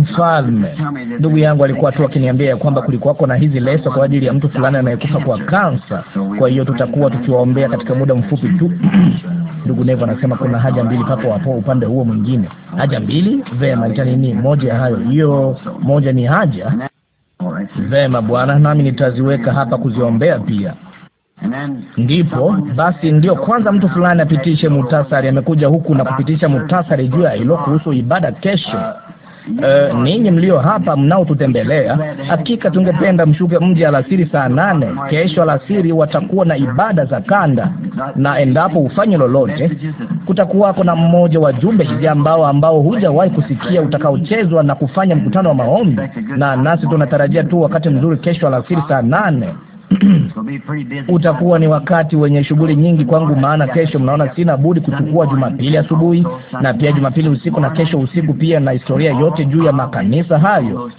mfalme. Ndugu yangu alikuwa tu akiniambia kwamba kulikuwako na hizi leso kwa ajili ya mtu fulani anayekufa kwa kansa, kwa hiyo tutakuwa tukiwaombea katika muda mfupi tu. Ndugu Nevo anasema kuna haja mbili papo hapo, upande huo mwingine. Haja mbili? Vema, itanini moja ya hayo? Hiyo moja ni haja. Vema bwana, nami nitaziweka hapa kuziombea pia. Ndipo basi, ndio kwanza mtu fulani apitishe mutasari Amekuja huku na kupitisha muhtasari juu ya hilo kuhusu ibada kesho. Eh, ninyi mlio hapa mnaotutembelea, hakika tungependa mshuke mji alasiri saa nane. Kesho alasiri watakuwa na ibada za kanda, na endapo ufanye lolote, kutakuwako na mmoja wa jumbe hizi ambao ambao hujawahi kusikia utakaochezwa na kufanya mkutano wa maombi, na nasi tunatarajia tu wakati mzuri kesho alasiri saa nane utakuwa ni wakati wenye shughuli nyingi kwangu, maana kesho, mnaona, sina budi kuchukua Jumapili asubuhi na pia Jumapili usiku na kesho usiku pia, na historia yote juu ya makanisa hayo.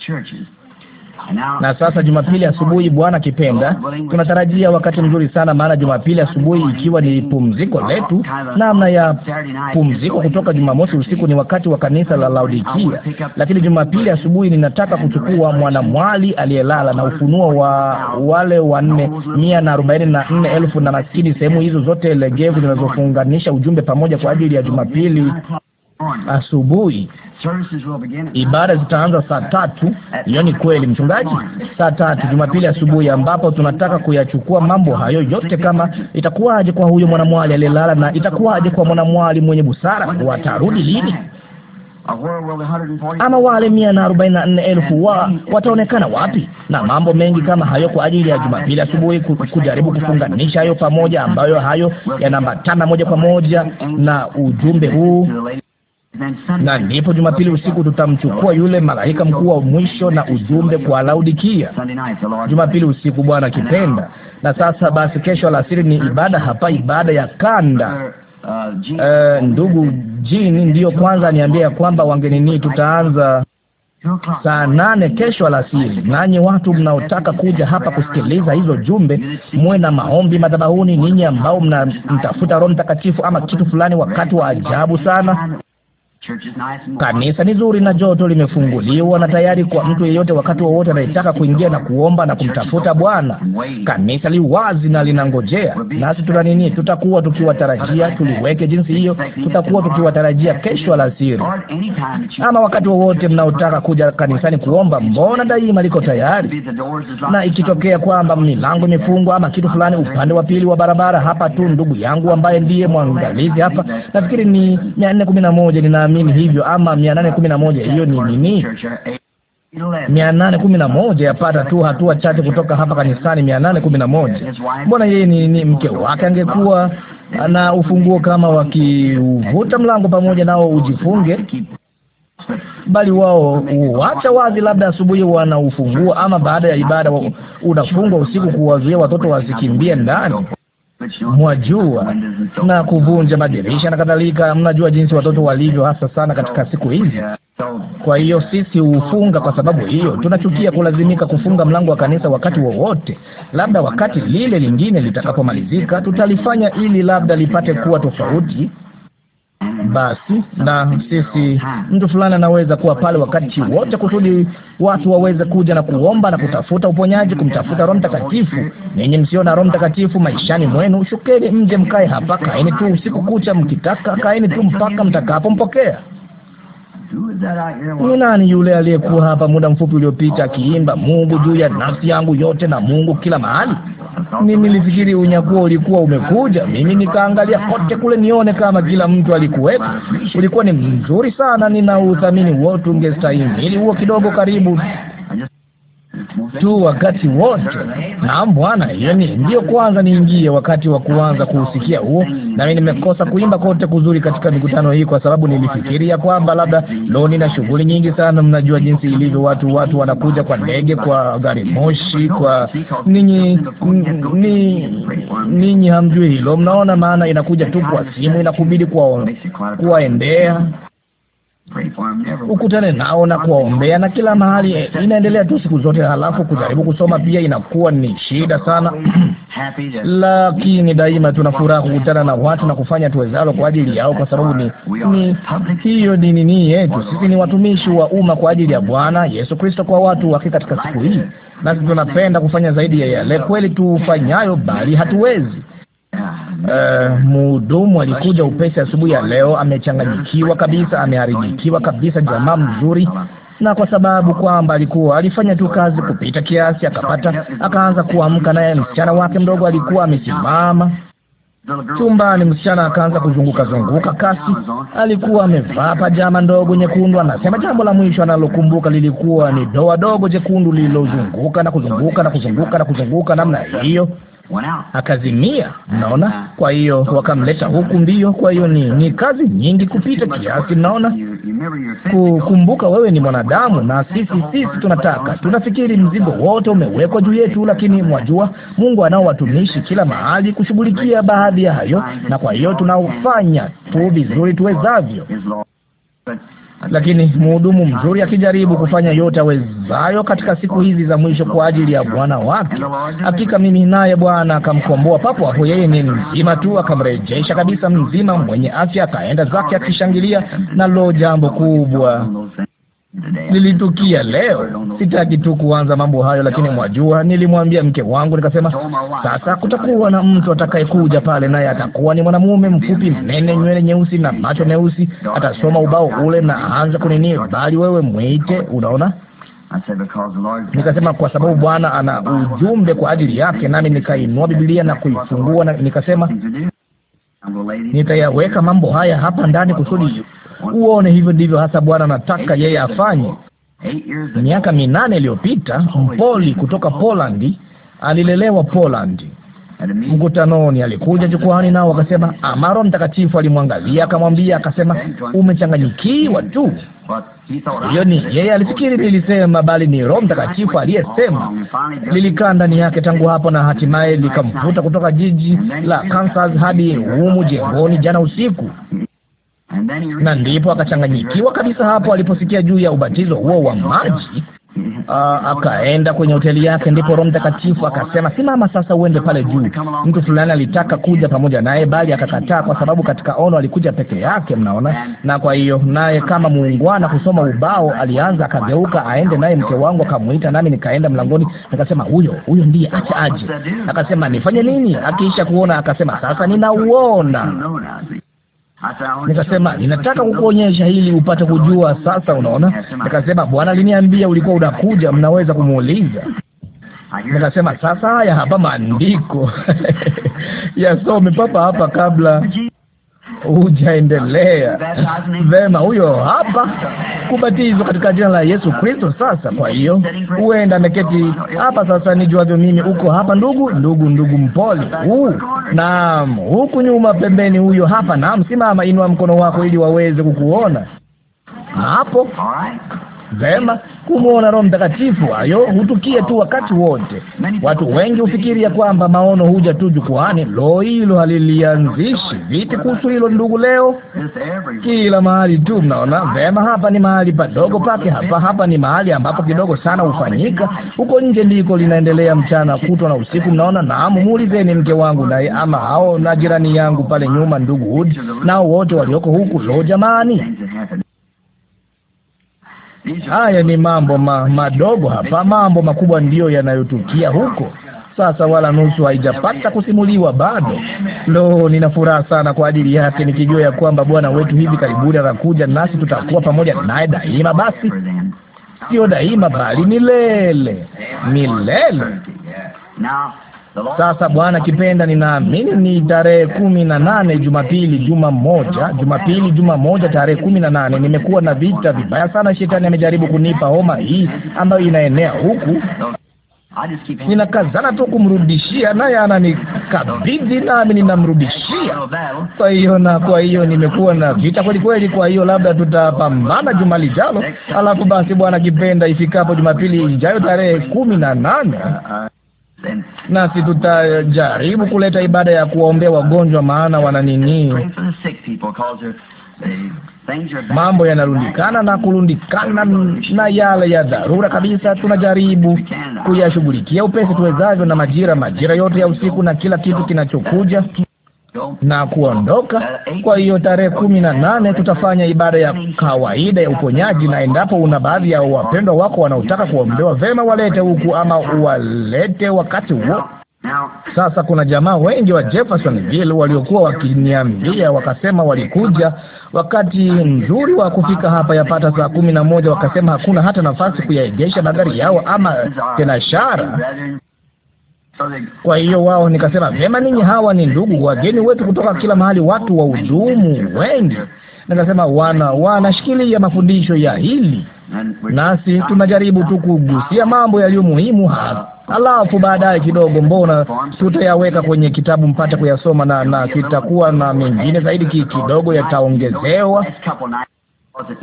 Na sasa Jumapili asubuhi, Bwana kipenda, tunatarajia wakati mzuri sana, maana Jumapili asubuhi, ikiwa ni pumziko letu, namna ya pumziko kutoka Jumamosi usiku, ni wakati wa kanisa la Laodikia. Lakini Jumapili asubuhi ninataka kuchukua mwanamwali aliyelala na ufunuo wa wale wanne mia na arobaini na nne elfu na maskini, sehemu hizo zote legevu zinazofunganisha ujumbe pamoja kwa ajili ya Jumapili asubuhi. Ibada zitaanza saa tatu. Hiyo ni kweli, mchungaji? Saa tatu Jumapili asubuhi, ambapo tunataka kuyachukua mambo hayo yote. Kama itakuwaje kwa huyo mwanamwali aliyelala, na itakuwaje kwa mwanamwali mwenye busara? Watarudi lini? Ama wale mia na arobaini na nne elfu wa wataonekana wapi? Na mambo mengi kama hayo kwa ajili ya Jumapili asubuhi, kujaribu kufunganisha hayo pamoja, ambayo hayo yanaambatana moja kwa moja na ujumbe huu na ndipo Jumapili usiku tutamchukua yule malaika mkuu wa mwisho na ujumbe kwa Laodikia, Jumapili usiku, Bwana akipenda. Na sasa basi, kesho alasiri ni ibada hapa, ibada ya kanda. Uh, ndugu jini ndiyo kwanza niambia ya kwamba wangenini, tutaanza saa nane kesho alasiri. Nanyi watu mnaotaka kuja hapa kusikiliza hizo jumbe, muwe na maombi madhabahuni. Ninyi ambao mnamtafuta Roho Mtakatifu ama kitu fulani, wakati wa ajabu sana Kanisa ni zuri na joto limefunguliwa na tayari kwa mtu yeyote wakati wowote wa anayetaka kuingia na kuomba na kumtafuta Bwana. Kanisa li wazi na linangojea, nasi tuna nini? Tutakuwa tukiwatarajia. Tuliweke jinsi hiyo, tutakuwa tukiwatarajia kesho alasiri, ama wakati wowote wa mnaotaka kuja kanisani kuomba. Mbona daima liko tayari, na ikitokea kwamba milango imefungwa ama kitu fulani upande wa pili wa barabara hapa tu, ndugu yangu ambaye ndiye mwangalizi hapa, nafikiri ni mia nne kumi na moja ninaamini naamini hivyo, ama mia nane kumi na moja hiyo ni nini? mia nane kumi na moja yapata tu hatua chache kutoka hapa kanisani. mia nane kumi na moja Mbona yeye ni, ni mke wake angekuwa na ufunguo kama wakiuvuta mlango pamoja nao ujifunge, bali wao huacha wazi, labda asubuhi wanaufungua, ama baada ya ibada unafungwa usiku, kuwazuia watoto wasikimbie ndani mwajua, na kuvunja madirisha na kadhalika. Mnajua jinsi watoto walivyo, hasa sana katika siku hizi. Kwa hiyo sisi hufunga kwa sababu hiyo. Tunachukia kulazimika kufunga mlango wa kanisa wakati wowote wa, labda wakati lile lingine litakapomalizika tutalifanya, ili labda lipate kuwa tofauti basi na sisi, mtu fulani anaweza kuwa pale wakati wote kusudi watu waweze kuja na kuomba na kutafuta uponyaji, kumtafuta Roho Mtakatifu. Ninyi msiona Roho Mtakatifu maishani mwenu, shukeni mje, mkae hapa, kaeni tu usiku kucha mkitaka, kaeni tu mpaka mtakapompokea. Ni nani yule aliyekuwa hapa muda mfupi uliopita akiimba Mungu juu ya nafsi yangu yote na Mungu kila mahali? mimi nilifikiri unyakuo ulikuwa umekuja. Mimi nikaangalia kote kule nione kama kila mtu alikuwepo. Ulikuwa ni mzuri sana, ninauthamini wote. Ungestahimili huo kidogo, karibu tu wakati wote. Naam Bwana, hiyo ni ndiyo kwanza niingie wakati wa kuanza kuusikia huo, nami nimekosa kuimba kote kuzuri katika mikutano hii, kwa sababu nilifikiria kwamba labda loni na shughuli nyingi sana. Mnajua jinsi ilivyo, watu watu wanakuja kwa ndege, kwa gari moshi, kwa ninyi ninyi hamjui hilo, mnaona maana, inakuja tu kwa simu, inakubidi kuwaendea ukutane nao na kuwaombea na kila mahali. Inaendelea tu siku zote, halafu kujaribu kusoma pia inakuwa ni shida sana lakini daima tuna furaha kukutana na watu na kufanya tuwezalo kwa ajili yao, kwa sababu ni, ni hiyo ni nini yetu sisi. Ni watumishi wa umma kwa ajili ya Bwana Yesu Kristo kwa watu wake katika siku hii, nasi tunapenda kufanya zaidi ya yale kweli tufanyayo, bali hatuwezi Uh, mhudumu alikuja upesi asubuhi ya leo, amechanganyikiwa kabisa, ameharibikiwa kabisa, jamaa mzuri na kwa sababu kwamba alikuwa alifanya tu kazi kupita kiasi, akapata akaanza kuamka, naye msichana wake mdogo alikuwa amesimama chumbani. Msichana akaanza kuzunguka zunguka kasi, alikuwa amevaa pajama ndogo nyekundu. Anasema jambo la mwisho analokumbuka lilikuwa ni doa dogo jekundu lililozunguka na kuzunguka na kuzunguka na kuzunguka namna hiyo akazimia. Mnaona? Ah. Kwa hiyo wakamleta huku mbio. Kwa hiyo ni, ni kazi nyingi kupita kiasi. Mnaona, kukumbuka wewe ni mwanadamu, na sisi sisi tunataka tunafikiri mzigo wote umewekwa juu yetu, lakini mwajua Mungu anao watumishi kila mahali kushughulikia baadhi ya hayo, na kwa hiyo tunafanya tu vizuri tuwezavyo. Lakini mhudumu mzuri akijaribu kufanya yote awezayo katika siku hizi za mwisho kwa ajili ya bwana wake, hakika mimi naye Bwana akamkomboa papo hapo. Yeye ni mzima tu, akamrejesha kabisa mzima, mwenye afya, akaenda zake akishangilia. Na lo, jambo kubwa lilitukia leo. Sitaki tu kuanza mambo hayo, lakini mwajua, nilimwambia mke wangu nikasema, sasa kutakuwa na mtu atakayekuja pale, naye atakuwa ni mwanamume mfupi, mnene, nywele nyeusi na macho meusi, atasoma ubao ule na anza kunini, bali wewe mwite. Unaona, nikasema kwa sababu Bwana ana ujumbe kwa ajili yake, nami nikainua Biblia na kuifungua na nikasema nitayaweka mambo haya hapa ndani kusudi Uone, hivyo ndivyo hasa Bwana anataka yeye afanye. Miaka minane iliyopita Mpoli kutoka Polandi alilelewa Polandi. Mkutanoni alikuja jukwani, nao wakasema, amaro mtakatifu alimwangalia akamwambia, akasema, umechanganyikiwa tu. Hiyo ni yeye alifikiri nilisema, bali ni Roho Mtakatifu aliyesema. Lilikaa ndani yake tangu hapo, na hatimaye likamvuta kutoka jiji la Kansas hadi humu jengoni jana usiku na ndipo akachanganyikiwa kabisa hapo aliposikia juu ya ubatizo huo wa maji. Uh, akaenda kwenye hoteli yake, ndipo Roho Mtakatifu akasema, simama sasa uende pale juu. Mtu fulani alitaka kuja pamoja naye, bali akakataa, kwa sababu katika ono alikuja peke yake, mnaona. Na kwa hiyo naye kama muungwana kusoma ubao alianza, akageuka aende naye. Mke wangu akamwita, nami nikaenda mlangoni, nikasema, huyo huyo ndiye, acha aje. Akasema, nifanye nini? Akiisha kuona akasema, sasa ninauona. Nikasema ninataka kukuonyesha hili upate kujua. Sasa unaona, nikasema Bwana aliniambia ulikuwa unakuja, mnaweza kumuuliza. Nikasema sasa, haya hapa maandiko yasome papa hapa kabla hujaendelea vema. Huyo hapa kubatizwa katika jina la Yesu Kristo. Sasa kwa hiyo huenda ameketi hapa sasa, nijuavyo mimi, uko hapa ndugu, ndugu, ndugu mpole huu uh. Naam, huku nyuma pembeni, huyo hapa. Naam, simama, inua mkono wako ili waweze kukuona hapo. Vema, kumwona Roho Mtakatifu. Hayo hutukie tu wakati wote. Watu wengi hufikiria kwamba maono huja tu jukwani. Lo, hilo halilianzishi viti kuhusu hilo ndugu? Leo kila mahali tu mnaona vema, hapa ni mahali padogo pake, hapa hapa ni mahali ambapo kidogo sana hufanyika. Huko nje ndiko linaendelea mchana kutwa na usiku. Mnaona, naamu, muulizeni mke wangu naye, ama hao na jirani yangu pale nyuma, ndugu Hudi, nao wote walioko huku. Lo, jamani Haya ni mambo ma, madogo hapa. Mambo makubwa ndiyo yanayotukia huko sasa, wala nusu haijapata kusimuliwa bado. Lo, nina furaha sana kwa ajili yake nikijua ya kwamba Bwana wetu hivi karibuni anakuja, nasi tutakuwa pamoja naye daima. Basi sio daima, bali milele milele. Sasa Bwana kipenda, ninaamini ni tarehe kumi na nane Jumapili, juma moja, Jumapili, juma moja, tarehe kumi na nane. Nimekuwa na vita vibaya sana, shetani amejaribu kunipa homa hii ambayo inaenea huku ninakazana tu kumrudishia, naye ananikabidhi nami ninamrudishia. Kwa hiyo na kwa hiyo nimekuwa na vita kweli kweli. Kwa hiyo labda tutapambana juma lijalo, alafu basi Bwana kipenda, ifikapo Jumapili ijayo tarehe kumi na nane nasi tutajaribu kuleta ibada ya kuwaombea wagonjwa, maana wana nini, mambo yanarundikana na kurundikana, na yale ya dharura kabisa tunajaribu kuyashughulikia upesi tuwezavyo, na majira majira yote ya usiku na kila kitu kinachokuja na kuondoka. Kwa hiyo tarehe kumi na nane tutafanya ibada ya kawaida ya uponyaji, na endapo una baadhi ya wapendwa wako wanaotaka kuombewa, vema walete huku ama uwalete wakati huo. Sasa kuna jamaa wengi wa Jeffersonville waliokuwa wakiniambia, wakasema walikuja wakati mzuri wa kufika hapa yapata saa kumi na moja, wakasema hakuna hata nafasi kuyaegesha magari yao ama tena shara kwa hiyo wao, nikasema vema ninyi hawa ni ndugu wageni wetu kutoka kila mahali, watu wa udumu wengi. Nikasema wana wanashikilia mafundisho ya hili, nasi tunajaribu tu kugusia mambo yaliyo muhimu hapa Alafu baadaye kidogo, mbona tutayaweka kwenye kitabu mpate kuyasoma, na na kitakuwa na mengine zaidi kidogo yataongezewa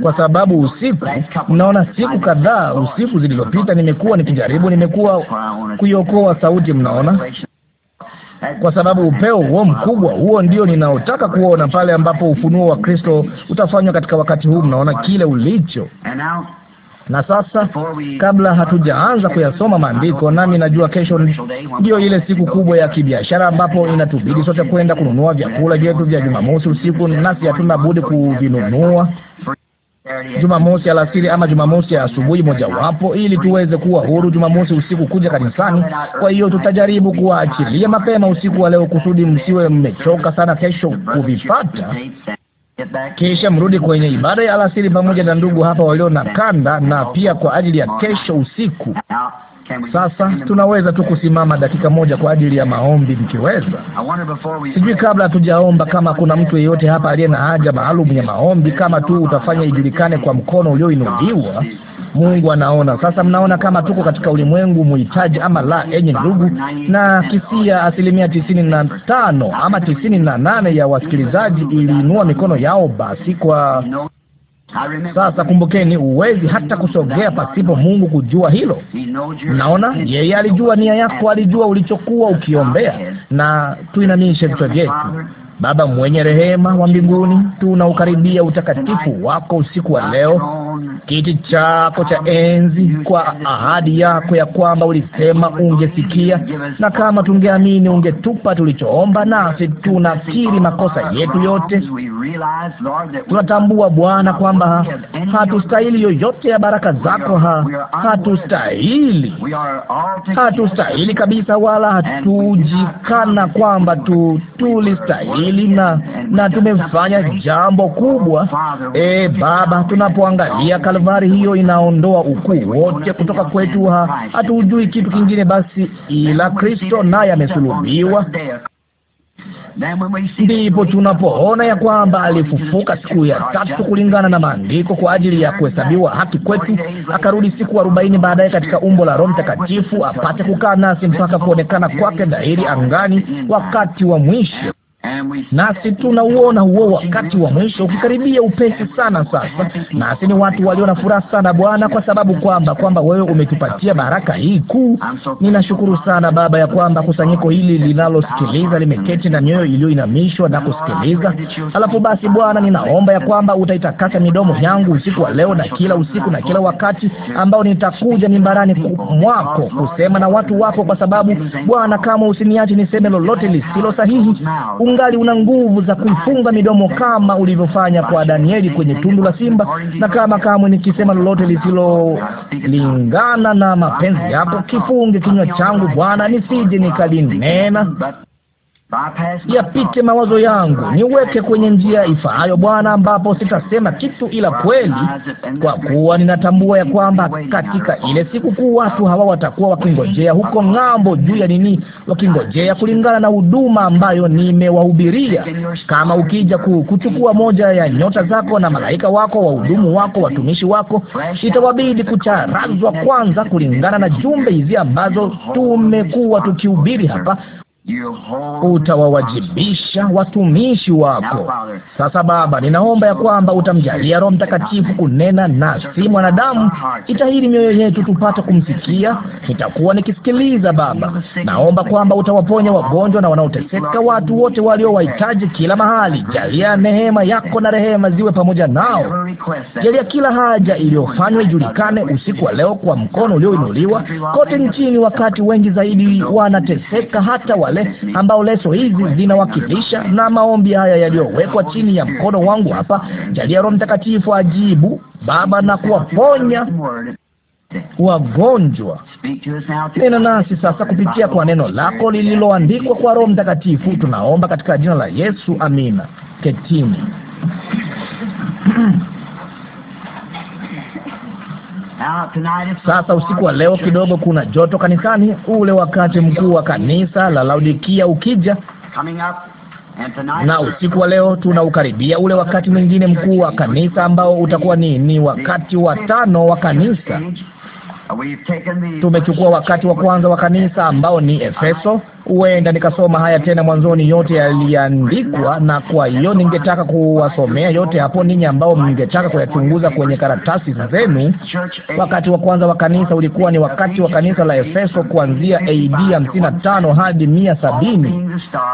kwa sababu usiku, mnaona, siku kadhaa usiku zilizopita nimekuwa nikijaribu, nimekuwa kuiokoa sauti, mnaona, kwa sababu upeo huo mkubwa, huo ndio ninaotaka kuona, pale ambapo ufunuo wa Kristo utafanywa katika wakati huu, mnaona kile ulicho na sasa kabla hatujaanza kuyasoma maandiko, nami najua kesho ndiyo ile siku kubwa ya kibiashara ambapo inatubidi sote kwenda kununua vyakula vyetu vya Jumamosi usiku, nasi hatuna budi kuvinunua Jumamosi alasiri ama Jumamosi ya asubuhi mojawapo, ili tuweze kuwa huru Jumamosi usiku kuja kanisani. Kwa hiyo tutajaribu kuwaachilia mapema usiku wa leo kusudi msiwe mmechoka sana kesho kuvipata kisha mrudi kwenye ibada ya alasiri pamoja na ndugu hapa walio na kanda, na pia kwa ajili ya kesho usiku. Sasa tunaweza tu kusimama dakika moja kwa ajili ya maombi mkiweza. Sijui kabla hatujaomba kama kuna mtu yeyote hapa aliye na haja maalum ya maombi, kama tu utafanya ijulikane kwa mkono ulioinuliwa. Mungu anaona. Sasa mnaona kama tuko katika ulimwengu muhitaji ama la, enye ndugu, na kisia asilimia tisini na tano ama tisini na nane ya wasikilizaji iliinua mikono yao. Basi kwa sasa kumbukeni, huwezi hata kusogea pasipo Mungu kujua hilo. Naona yeye alijua nia yako, alijua ulichokuwa ukiombea. Na tuinamishe vichwa vyetu. Baba mwenye rehema wa mbinguni, tunaukaribia utakatifu wako usiku wa leo, kiti chako cha enzi, kwa ahadi yako ya kwamba ulisema ungesikia, na kama tungeamini ungetupa tulichoomba. Nasi tunakiri makosa yetu yote. Tunatambua Bwana kwamba hatustahili yoyote ya baraka zako, ha, hatustahili, hatustahili kabisa, wala hatujikana kwamba tu tulistahili hili na, na tumefanya jambo kubwa. E Baba, tunapoangalia Kalvari, hiyo inaondoa ukuu wote kutoka kwetu. Hatujui kitu kingine basi ila Kristo, naye amesulubiwa ndipo tunapoona ya kwamba alifufuka siku ya tatu kulingana na maandiko kwa ajili ya kuhesabiwa haki kwetu, akarudi siku arobaini baadaye katika umbo la Roho Mtakatifu apate kukaa nasi mpaka kuonekana kwake dhahiri angani wakati wa mwisho nasi tunauona huo wakati wa mwisho ukikaribia upesi sana. Sasa nasi ni watu walio na furaha sana, Bwana, kwa sababu kwamba kwamba wewe umetupatia baraka hii kuu. Ninashukuru sana Baba ya kwamba kusanyiko hili linalosikiliza limeketi na mioyo iliyoinamishwa na kusikiliza. Alafu basi, Bwana, ninaomba ya kwamba utaitakasa midomo yangu usiku wa leo na kila usiku na kila wakati ambao nitakuja mimbarani mwako kusema na watu wako, kwa sababu Bwana, kama usiniache niseme lolote lisilo sahihi ungali una nguvu za kuifunga midomo kama ulivyofanya kwa Danieli kwenye tundu la simba, na kama kamwe nikisema lolote lisilolingana na mapenzi yako, kifunge kinywa changu Bwana, nisije nikalinena yapite mawazo yangu, niweke kwenye njia ifaayo Bwana, ambapo sitasema kitu ila kweli, kwa kuwa ninatambua ya kwamba katika ile sikukuu watu hawa watakuwa wakingojea huko ng'ambo. Juu ya nini wakingojea? Kulingana na huduma ambayo nimewahubiria. Kama ukija kuchukua moja ya nyota zako na malaika wako, wahudumu wako, watumishi wako, itawabidi kucharazwa kwanza, kulingana na jumbe hizi ambazo tumekuwa tukihubiri hapa utawawajibisha watumishi wako. Sasa Baba, ninaomba ya kwamba utamjalia Roho Mtakatifu kunena nasi mwanadamu, itahiri mioyo yetu tupate kumsikia. Nitakuwa nikisikiliza Baba, naomba kwamba utawaponya wagonjwa na wanaoteseka, watu wote walio wahitaji kila mahali. Jalia neema yako na rehema ziwe pamoja nao. Jalia kila haja iliyofanywa ijulikane usiku wa leo kwa mkono ulioinuliwa kote nchini, wakati wengi zaidi wanateseka hata wale nne ambao leso hizi zinawakilisha, na maombi haya yaliyowekwa chini ya mkono wangu hapa. Jalia Roho Mtakatifu ajibu Baba na kuwaponya wagonjwa. Nena nasi sasa kupitia kwa neno lako lililoandikwa kwa Roho Mtakatifu, tunaomba katika jina la Yesu, amina. Ketini. Sasa usiku wa leo kidogo kuna joto kanisani, ule wakati mkuu wa kanisa la Laodikia ukija na usiku wa leo tunaukaribia ule wakati mwingine mkuu wa kanisa ambao utakuwa ni, ni wakati wa tano wa kanisa. Tumechukua wakati wa kwanza wa kanisa ambao ni Efeso, huenda nikasoma haya tena mwanzoni, yote yaliandikwa, na kwa hiyo ningetaka kuwasomea yote hapo ninyi ambao mngetaka kuyachunguza kwenye karatasi zenu. Wakati wa kwanza wa kanisa ulikuwa ni wakati wa kanisa la Efeso, kuanzia AD 55 hadi mia sabini,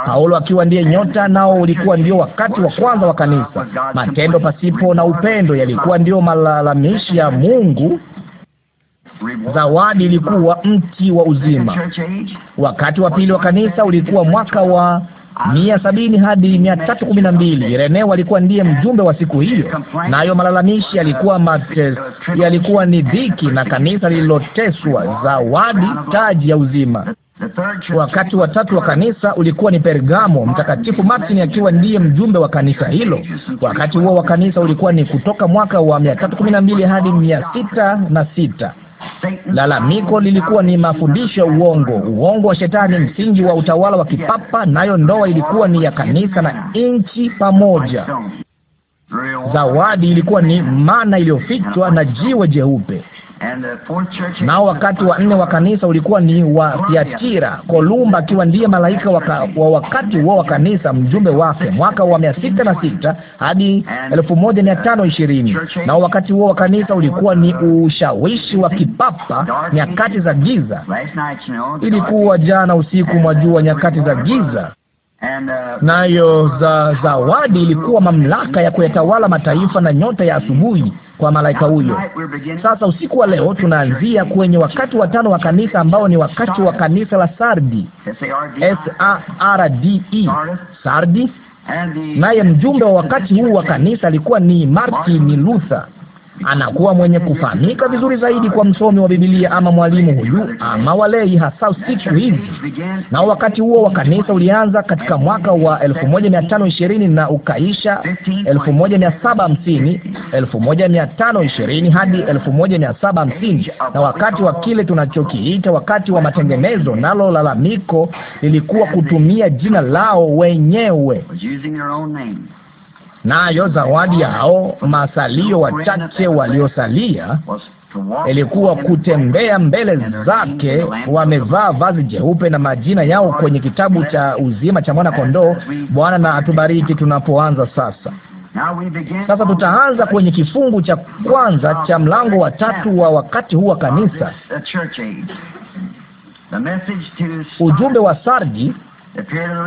Paulo akiwa ndiye nyota, nao ulikuwa ndio wakati wa kwanza wa kanisa. Matendo pasipo na upendo yalikuwa ndio malalamishi ya Mungu Zawadi ilikuwa mti wa uzima. Wakati wa pili wa kanisa ulikuwa mwaka wa mia sabini hadi mia tatu kumi na mbili. Ireneo alikuwa ndiye mjumbe wa siku hiyo, nayo malalamishi yalikuwa mates, yalikuwa ni dhiki na kanisa lililoteswa, zawadi taji ya uzima. Wakati wa tatu wa kanisa ulikuwa ni Pergamo, mtakatifu Martin akiwa ndiye mjumbe wa kanisa hilo. Wakati huo wa kanisa ulikuwa ni kutoka mwaka wa mia tatu kumi na mbili hadi mia sita na sita. Lalamiko lilikuwa ni mafundisho ya uongo, uongo wa Shetani, msingi wa utawala wa kipapa, nayo ndoa ilikuwa ni ya kanisa na nchi pamoja. Zawadi ilikuwa ni mana iliyofichwa na jiwe jeupe. Nao wakati wa nne wa kanisa ulikuwa ni wa Thiatira, Kolumba akiwa ndiye malaika waka, wa wakati huo wa kanisa, mjumbe wake mwaka wa mia sita na sita hadi elfu moja mia tano ishirini. Nao wakati huo wa kanisa ulikuwa ni ushawishi wa kipapa, nyakati za giza. Ilikuwa jana usiku mwa jua, nyakati za giza. Uh, nayo za zawadi ilikuwa mamlaka ya kuyatawala mataifa na nyota ya asubuhi kwa malaika huyo. Sasa usiku wa leo tunaanzia kwenye wakati wa tano wa kanisa ambao ni wakati wa kanisa la Sardi, S A R D E, Sardi. Naye mjumbe wa wakati huu wa kanisa alikuwa ni Martin Luther anakuwa mwenye kufahamika vizuri zaidi kwa msomi wa Biblia ama mwalimu huyu ama walei, hasa siku hizi. Na wakati huo wa kanisa ulianza katika mwaka wa 1520 na ukaisha 1750, 1520 hadi 1750, na wakati wa kile tunachokiita wakati wa matengenezo, nalo lalamiko lilikuwa kutumia jina lao wenyewe nayo zawadi ya hao masalio wachache waliosalia ilikuwa kutembea mbele zake wamevaa vazi jeupe na majina yao kwenye kitabu cha uzima cha mwana kondoo. Bwana na atubariki tunapoanza sasa. Sasa tutaanza kwenye kifungu cha kwanza cha mlango wa tatu wa wakati huu wa kanisa, ujumbe wa Sardi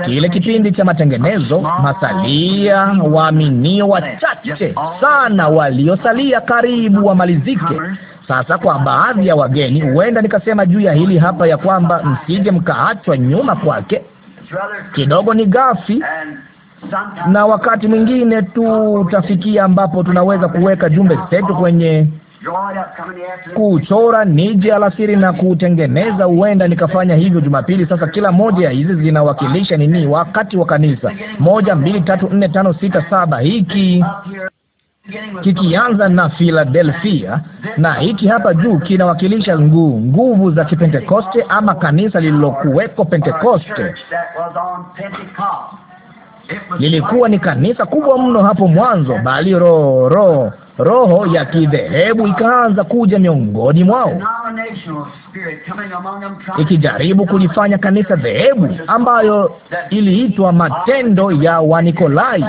kile kipindi cha matengenezo, masalia waaminio wachache sana waliosalia karibu wamalizike. Sasa kwa baadhi ya wageni, huenda nikasema juu ya hili hapa ya kwamba msije mkaachwa nyuma kwake. Kidogo ni gafi na wakati mwingine tutafikia ambapo tunaweza kuweka jumbe zetu kwenye kuchora nije alasiri na kutengeneza. Huenda nikafanya hivyo Jumapili. Sasa kila moja ya hizi zinawakilisha nini? Wakati wa kanisa, moja, mbili, tatu, nne, tano, sita, saba, hiki kikianza na Filadelfia na hiki hapa juu kinawakilisha nguvu nguvu za Kipentekoste ama kanisa lililokuweko Pentekoste. Lilikuwa ni kanisa kubwa mno hapo mwanzo, bali roho roho roho ya kidhehebu ikaanza kuja miongoni mwao ikijaribu kulifanya kanisa dhehebu ambayo iliitwa matendo ya Wanikolai.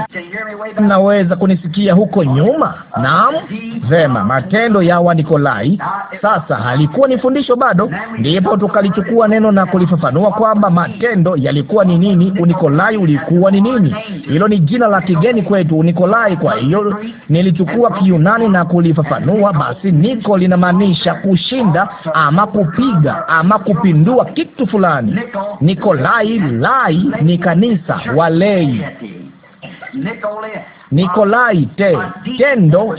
Mnaweza kunisikia huko nyuma? Naam, vema, matendo ya Wanikolai. Sasa halikuwa ni fundisho bado, ndipo tukalichukua neno na kulifafanua kwamba matendo yalikuwa ni nini, Unikolai ulikuwa ni nini. Hilo ni jina la kigeni kwetu, Unikolai. Kwa hiyo nilichukua kiunani na kulifafanua. Basi niko linamaanisha kushinda ama kupi kupiga ama kupindua kitu fulani. Nikolai lai ni kanisa walei Nikolai te tendo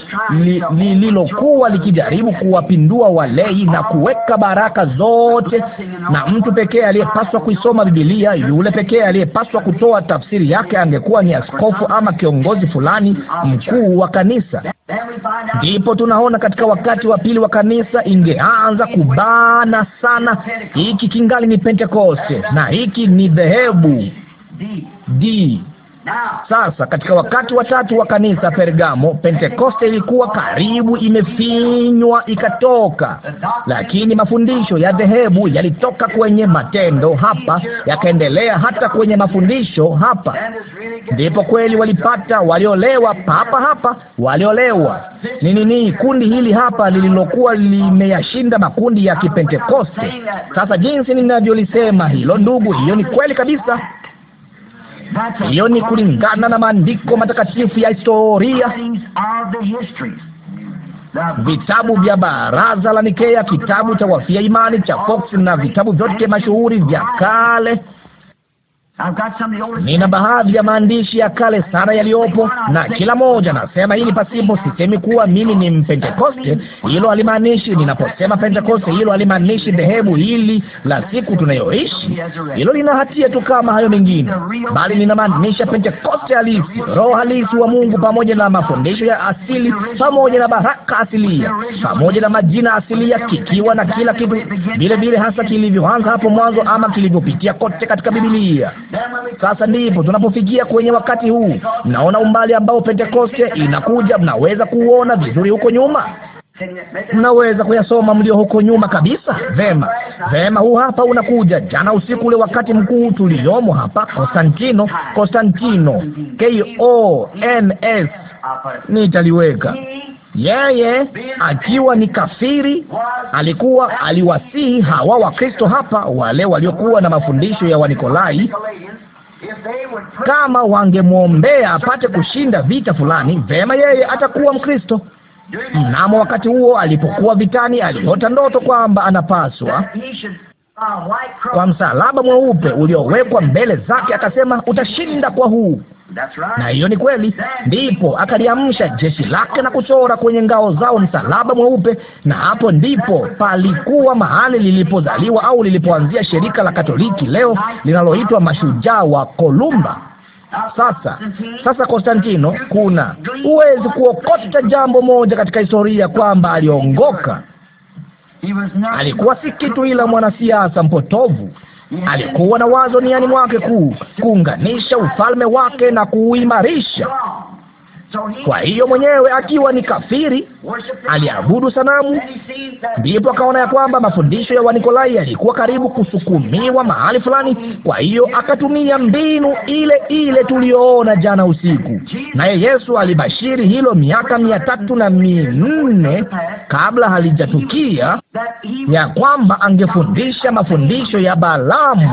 lililokuwa li, likijaribu kuwapindua walei na kuweka baraka zote, na mtu pekee aliyepaswa kuisoma Biblia, yule pekee aliyepaswa kutoa tafsiri yake angekuwa ni askofu ama kiongozi fulani mkuu wa kanisa. Ndipo tunaona katika wakati wa pili wa kanisa ingeanza kubana sana, hiki kingali ni Pentekoste na hiki ni dhehebu D sasa katika wakati wa tatu wa kanisa Pergamo, Pentekoste ilikuwa karibu imefinywa ikatoka, lakini mafundisho ya dhehebu yalitoka kwenye matendo hapa, yakaendelea hata kwenye mafundisho hapa. Ndipo kweli walipata waliolewa papa hapa, waliolewa ni nini? Kundi hili hapa lililokuwa limeyashinda makundi ya Kipentekoste. Sasa jinsi ninavyolisema hilo, ndugu, hiyo ni kweli kabisa hiyo ni kulingana na maandiko matakatifu ya historia vitabu vya baraza la Nikea, kitabu cha wafia imani cha Fox na vitabu vyote mashuhuri vya kale Nina baadhi ya maandishi ya kale sana yaliyopo, na kila moja nasema hili pasipo. Sisemi kuwa mimi ni Mpentekoste, hilo halimaanishi. Ninaposema Pentekoste, hilo halimaanishi dhehebu hili la siku tunayoishi. Hilo lina hatia tu kama hayo mengine, bali ninamaanisha Pentekoste halisi, roho halisi wa Mungu, pamoja na mafundisho ya asili, pamoja na baraka asilia, pamoja na majina asilia, kikiwa na kila kitu vile vile, hasa kilivyoanza hapo mwanzo, ama kilivyopitia kote katika Biblia. Sasa ndipo tunapofikia kwenye wakati huu. Mnaona umbali ambao Pentekoste inakuja, mnaweza kuona vizuri huko nyuma mnaweza kuyasoma mlio huko nyuma kabisa. Vema, vema, huu hapa unakuja. Jana usiku ule wakati mkuu tuliyomo hapa Konstantino, Konstantino K O N S nitaliweka yeye akiwa ni kafiri alikuwa aliwasihi hawa Wakristo hapa, wale waliokuwa na mafundisho ya Wanikolai kama wangemwombea apate kushinda vita fulani, vema, yeye atakuwa Mkristo. Mnamo wakati huo alipokuwa vitani, aliota ndoto kwamba anapaswa kwa msalaba mweupe uliowekwa mbele zake, akasema utashinda kwa huu na hiyo ni kweli. Ndipo akaliamsha jeshi lake na kuchora kwenye ngao zao msalaba mweupe, na hapo ndipo palikuwa mahali lilipozaliwa au lilipoanzia shirika la Katoliki leo linaloitwa mashujaa wa Kolumba. Sasa sasa, Konstantino, kuna huwezi kuokota jambo moja katika historia kwamba aliongoka. Alikuwa si kitu, ila mwanasiasa mpotovu. Alikuwa na wazo niani mwake kuu kuunganisha ufalme wake na kuuimarisha. Kwa hiyo mwenyewe akiwa ni kafiri aliabudu sanamu, ndipo akaona ya kwamba mafundisho ya Wanikolai yalikuwa karibu kusukumiwa mahali fulani. Kwa hiyo akatumia mbinu ile ile tuliyoona jana usiku, naye Yesu alibashiri hilo miaka mia tatu na minne kabla halijatukia, ya kwamba angefundisha mafundisho ya Balaamu,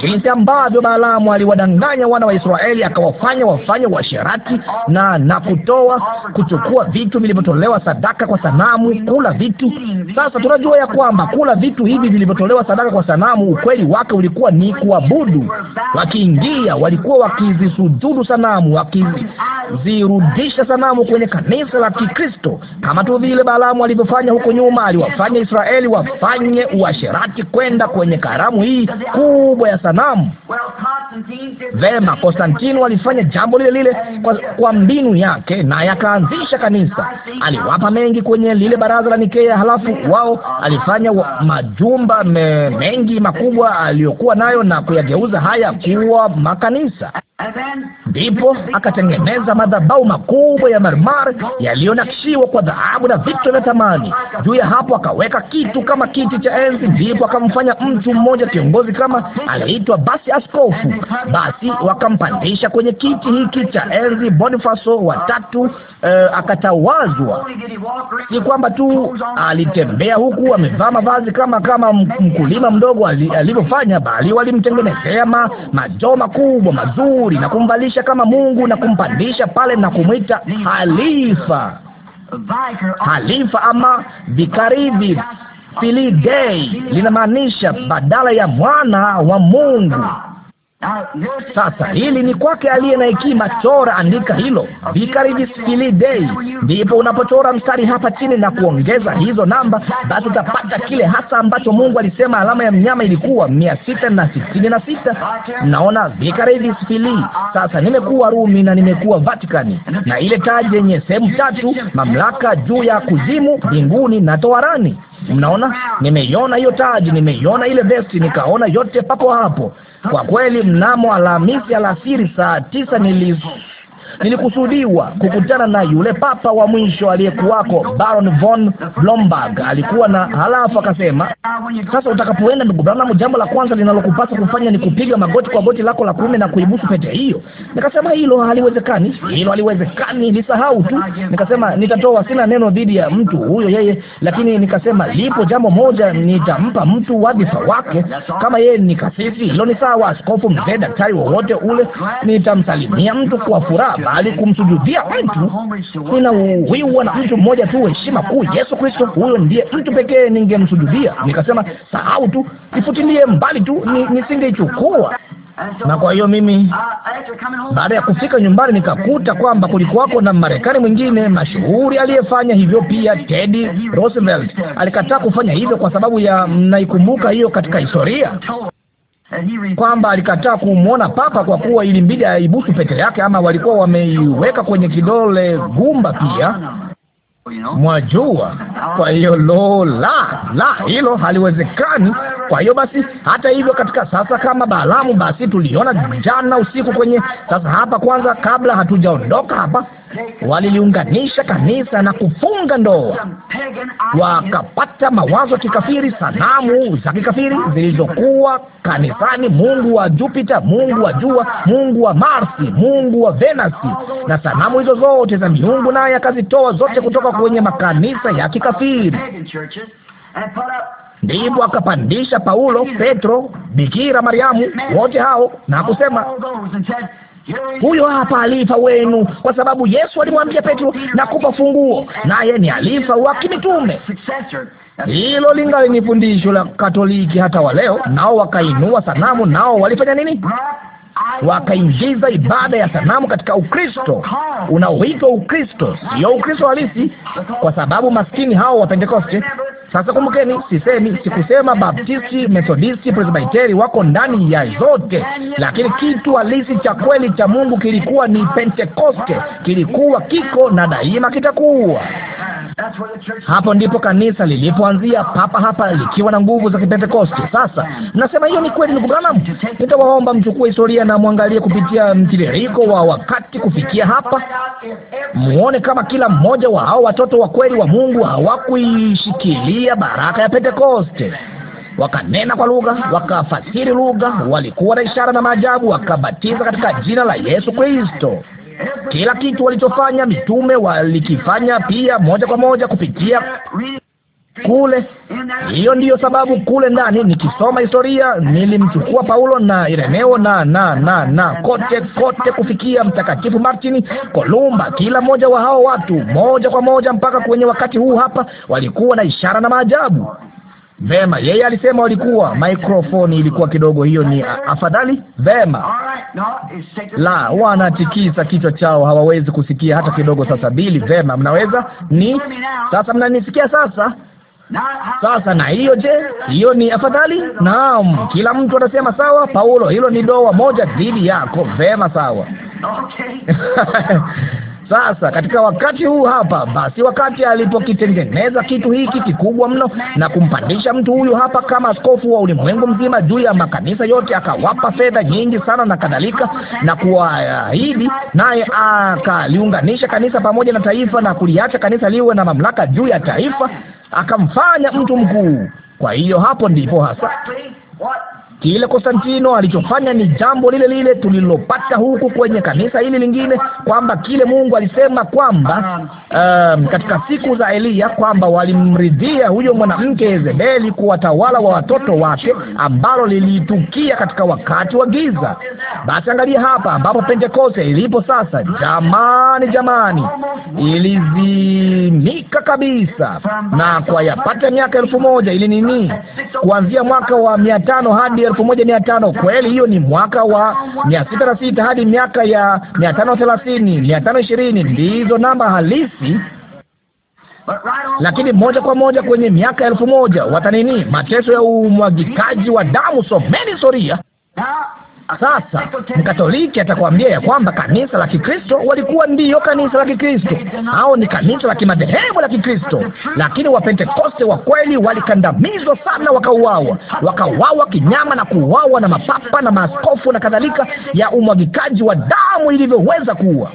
jinsi ambavyo Balaamu aliwadanganya wana wa Israeli, akawafanya wafanye uasherati na na kutoa, kuchukua vitu vilivyotolewa sadaka kwa sanamu, kula vitu. Sasa tunajua ya kwamba kula vitu hivi vilivyotolewa sadaka kwa sanamu, ukweli wake ulikuwa ni kuabudu. Wakiingia walikuwa wakizisujudu sanamu, wakizirudisha sanamu kwenye kanisa la Kikristo, kama tu vile Balaamu alivyofanya huko nyuma. Aliwafanya Israeli wafanye uasherati, kwenda kwenye karamu hii kubwa ya sanamu. Vema, Konstantino alifanya jambo lile lile kwa, kwa mbinu yake, naye akaanzisha kanisa. Aliwapa mengi kwenye lile baraza la Nikea, halafu wao alifanya wa, majumba me, mengi makubwa aliyokuwa nayo na kuyageuza haya kuwa makanisa. Ndipo akatengeneza madhabahu makubwa ya marmar yaliyonakshiwa kwa dhahabu na vitu vya thamani. Juu ya hapo akaweka kitu kama kiti cha enzi. Ndipo akamfanya mtu mmoja kiongozi, kama aliitwa basi askofu. Basi wakampandisha kwenye kiti hiki cha enzi Bonifaso watatu uh, akatawazwa. Si kwamba tu alitembea huku amevaa mavazi kama kama mkulima mdogo alivyofanya, bali walimtengenezea ma, majoo makubwa mazuri na kumvalisha kama Mungu na kumpandisha pale na kumwita halifa halifa ama vikarivi filidei linamaanisha badala ya mwana wa Mungu. Sasa hili ni kwake aliye na hekima. Chora, andika hilo Vicaris Filii Dei, ndipo unapochora mstari hapa chini na kuongeza hizo namba, basi utapata kile hasa ambacho Mungu alisema alama ya mnyama ilikuwa mia sita na sitini na sita. Naona Vicaris Sasa nimekuwa Rumi na nimekuwa Vatikani, na ile taji yenye sehemu tatu, mamlaka juu ya kuzimu, mbinguni na toharani. Mnaona, nimeiona hiyo taji, nimeiona ile vesti, nikaona yote papo hapo kwa kweli mnamo Alhamisi alasiri saa tisa nilizo nilikusudiwa kukutana na yule papa wa mwisho aliyekuwako Baron von Blomberg. Alikuwa na halafu akasema, sasa utakapoenda ndugu Branham, jambo la kwanza linalokupasa kufanya ni kupiga magoti kwa goti lako la kumi na kuibusu pete hiyo. Nikasema hilo haliwezekani, hilo haliwezekani, lisahau tu. Nikasema nitatoa, sina neno dhidi ya mtu huyo yeye, lakini nikasema lipo jambo moja, nitampa mtu wadhifa wake. Kama yeye ni kasisi, hilo ni sawa, askofu, mzee, daktari wowote ule, nitamsalimia mtu kwa furaha bali kumsujudia mtu. Ninawiwa na mtu mmoja tu heshima kuu, Yesu Kristo. Huyo ndiye mtu pekee ningemsujudia. Nikasema sahau tu, ifutilie mbali tu, nisingeichukua na kwa hiyo mimi baada ya kufika nyumbani nikakuta kwamba kulikuwako na Marekani mwingine mashuhuri aliyefanya hivyo pia. Teddy Roosevelt alikataa kufanya hivyo kwa sababu ya mnaikumbuka hiyo katika historia kwamba alikataa kumwona papa kwa kuwa ilimbidi aibusu pete yake, ama walikuwa wameiweka kwenye kidole gumba pia mwajua. Kwa hiyo lo, la la, hilo haliwezekani. Kwa hiyo basi, hata hivyo, katika sasa, kama Balaamu, basi tuliona jana usiku kwenye sasa hapa, kwanza kabla hatujaondoka hapa waliliunganisha kanisa na kufunga ndoa, wakapata mawazo ya kikafiri, sanamu za kikafiri zilizokuwa kanisani, mungu wa Jupiter, mungu wa jua, mungu wa Marsi, mungu wa Venasi, na sanamu hizo zote za miungu, naye akazitoa zote kutoka kwenye makanisa ya kikafiri. Ndipo akapandisha Paulo, Petro, Bikira Mariamu, wote hao na kusema huyo hapa alifa wenu, kwa sababu Yesu alimwambia Petro, nakupa funguo, naye ni alifa wa kimitume. Hilo lingali ni fundisho la Katoliki hata wa leo. Nao wakainua sanamu, nao walifanya nini? wakaingiza ibada ya sanamu katika Ukristo unaoitwa Ukristo, sio Ukristo halisi, kwa sababu maskini hao wa Pentekoste. Sasa kumbukeni, sisemi, sikusema Baptisti, Methodisti, Presbiteri wako ndani ya zote, lakini kitu halisi cha kweli cha Mungu kilikuwa ni Pentekoste, kilikuwa kiko na daima kitakuwa. Hapo ndipo kanisa lilipoanzia papa hapa, likiwa na nguvu za Kipentekoste. Sasa nasema hiyo ni kweli, ndugu Branham. Nitawaomba mchukue historia na mwangalie kupitia mtiririko wa wakati kufikia hapa, muone kama kila mmoja wa hao watoto wa kweli wa Mungu hawakuishikilia baraka ya Pentekoste wakanena kwa lugha, wakafasiri lugha, walikuwa na ishara na maajabu, wakabatiza katika jina la Yesu Kristo. Kila kitu walichofanya mitume walikifanya pia moja kwa moja kupitia kule. Hiyo ndiyo sababu kule ndani, nikisoma historia, nilimchukua Paulo na Ireneo na na na na kote kote kufikia mtakatifu Martini, Kolumba. Kila mmoja wa hao watu moja kwa moja mpaka kwenye wakati huu hapa walikuwa na ishara na maajabu. Vema, yeye alisema walikuwa mikrofoni ilikuwa kidogo, hiyo ni afadhali. Vema, la, wanatikisa kichwa chao, hawawezi kusikia hata kidogo. Sasa Bili, vema, mnaweza ni sasa, mnanisikia sasa? Sasa na hiyo je, hiyo ni afadhali? Naam, kila mtu anasema sawa. Paulo, hilo ni doa moja dhidi yako. Vema, sawa Sasa katika wakati huu hapa basi, wakati alipokitengeneza kitu hiki kikubwa mno na kumpandisha mtu huyu hapa kama askofu wa ulimwengu mzima juu ya makanisa yote, akawapa fedha nyingi sana na kadhalika, na kuwaahidi, naye akaliunganisha kanisa pamoja na taifa na kuliacha kanisa liwe na mamlaka juu ya taifa, akamfanya mtu mkuu. Kwa hiyo hapo ndipo hasa Kile Konstantino alichofanya ni jambo lile lile tulilopata huku kwenye kanisa hili lingine, kwamba kile Mungu alisema kwamba um, katika siku za Eliya kwamba walimridhia huyo mwanamke Yezebeli kuwatawala wa watoto wake, ambalo lilitukia katika wakati wa giza. Basi angalia hapa ambapo Pentekoste ilipo sasa. Jamani, jamani, ilizimika kabisa, na kwa yapata miaka elfu moja ili nini, kuanzia mwaka wa mia tano hadi elfu moja mia tano kweli. Hiyo ni mwaka wa mia sita na sita hadi miaka ya mia tano thelathini mia tano ishirini ndizo namba halisi lakini moja kwa moja kwenye miaka elfu moja watanini mateso ya umwagikaji wa damu. Someni historia Ah, sasa Mkatoliki atakwambia ya kwamba kanisa la Kikristo walikuwa ndiyo kanisa la Kikristo au ni kanisa la kimadhehebu la Kikristo, lakini Wapentekoste wa kweli walikandamizwa sana, wakauawa, wakauawa kinyama na kuuawa na mapapa na maaskofu na kadhalika, ya umwagikaji wa damu ilivyoweza kuwa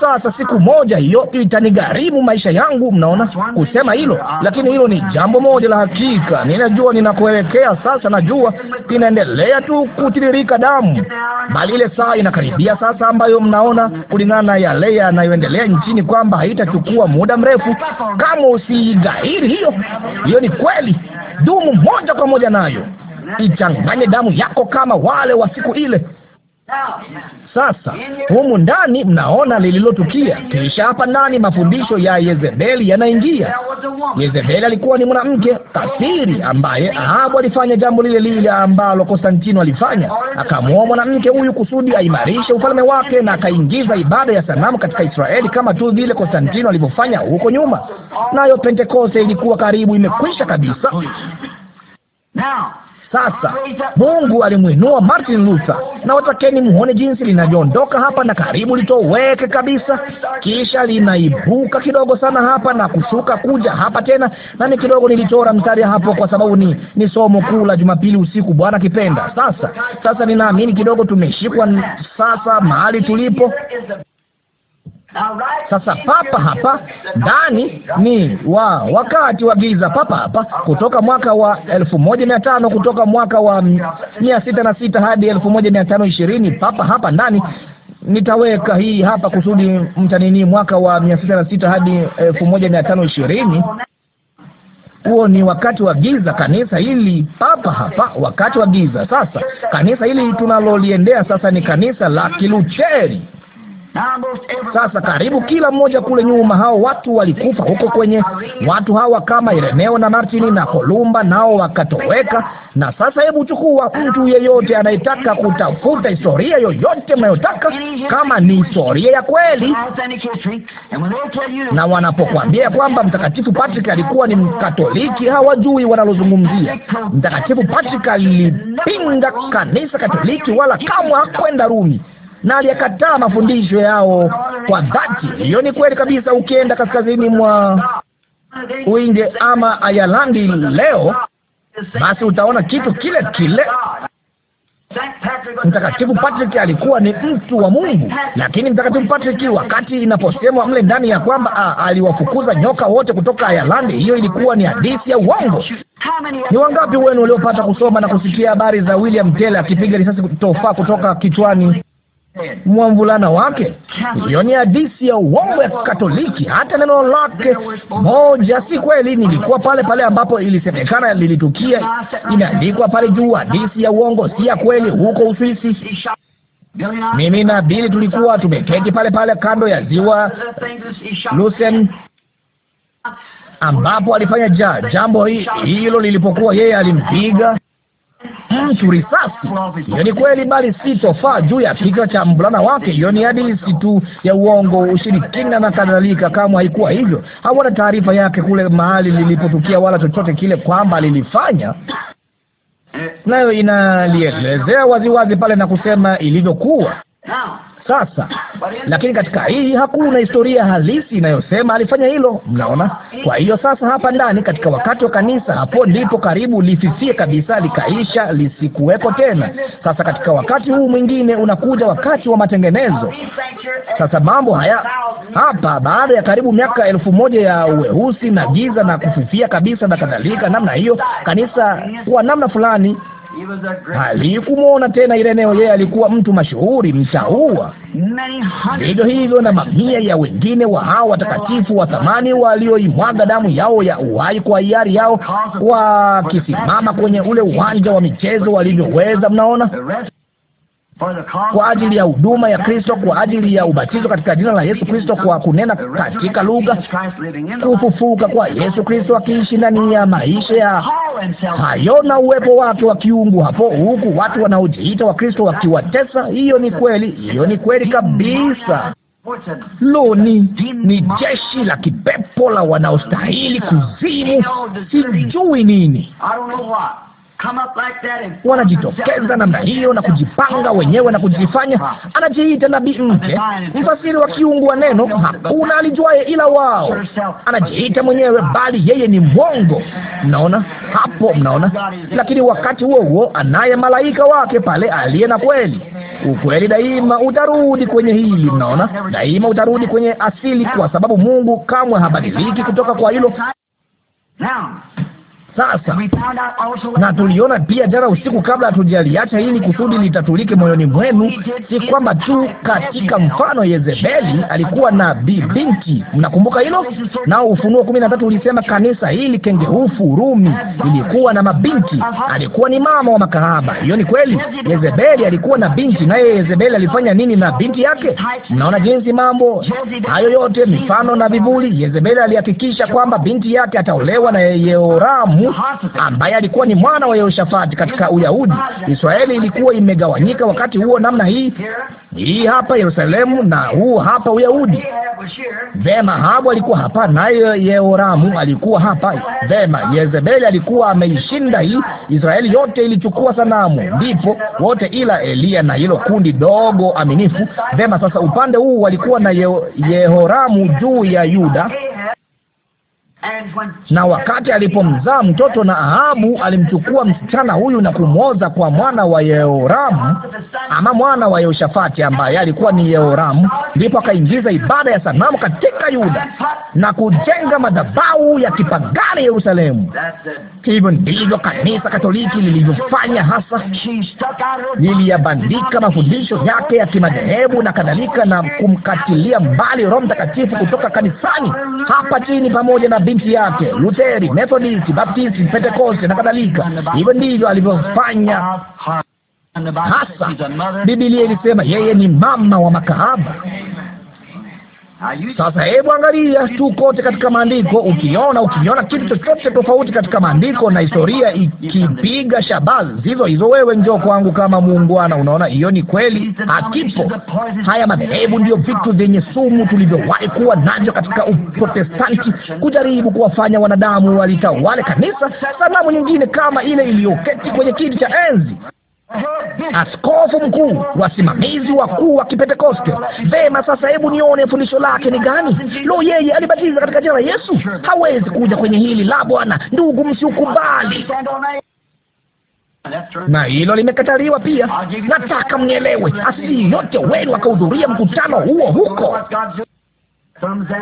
sasa siku moja hiyo itanigharimu maisha yangu, mnaona, kusema hilo. Lakini hilo ni jambo moja la hakika, ninajua ninakuelekea sasa, najua inaendelea tu kutiririka damu, bali ile saa inakaribia sasa, ambayo mnaona kulingana na yale yanayoendelea nchini kwamba haitachukua muda mrefu kama usiigairi hiyo. Hiyo ni kweli, dumu moja kwa moja nayo, ichanganye damu yako kama wale wa siku ile. Sasa humu ndani mnaona lililotukia. Kisha hapa ndani mafundisho ya Yezebeli yanaingia. Yezebeli alikuwa ni mwanamke kasiri ambaye Ahabu alifanya jambo lile lile ambalo Konstantino alifanya, akamwoa mwanamke huyu kusudi aimarishe ufalme wake, na akaingiza ibada ya sanamu katika Israeli kama tu vile Konstantino alivyofanya huko nyuma. Nayo Pentekoste ilikuwa karibu imekwisha kabisa. Sasa Mungu alimwinua Martin Luther, na watakeni muone jinsi linavyoondoka hapa na karibu litoweke kabisa, kisha linaibuka kidogo sana hapa na kushuka kuja hapa tena. Nani kidogo nilichora mstari hapo, kwa sababu ni, ni somo kuu la Jumapili usiku, Bwana kipenda. Sasa sasa ninaamini kidogo tumeshikwa sasa mahali tulipo sasa papa hapa ndani ni wa wakati wa giza papa hapa kutoka mwaka wa 1500 kutoka mwaka wa 606 hadi 1520 papa hapa ndani nitaweka hii hapa kusudi mtanini mwaka wa 606 hadi 1520 huo ni wakati wa giza, kanisa hili papa hapa, wakati wa giza. Sasa kanisa hili tunaloliendea sasa ni kanisa la Kiluteri. Sasa karibu kila mmoja kule nyuma, hao watu walikufa huko kwenye watu hawa kama Ireneo na Martini na Kolumba, nao wakatoweka. Na sasa hebu chukua mtu yeyote anayetaka kutafuta historia yoyote mnayotaka, kama ni historia ya kweli, na wanapokuambia kwamba Mtakatifu Patrick alikuwa ni Mkatoliki, hawajui wanalozungumzia. Mtakatifu Patrick alipinga kanisa Katoliki, wala kamwe hakwenda Rumi na aliyekataa mafundisho yao kwa dhati. Hiyo ni kweli kabisa. Ukienda kaskazini mwa Uinge ama Ayalandi leo, basi utaona kitu kile kile. Mtakatifu Patrick alikuwa ni mtu wa Mungu, lakini Mtakatifu Patrick, wakati inaposemwa mle ndani ya kwamba aliwafukuza nyoka wote kutoka Ireland, hiyo ilikuwa ni hadithi ya uongo. Ni wangapi wenu waliopata kusoma na kusikia habari za William Tell akipiga risasi tofaa kutoka kichwani mwamvulana wake. Hiyo ni hadithi ya uongo ya Katoliki, hata neno lake moja si kweli. Nilikuwa pale pale ambapo ilisemekana lilitukia, inaandikwa pale juu, hadithi ya uongo, si ya kweli, huko Uswisi. Mimi na Bili tulikuwa tumeketi pale pale kando ya ziwa Lusen ambapo alifanya ja jambo hilo lilipokuwa yeye alimpiga mtu risasi. Hiyo ni kweli, bali si tofaa juu ya kichwa cha mvulana wake. Hiyo ni hadithi tu ya uongo, ushirikina na kadhalika. Kamwe haikuwa hivyo. Hawana taarifa yake kule mahali lilipotukia, wala chochote kile kwamba alilifanya nayo inalielezea waziwazi pale na kusema ilivyokuwa sasa. Lakini katika hii hakuna historia halisi inayosema alifanya hilo, mnaona? Kwa hiyo sasa, hapa ndani, katika wakati wa kanisa, hapo ndipo karibu lififie kabisa, likaisha, lisikuwepo tena. Sasa katika wakati huu mwingine unakuja wakati wa matengenezo. Sasa mambo haya hapa, baada ya karibu miaka elfu moja ya uweusi na giza na kufifia kabisa na kadhalika, namna hiyo, kanisa kwa namna fulani halikumwona tena ile eneo. Yeye alikuwa mtu mashuhuri, mtaua. Vivyo hivyo na mamia ya wengine wa hao watakatifu wa thamani walioimwaga damu yao ya uhai kwa hiari yao, wakisimama kwenye ule uwanja wa michezo walivyoweza. Mnaona kwa ajili ya huduma ya Kristo, kwa ajili ya ubatizo katika jina la Yesu Kristo, kwa kunena katika lugha, kufufuka kwa Yesu Kristo akiishi ndani ya maisha ya hayo na uwepo wake wa kiungu hapo, huku watu wanaojiita wa Kristo wakiwatesa. Hiyo ni kweli, hiyo ni kweli kabisa. Lo, ni ni jeshi la kipepo la wanaostahili kuzimu, sijui nini wanajitokeza namna hiyo na kujipanga wenyewe na kujifanya, anajiita nabii mke, mfasiri wa kiungu wa neno. Hakuna alijuaye ila wao, anajiita mwenyewe, bali yeye ni mwongo. Mnaona hapo? Mnaona? Lakini wakati huo huo anaye malaika wake pale aliye na kweli. Ukweli daima utarudi kwenye hili, mnaona, daima utarudi kwenye asili, kwa sababu Mungu kamwe habadiliki kutoka kwa hilo sasa. Na tuliona pia jana usiku, kabla hatujaliacha hili kusudi litatulike moyoni mwenu, si kwamba tu katika mfano Yezebeli alikuwa na bibinti, mnakumbuka hilo? Na Ufunuo kumi na tatu ulisema kanisa hili kengeufu Rumi ilikuwa na mabinti, alikuwa ni mama wa makahaba. Hiyo ni kweli. Yezebeli alikuwa na binti, naye Yezebeli alifanya nini na binti yake? Mnaona jinsi mambo hayo yote, mifano na vivuli. Yezebeli alihakikisha kwamba binti yake ataolewa na Yehoramu Daudi ambaye alikuwa ni mwana wa Yehoshafati katika Uyahudi. Israeli ilikuwa imegawanyika wakati huo namna hii, hii hapa Yerusalemu na huu hapa Uyahudi. Vema, Ahabu alikuwa hapa, naye Yehoramu alikuwa hapa. Vema, Yezebeli alikuwa ameishinda hii. Israeli yote ilichukua sanamu, ndipo wote ila Eliya na hilo kundi dogo aminifu. Vema, sasa upande huu walikuwa na Yehoramu juu ya Yuda na wakati alipomzaa mtoto na Ahabu alimchukua msichana huyu na kumwoza kwa mwana wa Yehoramu, ama mwana wa Yehoshafati ambaye alikuwa ni Yehoramu. Ndipo akaingiza ibada ya sanamu katika Yuda na kujenga madhabahu ya kipagani Yerusalemu. Hivyo ndivyo kanisa Katoliki lilivyofanya hasa, liliyabandika mafundisho yake ya kimadhehebu na kadhalika, na kumkatilia mbali Roho Mtakatifu kutoka kanisani hapa chini pamoja na binti yake, Lutheri, Methodisti, Baptisti, Pentekoste na kadhalika. Hivyo ndivyo alivyofanya hasa. Biblia ilisema yeye ni mama wa makahaba. Sasa hebu angalia tu kote katika maandiko, ukiona ukiona kitu chochote tofauti katika maandiko na historia ikipiga shabazi hizo hizo, wewe njoo kwangu kama muungwana. Unaona, hiyo ni kweli, hakipo. Haya madhehebu ndiyo vitu vyenye sumu tulivyowahi kuwa navyo katika Uprotestanti, kujaribu kuwafanya wanadamu walitawale kanisa. Sanamu nyingine kama ile iliyoketi kwenye kiti cha enzi, askofu mkuu, wasimamizi wakuu wa Kipentekoste. Vema, sasa hebu nione fundisho lake ni gani. Lo, yeye alibatiza katika jina la Yesu. Hawezi kuja kwenye hili la Bwana. Ndugu, msiukubali na hilo limekataliwa pia. Nataka mnielewe, asi yote wenu wakahudhuria mkutano huo huko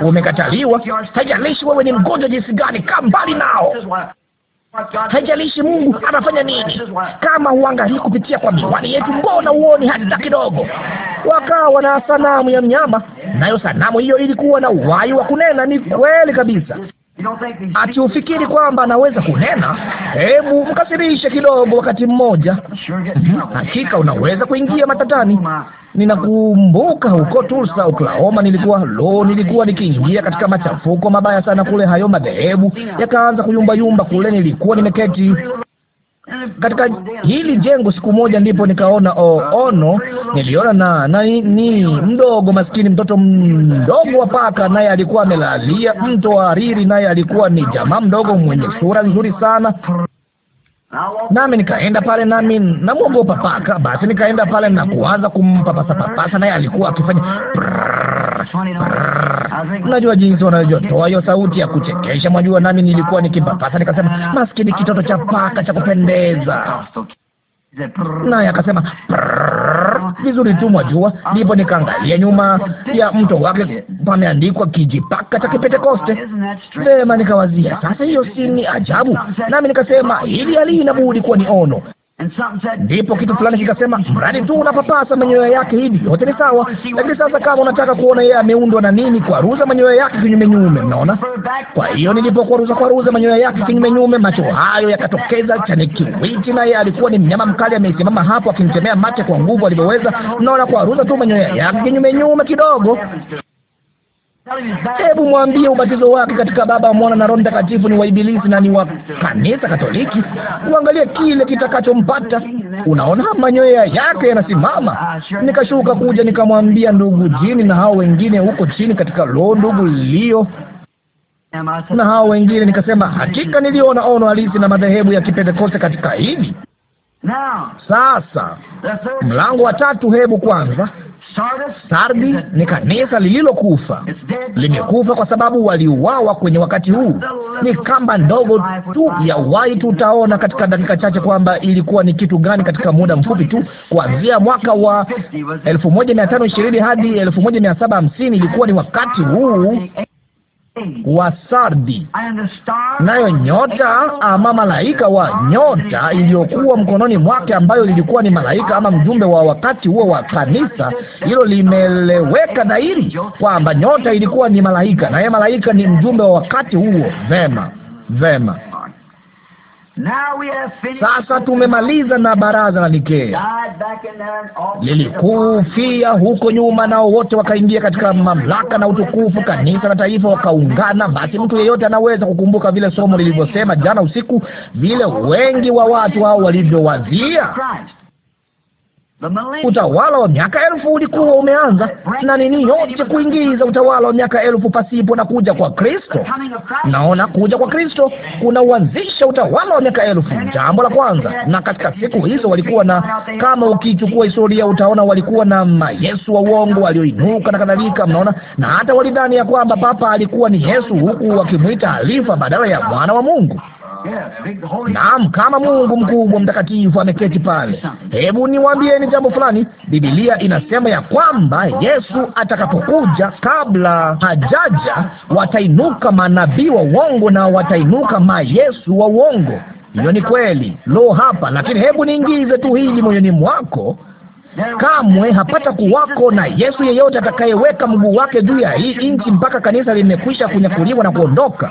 umekataliwa. Haijalishi wewe ni mgonjwa jinsi gani, kaa mbali nao. Haijalishi Mungu anafanya nini, kama huangalii kupitia kwa miwani yetu, mbona uoni hata kidogo? Wakawa na sanamu ya mnyama, nayo sanamu hiyo ilikuwa na uhai wa kunena. Ni kweli kabisa atiufikiri kwamba anaweza kunena. Hebu mkasirishe kidogo wakati mmoja. Hakika unaweza kuingia matatani. Uh, Ninakumbuka uh, huko Tulsa, uh, Oklahoma, nilikuwa lo, nilikuwa nikiingia katika machafuko mabaya sana kule. Hayo madhehebu yakaanza kuyumbayumba kule. Nilikuwa nimeketi katika hili jengo siku moja, ndipo nikaona oh, ono. Niliona na na ni mdogo maskini, mtoto mdogo wa paka, naye alikuwa amelalia mto wa hariri, naye alikuwa ni jamaa mdogo mwenye sura nzuri sana nami nikaenda pale, nami namwogopa paka. Basi nikaenda pale na kuanza kumpapasa papasa, naye alikuwa akifanya unajua jinsi wanavyotoa hiyo sauti ya kuchekesha, mwajua. Nami nilikuwa nikimpapasa, nikasema maskini kitoto cha paka cha kupendeza naye akasema vizuri tu mwajua. Ndipo nikaangalia nyuma ya mto wake, pameandikwa kijipaka cha Kipentekoste. Vema, nikawazia sasa, hiyo si ni ajabu? Nami nikasema hili halina inabudi kuwa ni ono. Ndipo kitu fulani kikasema, mradi tu unapapasa manyoya yake hivi, yote ni sawa. Lakini sasa, kama unataka kuona yeye ameundwa na nini, ruza manyoya yake kinyume nyume. unaona. Kwa hiyo kwa ruza manyoya yake kinyume nyume, macho hayo yakatokeza, kiwiti naye alikuwa ni mnyama mkali, amesimama hapo akimtemea mate kwa nguvu alivyoweza. Mnaona, ruza tu manyoya yake kinyume nyume kidogo Hebu mwambie ubatizo wake katika Baba, Mwana na Roho Mtakatifu ni wa Ibilisi na ni wa kanisa Katoliki. Uangalie kile kitakachompata. Unaona, manyoya yake yanasimama. Nikashuka kuja nikamwambia ndugu Jini na hao wengine huko chini katika roho, ndugu Lio na hao wengine, nikasema hakika niliona ono halisi na madhehebu ya Kipentekoste katika hivi sasa. Mlango wa tatu, hebu kwanza Sardi ni kanisa lililokufa, limekufa kwa sababu waliuawa kwenye wakati huu. Ni kamba ndogo tu ya wai. Tutaona katika dakika chache kwamba ilikuwa ni kitu gani katika muda mfupi tu, kuanzia mwaka wa 1520 hadi 1750 ilikuwa ni wakati huu wa sardi, nayo nyota ama malaika wa nyota iliyokuwa mkononi mwake, ambayo ilikuwa ni malaika ama mjumbe wa wakati huo wa kanisa. Hilo limeleweka dairi kwamba nyota ilikuwa ni malaika, naye malaika ni mjumbe wa wakati huo. Vema, vema. Sasa tumemaliza na baraza la Nikea, lilikufia huko nyuma, nao wote wakaingia katika mamlaka na utukufu, kanisa na taifa wakaungana. Basi mtu yeyote anaweza kukumbuka vile somo lilivyosema jana usiku, vile wengi wa watu hao walivyowazia Utawala wa miaka elfu ulikuwa umeanza na nini yote kuingiza utawala wa miaka elfu pasipo na kuja kwa Kristo. Naona kuja kwa Kristo kuna uanzisha utawala wa miaka elfu, jambo la kwanza. Na katika siku hizo walikuwa na, kama ukichukua historia utaona walikuwa na mayesu wa uongo walioinuka na kadhalika, mnaona. Na hata walidhani ya kwamba papa alikuwa ni Yesu, huku wakimwita alifa badala ya mwana wa Mungu. Naam, kama Mungu mkubwa mtakatifu ameketi pale. Hebu niwaambieni jambo fulani. Biblia inasema ya kwamba Yesu atakapokuja, kabla hajaja, watainuka manabii wa uongo na watainuka mayesu wa uongo. Hiyo ni kweli. Lo, hapa lakini, hebu niingize tu hili moyoni mwako. Kamwe hapata kuwako na Yesu yeyote atakayeweka mguu wake juu ya hii nchi mpaka kanisa limekwisha kunyakuliwa na kuondoka.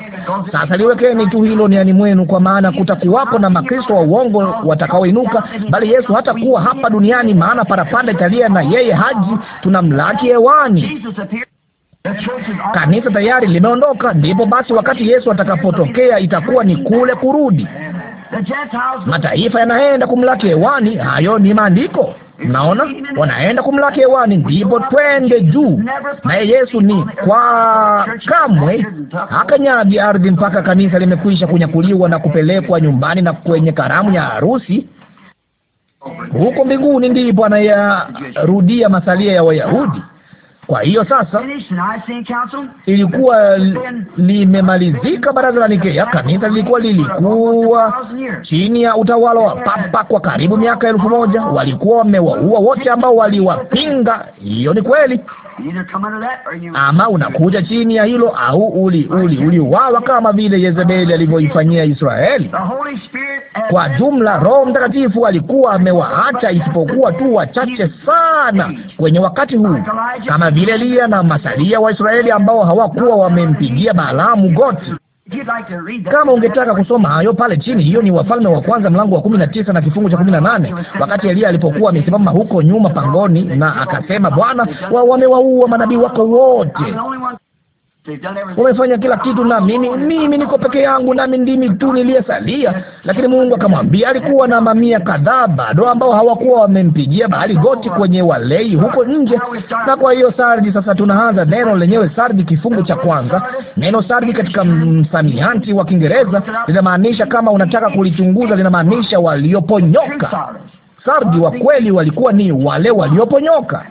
Sasa liwekeni tu hilo niani mwenu, kwa maana kutakuwako na Makristo wa uongo watakaoinuka, bali Yesu hatakuwa hapa duniani, maana parapanda italia na yeye haji, tunamlaki hewani. Kanisa tayari limeondoka. Ndipo basi wakati Yesu atakapotokea itakuwa ni kule kurudi. Mataifa yanaenda kumlaki hewani. Hayo ni maandiko naona wanaenda kumlaki hewani, ndipo twende juu. Naye Yesu ni kwa kamwe hakanyagi ardhi mpaka kanisa limekwisha kunyakuliwa na kupelekwa nyumbani na kwenye karamu ya harusi. Huko mbinguni ndipo anayarudia masalia ya Wayahudi. Kwa hiyo sasa ilikuwa limemalizika baraza la Nikea. Kanisa lilikuwa lilikuwa chini ya utawala wa papa kwa karibu miaka elfu moja. Walikuwa wamewaua wote ambao waliwapinga. Hiyo ni kweli ama unakuja chini ya hilo au uli uli uliuawa kama vile Yezebeli alivyoifanyia Israeli. Kwa jumla, Roho Mtakatifu alikuwa amewaacha isipokuwa tu wachache sana kwenye wakati huu, kama vile Eliya na masalia wa Israeli ambao hawakuwa wamempigia Balaamu goti. Kama ungetaka kusoma hayo pale chini, hiyo ni Wafalme wa Kwanza mlango wa kumi na tisa na kifungu cha kumi na nane wakati Eliya alipokuwa amesimama huko nyuma pangoni, na akasema, Bwana, wamewaua manabii wako wote Umefanya kila kitu, na mimi mimi niko peke yangu, nami ndimi tu niliyesalia. Lakini Mungu akamwambia, alikuwa na mamia kadhaa bado ambao hawakuwa wamempigia bahali goti kwenye walei huko nje. Na kwa hiyo sardi, sasa tunaanza neno lenyewe sardi, kifungu cha kwanza. Neno sardi katika msamiati wa Kiingereza linamaanisha, kama unataka kulichunguza, linamaanisha walioponyoka. Sardi wa kweli walikuwa ni wale walioponyoka.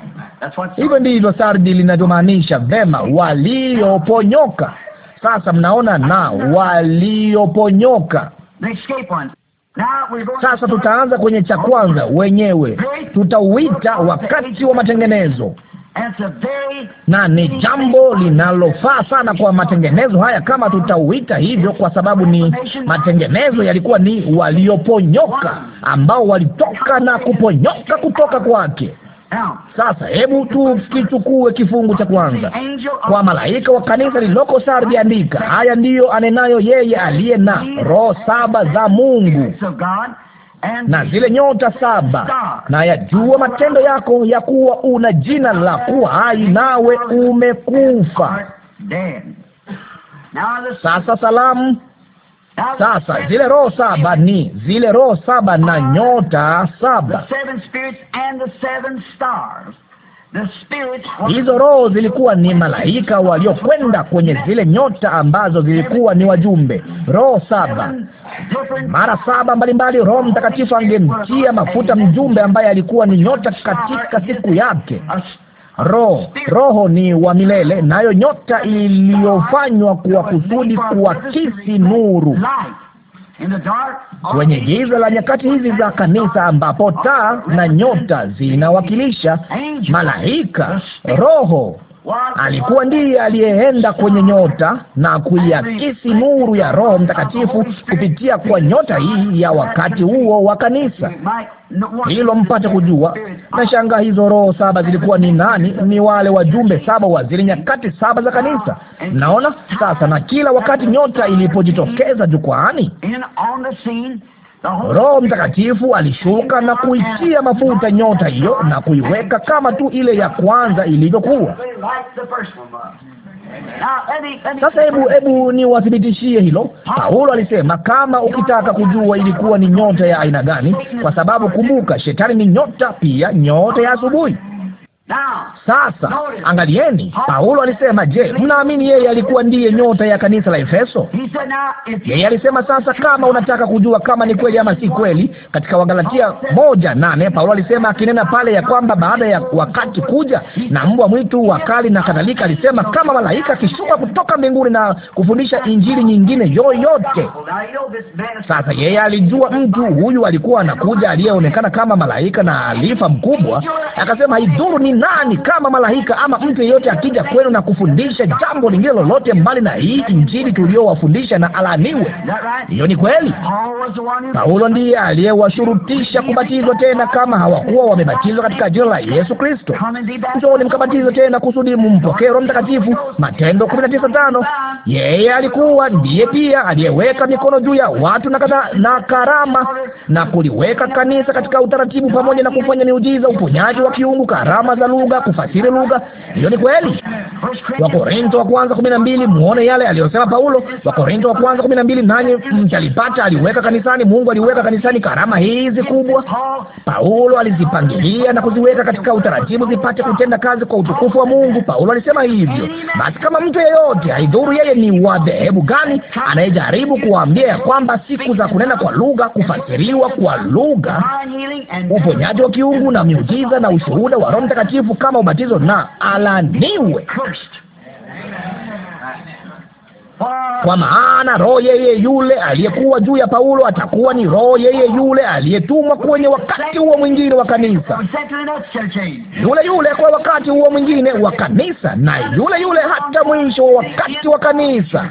Hivyo ndivyo sardi linavyomaanisha. Vema, walioponyoka. Sasa mnaona, na walioponyoka sasa tutaanza kwenye cha kwanza wenyewe, tutauita wakati wa matengenezo, na ni jambo linalofaa sana kwa matengenezo haya kama tutauita hivyo, kwa sababu ni matengenezo yalikuwa ni walioponyoka, ambao walitoka na kuponyoka kutoka kwake. Sasa hebu tukichukue kifungu cha kwanza. Kwa malaika wa kanisa liloko Sardi andika, haya ndiyo anenayo yeye aliye na roho saba za Mungu na zile nyota saba, na yajua matendo yako ya kuwa una jina la kuwa hai, nawe umekufa. Sasa salamu sasa zile roho saba ni zile roho saba na nyota saba. Hizo roho zilikuwa ni malaika waliokwenda kwenye zile nyota ambazo zilikuwa ni wajumbe. Roho saba mara saba mbalimbali. Roho Mtakatifu angemtia mafuta mjumbe ambaye alikuwa ni nyota katika siku yake. Roho, Roho ni wa milele, nayo nyota iliyofanywa kwa kusudi kuakisi nuru kwenye giza la nyakati hizi za kanisa, ambapo taa na nyota zinawakilisha malaika, Roho alikuwa ndiye aliyeenda kwenye nyota na kuiakisi nuru ya Roho Mtakatifu kupitia kwa nyota hii ya wakati huo wa kanisa hilo mpate kujua. Na shanga hizo roho saba zilikuwa ni nani? Ni wale wajumbe saba wa zile nyakati saba za kanisa. Naona sasa, na kila wakati nyota ilipojitokeza jukwaani Roho Mtakatifu alishuka na kuitia mafuta nyota hiyo na kuiweka kama tu ile ya kwanza ilivyokuwa. Sasa hebu hebu niwathibitishie hilo. Paulo alisema kama ukitaka kujua ilikuwa ni nyota ya aina gani, kwa sababu kumbuka, shetani ni nyota pia, nyota ya asubuhi. Sasa angalieni, Paulo alisema, je, mnaamini yeye alikuwa ndiye nyota ya kanisa la Efeso? Yeye alisema, sasa kama unataka kujua kama ni kweli ama si kweli, katika Wagalatia moja nane Paulo alisema akinena pale ya kwamba baada ya wakati kuja na mbwa mwitu wakali na kadhalika, alisema kama malaika akishuka kutoka mbinguni na kufundisha injili nyingine yoyote. Sasa yeye alijua mtu huyu alikuwa anakuja aliyeonekana kama malaika na alifa mkubwa, akasema haidhuru ni nani kama malaika ama mtu yeyote akija kwenu na kufundisha jambo lingine lolote mbali na hii Injili tuliyowafundisha, na alaniwe. Hiyo ni kweli. Paulo ndiye aliyewashurutisha kubatizwa tena, kama hawakuwa wamebatizwa katika jina la Yesu Kristo. Njooni mkabatizwe tena kusudi mumpokee Roho Mtakatifu, Matendo 19:5. Yeye alikuwa ndiye pia aliyeweka mikono juu ya watu na kata, na karama na kuliweka kanisa katika utaratibu, pamoja na kufanya miujiza, uponyaji wa kiungu, karama za lugha, kufasiri lugha. Hiyo ni kweli. Wakorintho wa kwanza kumi na mbili, muone yale aliyosema Paulo. Wakorintho wa kwanza kumi na mbili, nanyi mtalipata. Aliweka kanisani, Mungu aliweka kanisani karama hizi kubwa. Paulo alizipangilia na kuziweka katika utaratibu zipate kutenda kazi kwa utukufu wa Mungu. Paulo alisema hivyo. Basi kama mtu yeyote, haidhuru yeye ni wa dhehebu gani, anayejaribu kuwaambia ya kwamba siku za kunena kwa lugha, kufasiriwa kwa lugha, uponyaji wa kiungu na miujiza na ushuhuda wa Roho Mtakatifu Mtakatifu kama ubatizo na alaniwe. Kwa maana roho yeye yule aliyekuwa juu ya Paulo atakuwa ni roho yeye yule aliyetumwa kwenye wakati huo mwingine wa kanisa, yule yule kwa wakati huo mwingine wa kanisa, na yule yule hata mwisho wa wakati wa kanisa.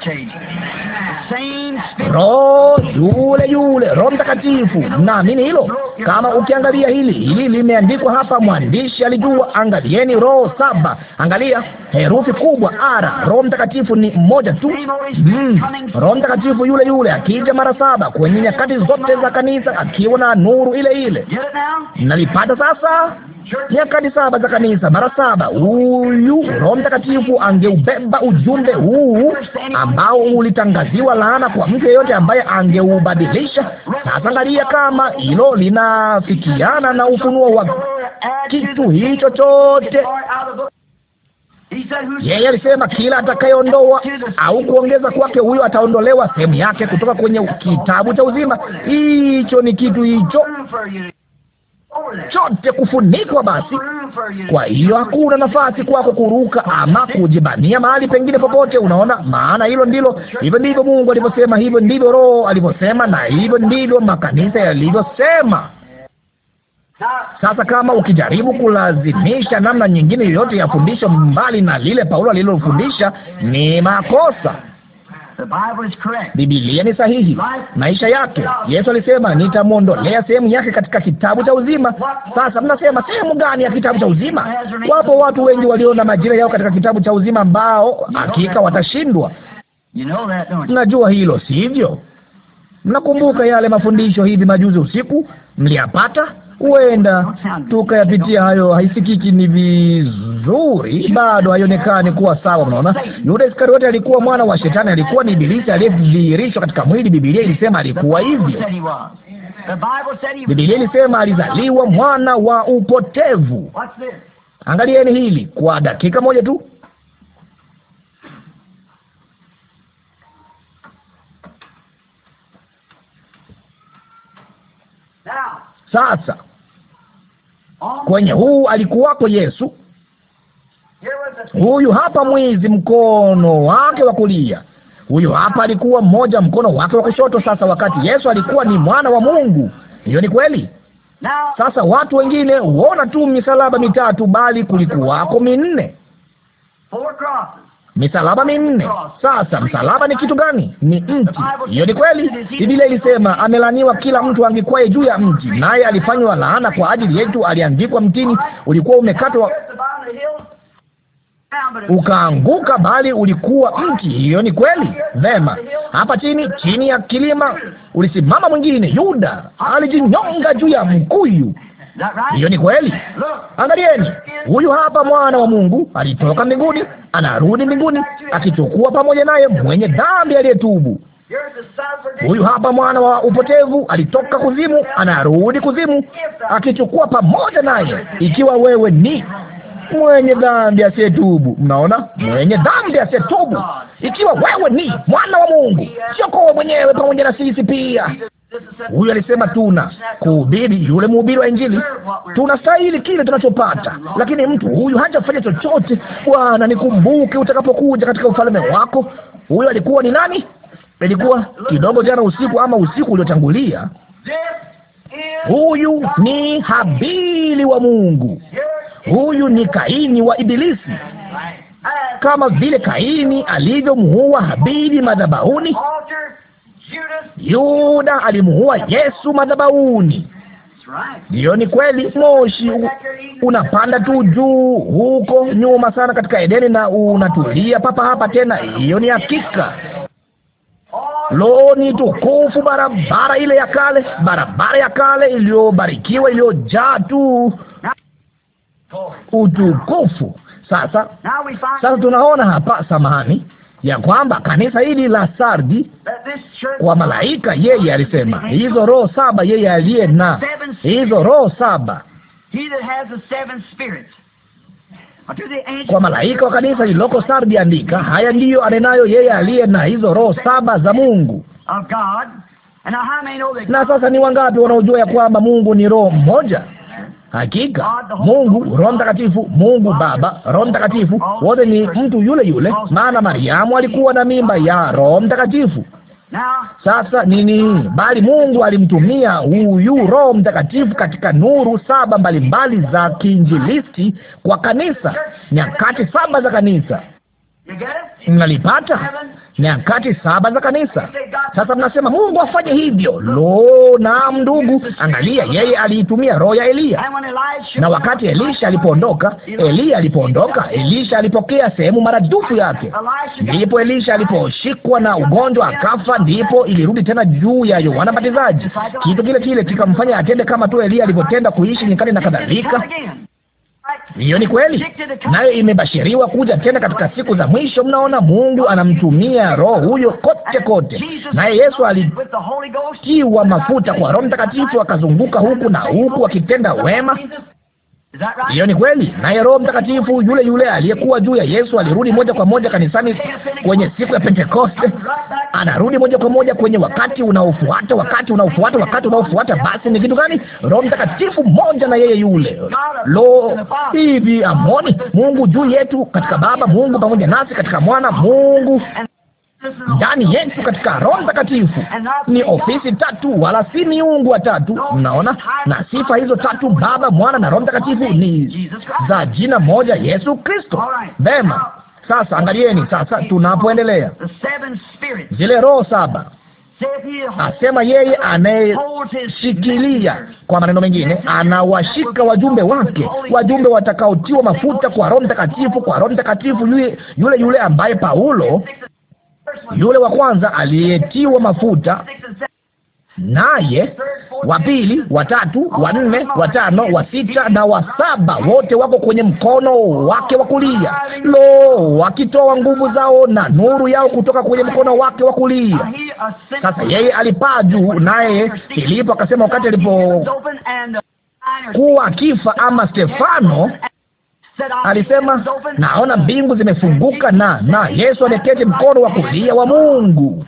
Roho yule yule, Roho Mtakatifu. Naamini hilo. Kama ukiangalia hili hili limeandikwa hapa, mwandishi alijua. Angalieni roho saba, angalia herufi kubwa R. Roho Mtakatifu ni mmoja tu Mm. Roho Mtakatifu yule yule akija mara saba kwenye nyakati zote za kanisa akiwa na nuru ile ile. Nalipata sasa nyakati saba za kanisa mara saba. Huyu Roho Mtakatifu angeubeba ujumbe huu ambao ulitangaziwa laana kwa mtu yeyote ambaye angeubadilisha. Sasa angalia kama hilo linafikiana na ufunuo wa kitu hicho chote yeye alisema kila atakayeondoa au kuongeza kwake, huyo ataondolewa sehemu yake kutoka kwenye kitabu cha uzima. Hicho ni kitu hicho chote kufunikwa. Basi kwa hiyo hakuna nafasi kwako kuruka ama kujibania mahali pengine popote. Unaona, maana hilo ndilo, hivyo ndivyo Mungu alivyosema, hivyo ndivyo Roho alivyosema, na hivyo ndivyo makanisa yalivyosema. Sasa kama ukijaribu kulazimisha namna nyingine yoyote ya fundisho mbali na lile Paulo alilofundisha, ni makosa. Bibilia ni sahihi, maisha yake. Yesu alisema nitamwondolea sehemu yake katika kitabu cha uzima. Sasa mnasema sehemu gani ya kitabu cha uzima? Wapo watu wengi waliona majira yao katika kitabu cha uzima ambao hakika watashindwa. Mnajua hilo, sivyo? Mnakumbuka yale mafundisho hivi majuzi usiku mliyapata? huenda tukayapitia hayo. Haisikiki, ni vizuri, bado haionekani kuwa sawa. Mnaona, Yuda Iskariote alikuwa mwana wa Shetani, alikuwa ni Ibilisi aliyedhihirishwa katika mwili. Bibilia ilisema alikuwa hivyo. Bibilia ilisema alizaliwa mwana wa upotevu. Angalieni hili kwa dakika moja tu. Sasa Kwenye huu alikuwako Yesu. Huyu hapa mwizi mkono wake wa kulia, huyu hapa alikuwa mmoja mkono wake wa kushoto. Sasa wakati Yesu alikuwa ni mwana wa Mungu, hiyo ni kweli. Sasa watu wengine huona tu misalaba mitatu, bali kulikuwako minne misalaba minne. Sasa msalaba ni kitu gani? Ni mti. Hiyo ni kweli. Biblia ilisema amelaniwa kila mtu angikwaye juu ya mti, naye alifanywa laana kwa ajili yetu, aliandikwa mtini. Ulikuwa umekatwa ukaanguka, bali ulikuwa mti. Hiyo ni kweli. Vema, hapa chini chini ya kilima ulisimama mwingine, Yuda alijinyonga juu ya mkuyu hiyo ni kweli. Angalieni, huyu hapa mwana wa Mungu alitoka mbinguni, anarudi mbinguni, akichukua pamoja naye mwenye dhambi aliyetubu. Huyu hapa mwana wa upotevu alitoka kuzimu, anarudi kuzimu, akichukua pamoja naye. Ikiwa wewe ni mwenye dhambi asiyetubu. Mnaona, mwenye dhambi asiyetubu. Ikiwa wewe ni mwana wa Mungu, sio kwa mwenyewe, pamoja na sisi pia. Huyu alisema tuna kuhubiri, yule mhubiri wa Injili, tunastahili kile tunachopata, lakini mtu huyu hajafanya chochote. Bwana, nikumbuke utakapokuja katika ufalme wako. Huyo alikuwa ni nani? Ilikuwa kidogo jana usiku ama usiku uliotangulia. Huyu ni Habili wa Mungu huyu ni Kaini wa Ibilisi, kama vile Kaini alivyomuua Habili madhabahuni. Yuda alimuua Yesu madhabahuni. Ndiyo, ni kweli. Moshi unapanda tu juu huko nyuma sana katika Edeni na unatulia papa hapa tena. Hiyo ni hakika. Lo, ni tukufu, barabara ile ya kale, barabara ya kale iliyobarikiwa, iliyojaa tu utukufu. Sasa sasa tunaona hapa, samahani, ya kwamba kanisa hili la Sardi kwa malaika yeye alisema hizo roho saba, yeye aliye na hizo roho saba kwa malaika wa kanisa liloko Sardi andika, haya ndiyo anenayo yeye aliye na hizo roho saba za Mungu. Na sasa ni wangapi wanaojua ya kwamba Mungu ni roho mmoja? Hakika Mungu Roho Mtakatifu, Mungu Baba, Roho Mtakatifu, wote ni mtu yule yule, maana Mariamu alikuwa na mimba ya Roho Mtakatifu. Sasa nini? Bali Mungu alimtumia huyu Roho Mtakatifu katika nuru saba mbalimbali za kiinjilisti kwa kanisa, nyakati saba za kanisa. Mnalipata? nyakati saba za kanisa. Sasa mnasema Mungu afanye hivyo. Lo, naam ndugu, angalia, yeye aliitumia roho ya Eliya. Na wakati Elisha alipoondoka, Eliya alipoondoka, Elisha alipokea sehemu maradufu yake. Ndipo Elisha aliposhikwa na ugonjwa akafa, ndipo ilirudi tena juu ya Yohana Mbatizaji. Kitu kile kile kikamfanya atende kama tu Eliya alivyotenda, kuishi nyikani na kadhalika. Hiyo ni kweli, nayo imebashiriwa kuja tena katika siku za mwisho. Mnaona, Mungu anamtumia roho huyo kote kote, naye Yesu alitiwa mafuta kwa Roho Mtakatifu, akazunguka huku na huku akitenda wema. Hiyo ni kweli. Naye Roho Mtakatifu yule yule aliyekuwa juu ya Yesu alirudi moja kwa moja kanisani kwenye siku ya Pentekoste, anarudi moja kwa moja kwenye wakati unaofuata, wakati unaofuata, wakati unaofuata. Basi ni kitu gani? Roho Mtakatifu mmoja na yeye yule. Lo, hivi amoni Mungu juu yetu katika Baba, Mungu pamoja nasi katika Mwana, Mungu ndani yetu katika Roho Mtakatifu. Ni ofisi tatu, wala si miungu watatu. Mnaona, na sifa hizo tatu, Baba, Mwana na Roho Mtakatifu, ni za jina moja, Yesu Kristo. Vema, sasa angalieni sasa, tunapoendelea zile roho saba asema yeye anayeshikilia. Kwa maneno mengine, anawashika wajumbe wake, wajumbe watakaotiwa mafuta kwa Roho Mtakatifu, kwa Roho Mtakatifu yule yule ambaye Paulo yule wa kwanza aliyetiwa mafuta, naye wa pili, wa tatu, wa nne, wa tano, wa sita na wa saba, wote wako kwenye mkono wake wa kulia. Lo, wakitoa nguvu zao na nuru yao kutoka kwenye mkono wake wa kulia. Sasa yeye alipaa juu, naye Filipo akasema wakati alipokuwa kifa ama Stefano alisema, naona mbingu zimefunguka na na Yesu ameketi mkono wa kulia wa Mungu.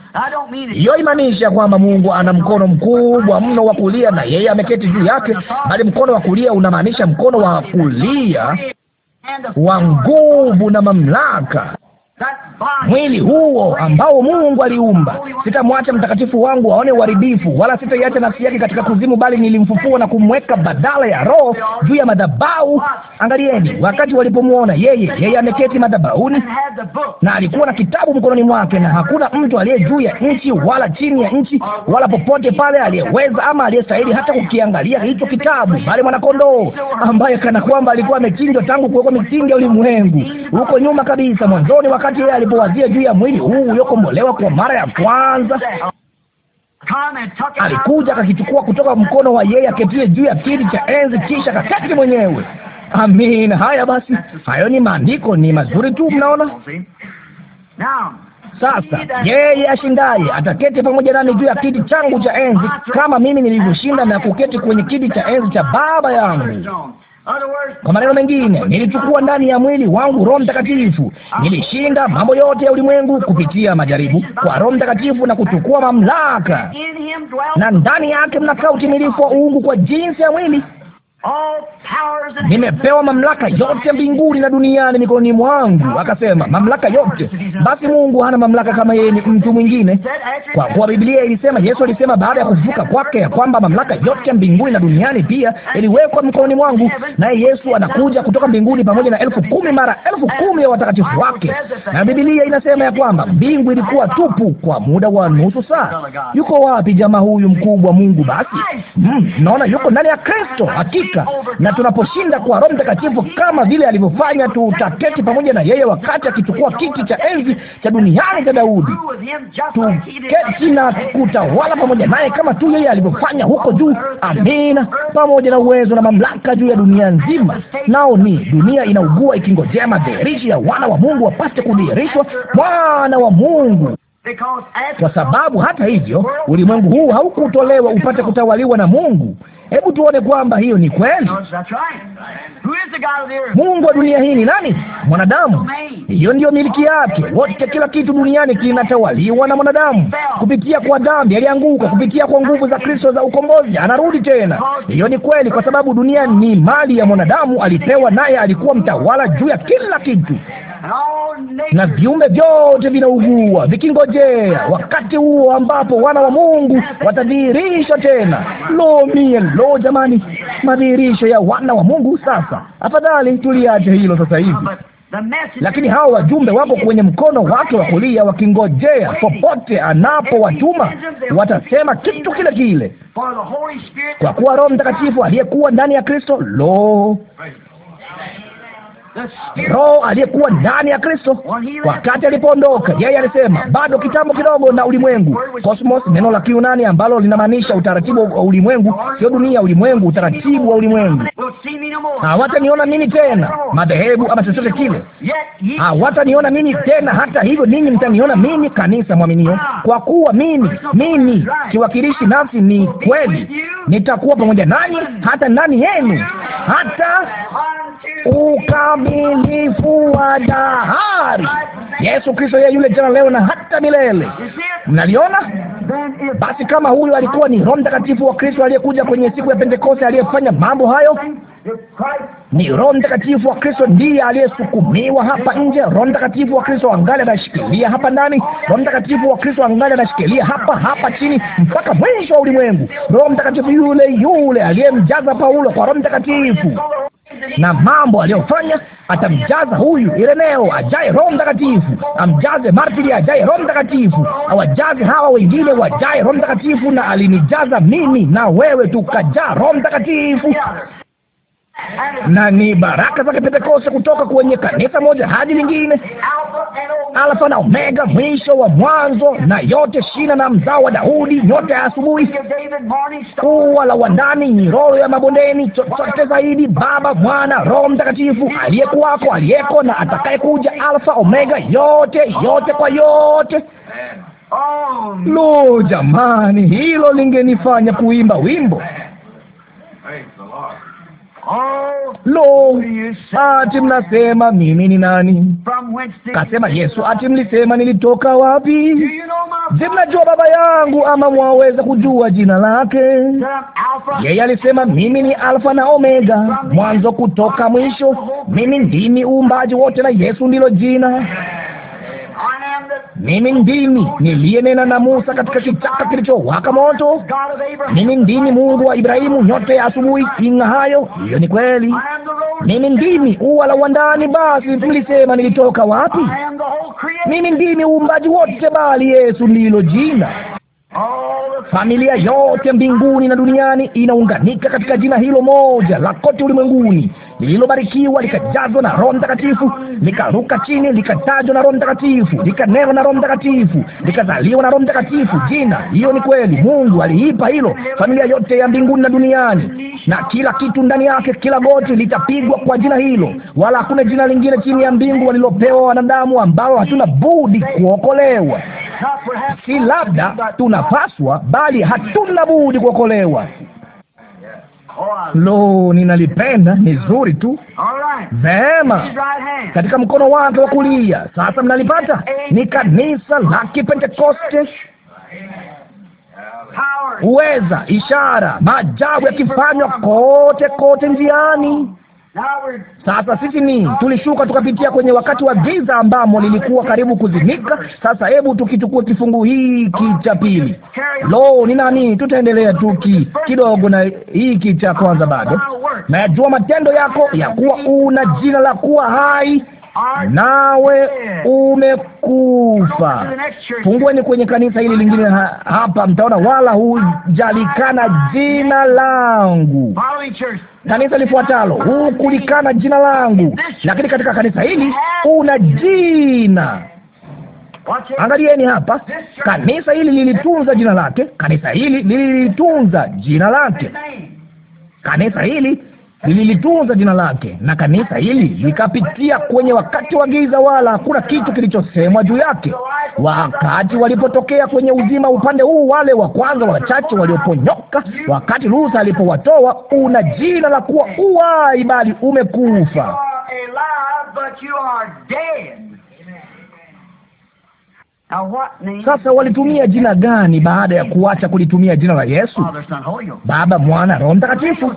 Hiyo imaanisha kwamba Mungu ana mkono mkubwa mno wa kulia na yeye ameketi juu yake, bali mkono wa kulia unamaanisha mkono wa kulia wa nguvu na mamlaka mwili huo ambao Mungu aliumba. Sitamwacha mtakatifu wangu aone uharibifu, wala sitaiacha nafsi yake katika kuzimu, bali nilimfufua na kumweka badala ya roho juu ya madhabahu. Angalieni, wakati walipomwona yeye, yeye ameketi madhabahuni na alikuwa na kitabu mkononi mwake, na hakuna mtu aliye juu ya nchi wala chini ya nchi wala popote pale aliyeweza ama aliyestahili hata kukiangalia hicho kitabu, bali mwanakondoo ambaye kana kwamba alikuwa amechinjwa tangu kuwekwa misingi ya ulimwengu, huko nyuma kabisa, mwanzoni wakati wakati yeye alipowazia juu ya mwili huu uliokombolewa kwa mara ya kwanza, alikuja akakichukua kutoka mkono wa yeye aketie juu ya kiti cha enzi, kisha kaketi mwenyewe. Amina. Haya basi, hayo ni maandiko, ni mazuri tu. Mnaona sasa, yeye ashindaye ataketi pamoja nami juu ya kiti changu cha enzi, kama mimi nilivyoshinda na kuketi kwenye kiti cha enzi cha Baba yangu. Kwa maneno mengine, nilichukua ndani ya mwili wangu Roho Mtakatifu. Ah. Nilishinda mambo yote ya ulimwengu kupitia majaribu kwa Roho Mtakatifu na kuchukua mamlaka, na ndani yake mnakaa utimilifu wa uungu kwa jinsi ya mwili nimepewa mamlaka yote mbinguni na duniani mikononi mwangu, akasema mamlaka yote. Basi Mungu hana mamlaka kama yeye ni mtu mwingine, kwa kuwa Biblia ilisema, Yesu alisema baada ya kufufuka kwake, ya kwamba mamlaka yote mbinguni na duniani pia iliwekwa mikononi mwangu, naye Yesu anakuja kutoka mbinguni pamoja na elfu kumi mara elfu kumi ya watakatifu wake. Na Biblia inasema ya kwamba mbingu ilikuwa tupu kwa muda wa nusu saa. Yuko wapi jamaa huyu mkubwa Mungu? Basi mm, naona yuko ndani ya Kristo hakika mamlaka, na tunaposhinda kwa Roho Mtakatifu kama vile alivyofanya, tutaketi pamoja na yeye wakati akichukua kiti cha enzi cha duniani cha Daudi, tuketi na kutawala pamoja naye kama tu yeye alivyofanya huko juu. Amina, pamoja na uwezo na mamlaka juu ya dunia nzima. Nao ni dunia inaugua ikingojea madhihirisho ya wana wa Mungu wapate kudhihirishwa, mwana wa Mungu kwa sababu hata hivyo ulimwengu huu haukutolewa upate kutawaliwa na Mungu, Hebu tuone kwamba hiyo ni kweli. Mungu wa dunia hii ni nani? Mwanadamu. Hiyo ndiyo miliki yake wote. Kila kitu duniani kinatawaliwa na mwanadamu. Kupitia kwa dhambi alianguka, kupitia kwa nguvu za Kristo za ukombozi anarudi tena. Hiyo ni kweli, kwa sababu dunia ni mali ya mwanadamu, alipewa naye alikuwa mtawala juu ya kila kitu na viumbe vyote vinaugua vikingojea wakati huo ambapo wana wa Mungu watadhihirishwa tena. Lo, mie lo, jamani, madhihirisho ya wana wa Mungu! Sasa afadhali tuliache hilo sasa hivi lakini hawa wajumbe wapo kwenye mkono wake wa kulia wakingojea, popote anapowatuma watasema kitu kile kile, kwa kuwa Roho Mtakatifu aliyekuwa ndani ya Kristo. Lo, Roho aliyekuwa ndani ya Kristo wakati alipoondoka, yeye alisema bado kitambo kidogo na ulimwengu. Cosmos, neno la Kiunani ambalo linamaanisha utaratibu wa ulimwengu, sio dunia, ulimwengu, utaratibu wa ulimwengu. Hawataniona mimi tena, madhehebu ama chochote kile, hawataniona mimi tena. Hata hivyo, ninyi mtaniona mimi, kanisa mwaminio, kwa kuwa mimi, mimi kiwakilishi nafsi ni kweli, nitakuwa pamoja nanyi hata ndani yenu hata ukamilifu wa dahari. Yesu Kristo yeye yule jana leo na hata milele. Mnaliona? Basi kama huyu alikuwa ni Roho Mtakatifu wa Kristo aliyekuja kwenye siku ya Pentekoste aliyefanya mambo hayo, ni Roho Mtakatifu wa Kristo ndiye aliyesukumiwa hapa nje. Roho Mtakatifu wa Kristo angali anashikilia hapa ndani. Roho Mtakatifu wa Kristo angali anashikilia hapa hapa chini mpaka mwisho wa ulimwengu. Roho Mtakatifu yule yule aliyemjaza Paulo kwa Roho Mtakatifu na mambo aliyofanya. Atamjaza huyu Ireneo ajaye Roho Mtakatifu, amjaze Martiri ajaye Roho Mtakatifu, awajaze hawa wengine wajaye Roho Mtakatifu, na alinijaza mimi na wewe tukajaa Roho Mtakatifu na ni baraka za Kipentekoste kutoka kwenye kanisa moja hadi lingine, Alfa na Omega, mwisho wa mwanzo, na yote shina na mzao wa Daudi, nyota ya asubuhi, kuwa la wandani, nyororo ya mabondeni, chochote zaidi, Baba, Mwana, Roho Mtakatifu, aliyekuwako, aliyeko na atakaye kuja Alfa Omega, yote yote kwa yote. Lo, jamani, hilo lingenifanya kuimba wimbo Lo, ati mnasema mimi ni nani? Kasema Yesu, ati mlisema nilitoka wapi? Je, mnajua baba yangu, ama mwaweza kujua jina lake? Yeye alisema mimi ni Alfa na Omega, mwanzo kutoka mwisho. Mimi ndimi uumbaji wote, na Yesu ndilo jina mimi ndimi niliyenena na Musa katika kichaka kilichowaka moto. Mimi ndimi Mungu wa Ibrahimu, nyote ya asubuhi ing'aayo. Hiyo ni kweli. Mimi ndimi ua la uwandani. Basi mlisema nilitoka wapi? Mimi ndimi uumbaji wote, bali Yesu ndilo jina. Familia yote mbinguni na duniani inaunganika katika jina hilo moja la kote ulimwenguni lililobarikiwa likajazwa na Roho Mtakatifu, likaruka chini, likatajwa na Roho Mtakatifu, likanenwa na Roho Mtakatifu, likazaliwa na Roho Mtakatifu. Jina hiyo ni kweli, Mungu aliipa hilo familia yote ya mbinguni na duniani na kila kitu ndani yake. Kila goti litapigwa kwa jina hilo, wala hakuna jina lingine chini ya mbingu walilopewa wanadamu ambao hatuna budi kuokolewa. Si labda tunapaswa, bali hatuna budi kuokolewa. Lo, ninalipenda ni zuri tu. Vema, katika mkono wake wa kulia sasa mnalipata, ni kanisa la Kipentekoste. Uweza, ishara, maajabu yakifanywa kote kote njiani. Sasa sisi ni tulishuka tukapitia kwenye wakati wa giza ambamo lilikuwa karibu kuzimika. Sasa hebu tukichukua kifungu hiki cha pili, lo, ni nani? Tutaendelea tuki kidogo na hiki cha kwanza bado. najua matendo yako ya kuwa una jina la kuwa hai nawe umekufa. Fungueni kwenye kanisa hili lingine ha hapa, mtaona wala hujalikana jina langu. Kanisa lifuatalo hukulikana jina langu, lakini katika kanisa hili una jina. Angalieni hapa, kanisa hili lilitunza jina lake, kanisa hili lilitunza jina lake, kanisa hili lililitunza jina lake, na kanisa hili likapitia kwenye wakati wa giza, wala hakuna kitu kilichosemwa juu yake. Wakati walipotokea kwenye uzima upande huu, wale wa kwanza wachache walioponyoka, wakati Luther alipowatoa, una jina la kuwa uwai, bali umekufa. Sasa walitumia jina gani baada ya kuacha kulitumia jina la Yesu? Baba, Mwana, Roho Mtakatifu.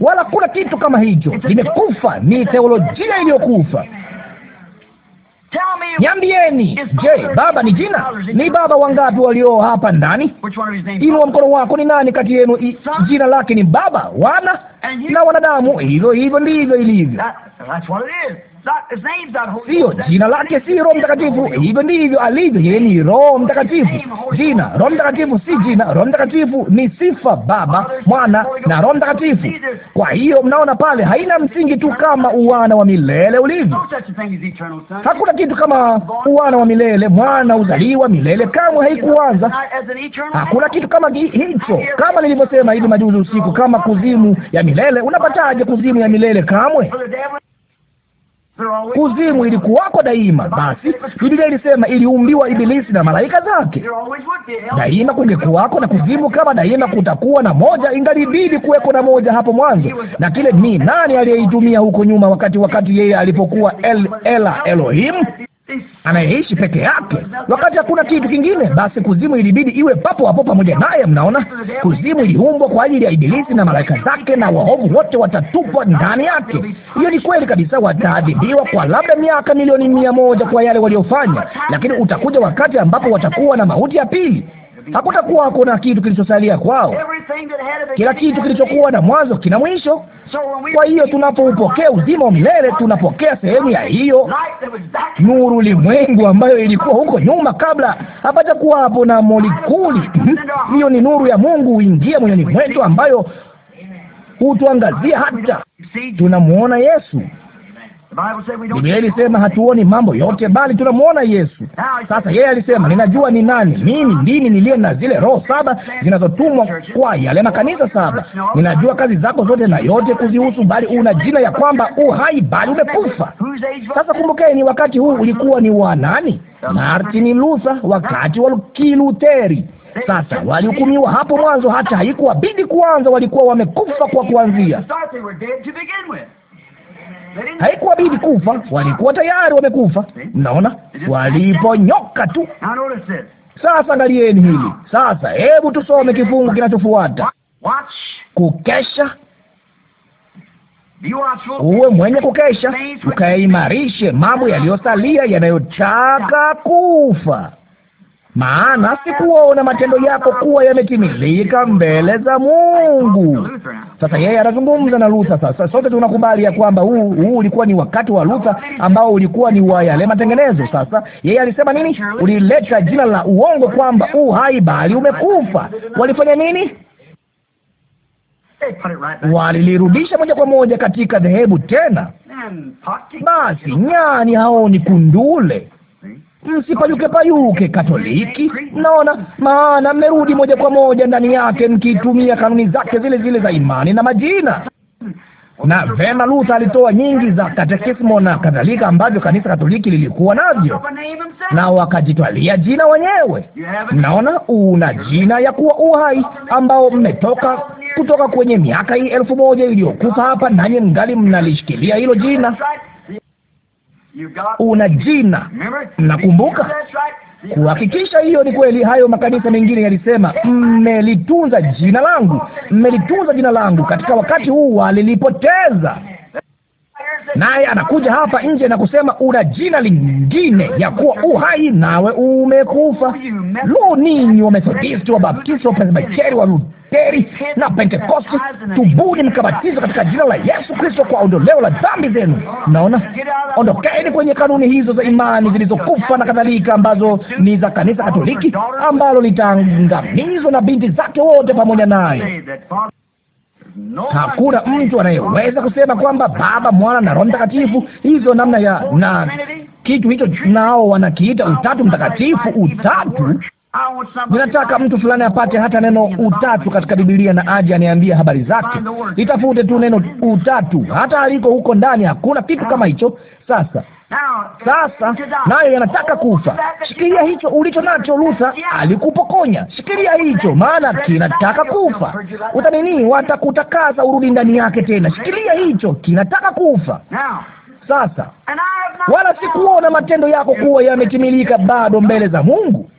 Wala kuna kitu kama hicho, limekufa. Ni teolojia iliyokufa. Niambieni, je, baba ni jina? Ni baba wangapi walio hapa ndani? Inua mkono wako. Ni nani kati yenu jina lake ni baba? Wana na wanadamu, hivyo hivyo ndivyo ilivyo sio jina lake, si Roho Mtakatifu. Hivyo ndivyo alivyo yeye, ni Roho Mtakatifu. Jina Roho Mtakatifu si jina. Roho Mtakatifu ni sifa Baba, Mwana na Roho Mtakatifu. Kwa hiyo mnaona pale haina msingi tu kama uwana wa milele ulivyo. Hakuna kitu kama uwana wa milele, mwana uzaliwa milele, kamwe haikuanza. Hakuna kitu kama hicho, kama nilivyosema hivi majuzi usiku, kama kuzimu ya milele. Unapataje kuzimu ya milele? Kamwe. Kuzimu ilikuwako daima. Basi Biblia ilisema iliumbiwa Ibilisi na malaika zake. Daima kungekuwako na kuzimu, kama daima kutakuwa na moja, ingalibidi kuweko na moja hapo mwanzo. Na kile ni nani aliyeitumia huko nyuma, wakati wakati yeye alipokuwa El Ela Elohim anayeishi peke yake, wakati hakuna kitu kingine, basi kuzimu ilibidi iwe papo hapo pamoja naye. Mnaona, kuzimu iliumbwa kwa ajili ya Ibilisi na malaika zake, na waovu wote watatupwa ndani yake. Hiyo ni kweli kabisa, wataadhibiwa kwa labda miaka milioni mia moja kwa yale waliofanya, lakini utakuja wakati ambapo watakuwa na mauti ya pili. Hakutakuwa kuna kitu kilichosalia kwao. Kila kitu kilichokuwa na mwanzo kina mwisho. Kwa hiyo tunapoupokea uzima wa milele, tunapokea sehemu ya hiyo nuru ulimwengu ambayo ilikuwa huko nyuma kabla hapata kuwa hapo na molekuli hiyo. Ni nuru ya Mungu huingia moyoni mwetu ambayo hutuangazia hata tunamwona Yesu. Biblia ilisema hatuoni mambo yote, bali tunamwona Yesu. Sasa yeye alisema, ninajua ni nani mimi. Ndimi niliye na zile roho saba zinazotumwa kwa yale makanisa saba. Ninajua kazi zako zote na yote kuzihusu, bali una jina ya kwamba uhai, bali umekufa. Sasa kumbukeni, wakati huu ulikuwa ni wa nani? Martin Luther, wakati wa Kiluteri. Sasa walihukumiwa hapo mwanzo, hata haikuwabidi kuanza, walikuwa wamekufa kwa kuanzia haikuwabidi kufa, walikuwa tayari wamekufa. Mnaona, waliponyoka tu. Sasa angalieni hili sasa. Hebu tusome kifungu kinachofuata: kukesha uwe mwenye kukesha, ukaimarishe mambo yaliyosalia yanayotaka kufa maana sikuona matendo yako kuwa yametimilika mbele za Mungu. Sasa yeye anazungumza na Luther. Sasa sote tunakubali ya kwamba huu huu ulikuwa ni wakati wa Luther ambao ulikuwa ni wa yale matengenezo. Sasa yeye alisema nini? Ulileta jina la uongo kwamba u hai bali umekufa. Walifanya nini? Walilirudisha moja kwa moja katika dhehebu tena. Basi nyani haoni kundule msipayuke payuke Katoliki. Naona maana mmerudi moja kwa moja ndani yake, mkitumia kanuni zake zile zile za imani na majina na vema Luther alitoa nyingi za katekismo na kadhalika ambavyo kanisa Katoliki lilikuwa navyo, na wakajitwalia jina wenyewe. Naona una jina ya kuwa uhai ambao mmetoka kutoka kwenye miaka hii elfu moja iliyokufa hapa, nanyi ngali mnalishikilia hilo jina una jina. mnakumbuka kuhakikisha hiyo ni kweli. Hayo makanisa mengine yalisema mmelitunza jina langu, mmelitunza jina langu, katika wakati huu walilipoteza naye anakuja hapa nje na kusema una jina lingine ya kuwa uhai nawe umekufa. Lo, ninyi Wamethodisti, Wabaptisti, Wapresbiteri, Waluteri na Pentekosti, tubuni mkabatizo katika jina la Yesu Kristo kwa ondoleo la dhambi zenu. Naona, ondokeni kwenye kanuni hizo za imani zilizokufa na kadhalika, ambazo ni za kanisa Katoliki ambalo litaangamizwa na binti zake wote pamoja naye. Hakuna mtu anayeweza kusema kwamba Baba, Mwana na Roho Mtakatifu, hizo namna ya na kitu hicho, nao wanakiita Utatu Mtakatifu. Utatu Ninataka mtu fulani apate hata neno utatu katika Biblia na aje aniambie habari zake. Itafute tu neno utatu, hata aliko huko ndani, hakuna kitu kama hicho. Sasa sasa nayo yanataka kufa. Shikilia hicho ulicho nacho. Luther alikupokonya, shikilia hicho, maana kinataka kufa. Utanini, watakutakasa urudi ndani yake tena. Shikilia hicho, kinataka kufa. Sasa wala sikuona matendo yako kuwa yametimilika bado mbele za Mungu.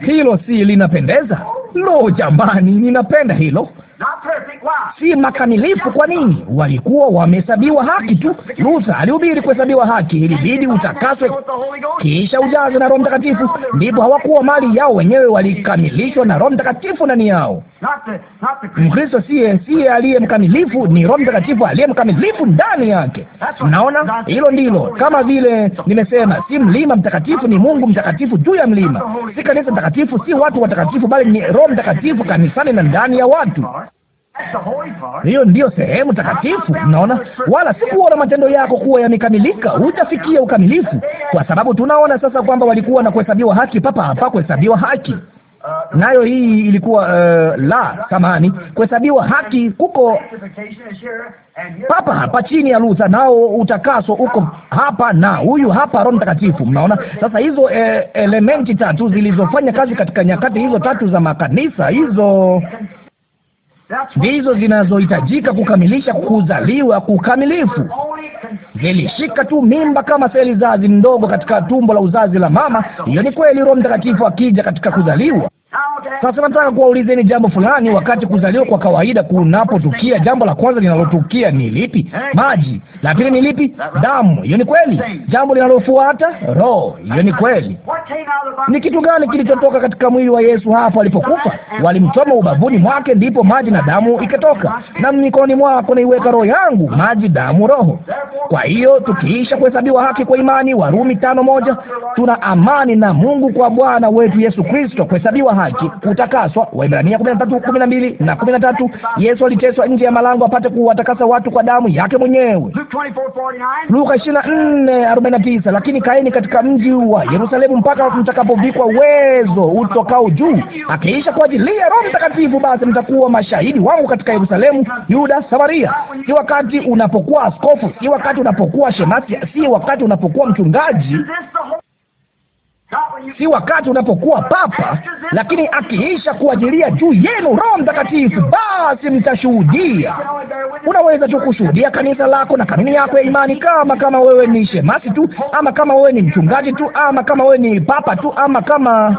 Hilo si linapendeza? Lo, jambani, ninapenda hilo si makamilifu. Kwa nini? Walikuwa wamehesabiwa haki tu. Musa alihubiri kuhesabiwa haki, ilibidi utakaswe kisha ujaze na Roho Mtakatifu, ndipo hawakuwa mali yao wenyewe, walikamilishwa na Roho Mtakatifu ndani yao. Mkristo siye siye aliye mkamilifu, ni Roho Mtakatifu aliye mkamilifu ndani yake. Mnaona, hilo ndilo kama vile nimesema, si mlima mtakatifu, ni Mungu mtakatifu juu ya mlima. Si kanisa mtakatifu, si watu watakatifu, bali ni Roho Mtakatifu kanisani na ndani ya watu. Hiyo ndiyo sehemu takatifu. Naona wala sikuona matendo yako kuwa yamekamilika, hutafikia ukamilifu, kwa sababu tunaona sasa kwamba walikuwa na kuhesabiwa haki papa hapa, kuhesabiwa haki nayo hii ilikuwa uh, la samani kuhesabiwa haki kuko papa hapa chini ya Luther, nao utakaso uko hapa na huyu hapa Roho Mtakatifu. Mnaona sasa hizo e, elementi tatu zilizofanya kazi katika nyakati hizo tatu za makanisa hizo ndizo zinazohitajika kukamilisha kuzaliwa kukamilifu zilishika tu mimba kama seli zazi ndogo katika tumbo la uzazi la mama. Hiyo ni kweli, Roho Mtakatifu akija katika kuzaliwa. Sasa nataka kuwaulizeni jambo fulani. Wakati kuzaliwa kwa kawaida kunapotukia, jambo la kwanza linalotukia ni lipi? Maji. La pili ni lipi? Damu. Hiyo ni kweli. Jambo linalofuata roho. Hiyo ni kweli. Ni kitu gani kilichotoka katika mwili wa Yesu hapo alipokufa? Walimchoma ubavuni mwake, ndipo maji na damu ikatoka, na mikononi mwako naiweka roho yangu. Maji, damu, roho. Kwa hiyo tukiisha kuhesabiwa haki kwa imani, Warumi tano moja, tuna amani na Mungu kwa Bwana wetu Yesu Kristo, kuhesabiwa haki, kutakaswa. Waibrania 13 na 13, Yesu aliteswa nje ya malango apate kuwatakasa watu kwa damu yake mwenyewe. Luka 24:49, lakini kaeni katika mji wa Yerusalemu mpaka mtakapovikwa uwezo utokao juu, akiisha kuajilia Roho Mtakatifu, basi mtakuwa mashahidi wangu katika Yerusalemu, Yuda, Samaria. Si wakati unapokuwa askofu, si wakati unapokuwa shemasi, si wakati unapokuwa mchungaji, si wakati unapokuwa papa. Lakini akiisha kuajilia juu yenu Roho Mtakatifu, basi mtashuhudia. Unaweza tu kushuhudia kanisa lako na kanuni yako ya imani, kama kama wewe ni shemasi tu, ama kama wewe ni mchungaji tu, ama kama wewe ni papa tu, ama kama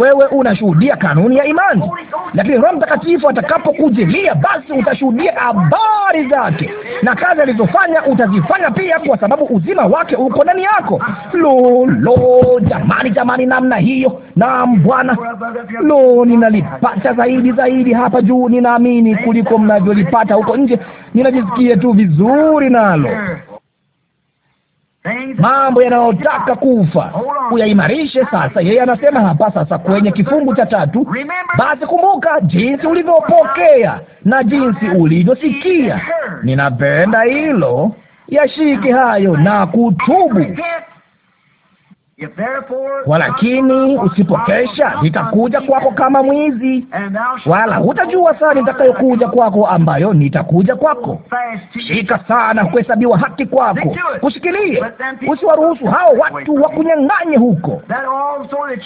wewe unashuhudia kanuni ya imani, lakini Roho Mtakatifu atakapokujilia, basi utashuhudia habari zake na kazi alizofanya utazifanya pia, kwa sababu uzima wake uko ndani yako. Lo, lo, jamani, jamani, namna hiyo. Naam Bwana, lo, ninalipata zaidi zaidi hapa juu, ninaamini kuliko mnavyolipata huko nje. Ninajisikia tu vizuri nalo na mambo yanayotaka kufa uyaimarishe. Sasa yeye anasema hapa sasa kwenye kifungu cha tatu, basi kumbuka jinsi ulivyopokea na jinsi ulivyosikia. Ninapenda hilo, yashike hayo na kutubu. Walakini usipokesha, nitakuja kwako kama mwizi, wala hutajua saa nitakayokuja kwako, ambayo nitakuja kwako. Shika sana kuhesabiwa haki kwako, kushikilie, usiwaruhusu hao watu wakunyang'anye huko.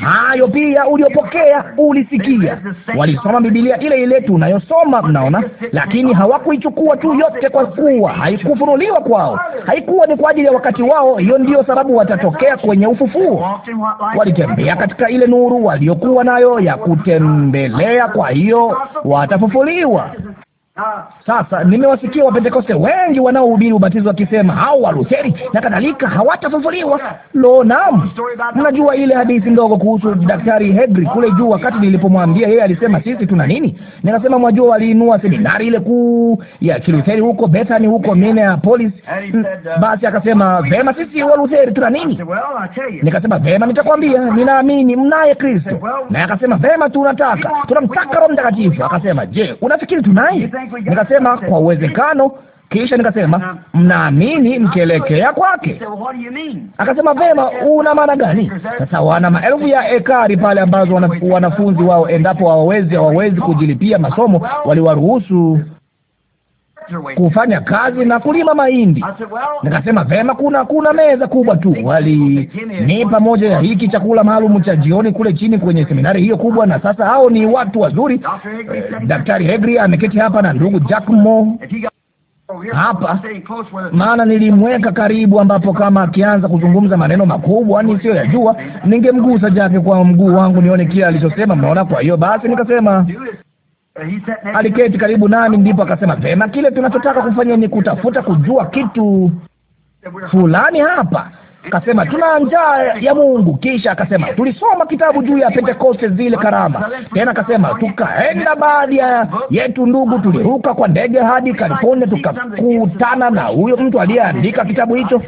Hayo pia uliopokea ulisikia. Walisoma Bibilia ile ile tunayosoma, mnaona, lakini hawakuichukua tu yote, kwa kuwa haikufunuliwa kwao, haikuwa ni kwa ajili ya wakati wao. Hiyo ndiyo sababu watatokea kwenye ufufuo huo. Walitembea katika ile nuru waliokuwa nayo ya kutembelea, kwa hiyo watafufuliwa. Sasa nimewasikia Wapentekoste wengi wanaohubiri ubatizo wakisema hao Walutheri na kadhalika hawatafufuliwa. Lo, naam, mnajua ile hadithi ndogo kuhusu Daktari Hedri kule juu. Wakati nilipomwambia yeye, alisema sisi tuna nini? Nikasema mwajua, waliinua seminari ile kuu ya Kilutheri huko Bethany, huko Minneapolis. Mm, basi akasema vema, sisi Walutheri tuna nini? Nikasema vema, nitakwambia, ninaamini mnaye Kristo. Naye akasema vema, tunataka tunamtaka Roho Mtakatifu. Akasema je, unafikiri tunaye? Nikasema kwa uwezekano, kisha nikasema mnaamini mkielekea kwake? Akasema vema, una maana gani? Sasa wana maelfu ya ekari pale ambazo wanafunzi wao, endapo hawawezi hawawezi kujilipia masomo, waliwaruhusu kufanya kazi na kulima mahindi. Nikasema vema, kuna kuna meza kubwa tu, walinipa moja ya hiki chakula maalum cha jioni kule chini kwenye seminari hiyo kubwa. Na sasa hao ni watu wazuri. Eh, Daktari Hegri ameketi hapa na ndugu Jack Mo hapa maana nilimweka karibu, ambapo kama akianza kuzungumza maneno makubwa yajua ningemgusa jake kwa mguu wangu nione kile alichosema. Mnaona? Kwa hiyo basi nikasema aliketi karibu nami, ndipo akasema, vema, kile tunachotaka kufanya ni kutafuta kujua kitu fulani hapa. Akasema tuna njaa ya Mungu. Kisha akasema tulisoma kitabu juu ya Pentekoste, zile karama. Tena akasema tukaenda, baadhi ya yetu ndugu, tuliruka kwa ndege hadi California, tukakutana na huyo mtu aliyeandika kitabu hicho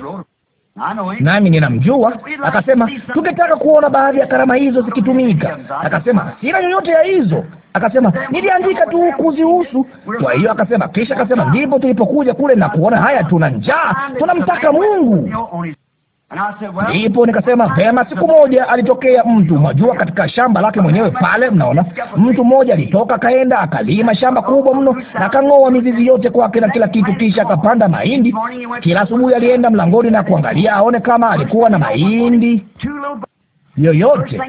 nami ninamjua. Akasema tungetaka kuona baadhi ya karama hizo zikitumika. Akasema sina yoyote ya hizo. Akasema niliandika tu kuzihusu. Kwa hiyo akasema, kisha akasema, ndipo tulipokuja kule na kuona haya, tuna njaa, tunamtaka Mungu. Ndipo nikasema vema. Siku moja alitokea mtu, mwajua, katika shamba lake mwenyewe pale, mnaona, mtu mmoja alitoka akaenda akalima shamba kubwa mno, akang'oa mizizi yote kwake na kila kitu, kisha akapanda mahindi. Kila asubuhi alienda mlangoni na kuangalia aone kama alikuwa na mahindi yoyote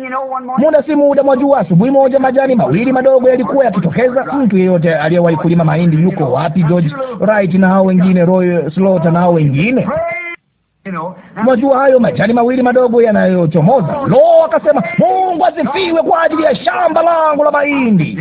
muda si muda, mwajua, asubuhi moja majani mawili madogo yalikuwa yakitokeza. Mtu yeyote aliyewahi kulima mahindi yuko wapi? George Wright na hao wengine, Roy Slaughter na hao wengine Mwajua hayo majani mawili madogo yanayochomoza. Lo, akasema Mungu asifiwe kwa ajili ya shamba langu la mahindi.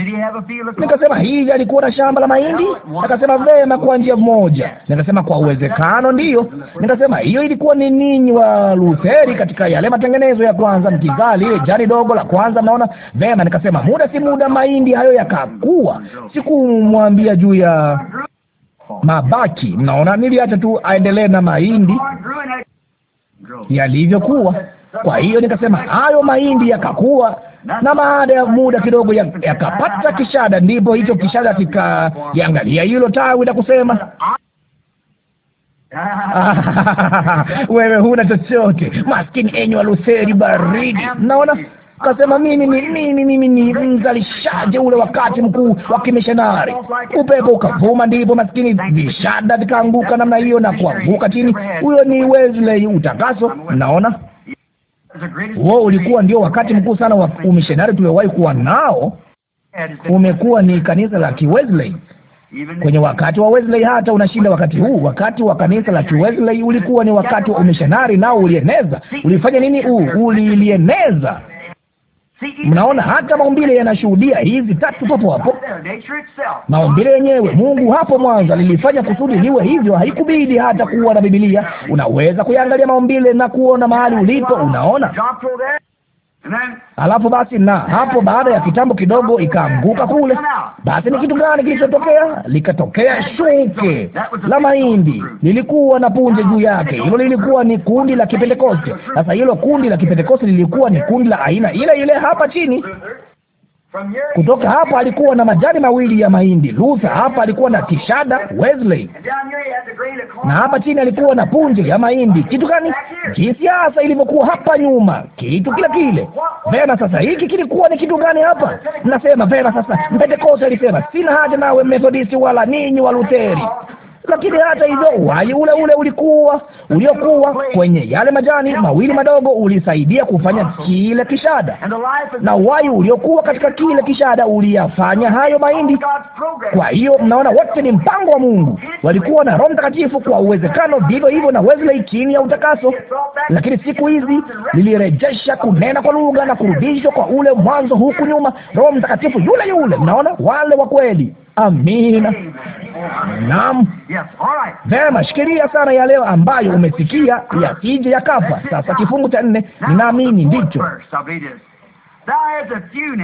Nikasema hivi, alikuwa na shamba la mahindi? Akasema vema, kwa njia moja. Nikasema kwa uwezekano ndiyo. Nikasema hiyo ilikuwa ni ninyi wa Lutheri katika yale matengenezo ya kwanza, mkizaa ile eh, jani dogo la kwanza, mnaona vema. Nikasema muda si muda mahindi hayo yakakua. Sikumwambia juu ya mabaki. Mnaona, niliacha tu aendelee na mahindi yalivyokuwa. Kwa hiyo nikasema hayo mahindi yakakuwa, na baada ya muda kidogo yakapata ya kishada, ndipo hicho kishada kikaiangalia hilo tawi na kusema wewe huna chochote, maskini enyu waluseri baridi. Mnaona Kasema mimi ni mimi mimi ni mzalishaji ule wakati mkuu wa kimishonari. Upepo ukavuma, ndipo maskini vishada vikaanguka namna hiyo na kuanguka chini. Huyo ni Wesley, utakaso. naona wao ulikuwa ndio wakati mkuu sana wa umishonari tuliowahi kuwa nao. Umekuwa ni kanisa la Kiwesley kwenye wakati wa Wesley, hata unashinda wakati huu. Wakati wa kanisa la Kiwesley ulikuwa ni wakati wa umishonari, nao ulieneza. Ulifanya nini? Ulieneza Mnaona, hata maumbile yanashuhudia hizi tatu papo hapo. Maumbile yenyewe, Mungu hapo mwanzo alilifanya kusudi liwe hivyo, haikubidi hata kuwa na Biblia. Unaweza kuyaangalia maumbile na kuona mahali ulipo. Unaona Alafu basi, na hapo baada ya kitambo kidogo ikaanguka kule. Basi ni kitu gani kilichotokea? Likatokea shuke la mahindi, lilikuwa na punje juu yake. Hilo lilikuwa ni kundi la Kipentekoste. Sasa hilo kundi la Kipentekoste lilikuwa ni kundi la aina ile ile hapa chini kutoka hapo alikuwa na majani mawili ya mahindi. Luther hapa alikuwa na kishada Wesley, na hapa chini alikuwa na punje ya mahindi. Kitu gani? Jinsi hasa ilivyokuwa hapa nyuma, kitu kila kile. Vema, sasa hiki kilikuwa ni kitu gani hapa? Mnasema vema, sasa Mpentekoste alisema sina haja nawe Methodisti wala ninyi lutheri lakini hata hivyo uhai ule ule ulikuwa uliokuwa kwenye yale majani mawili madogo ulisaidia kufanya kile kishada, na uhai uliokuwa katika kile kishada uliyafanya hayo mahindi. Kwa hiyo mnaona, wote ni mpango wa Mungu. Walikuwa na Roho Mtakatifu kwa uwezekano, vivyo hivyo na Wesley chini ya utakaso, lakini siku hizi lilirejesha kunena kwa lugha na kurudishwa kwa ule mwanzo huku nyuma, Roho Mtakatifu yule yule. Mnaona wale wa kweli Amina. Naam, vema, shikilia sana ya leo ambayo umesikia, ya ya yakafa. Sasa kifungu cha nne, ninaamini ndicho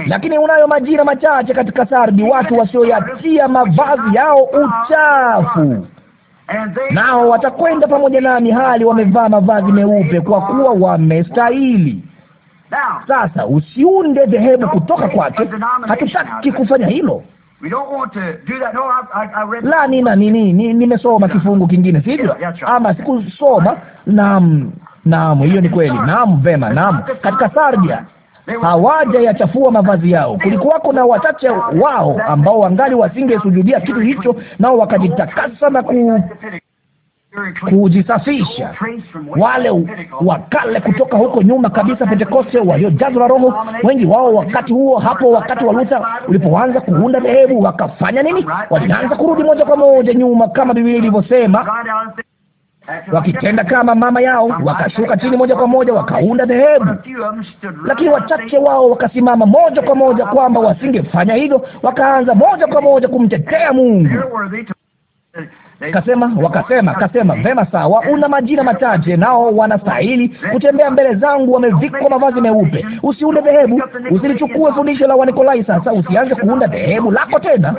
lakini unayo majira machache katika Sardi, watu wasioyatia mavazi yao uchafu, nao watakwenda pamoja nami hali wamevaa mavazi meupe, kwa kuwa wamestahili. Sasa usiunde dhehebu kutoka kwake, hatutaki kufanya hilo la nina nini, nimesoma kifungu kingine sivyo? Ama sikusoma? Naam, naam, hiyo ni kweli. Naam, vema, naam. Katika Sardia hawaja yachafua mavazi yao. Kulikuwako na wachache wao ambao wangali wasingesujudia kitu hicho, nao wakajitakasa na ku kujisafisha. Wale wakale kutoka huko nyuma kabisa, Pentekoste waliojazwa na Roho, wengi wao wakati huo hapo, wakati wa Luther ulipoanza kuunda dhehebu, wakafanya nini? Walianza kurudi moja kwa moja nyuma, kama Biblia ilivyosema wakitenda kama mama yao, wakashuka chini moja kwa moja wakaunda dhehebu. Lakini wachache wao wakasimama moja kwa moja kwamba wasingefanya hivyo, wakaanza moja kwa moja kumtetea Mungu. Kasema, wakasema, kasema, vema, sawa, una majina machache, nao wanastahili kutembea mbele zangu, wamevikwa mavazi meupe. Usiunde dhehebu, usilichukue fundisho la Wanikolai. Sasa usianze kuunda dhehebu lako tena,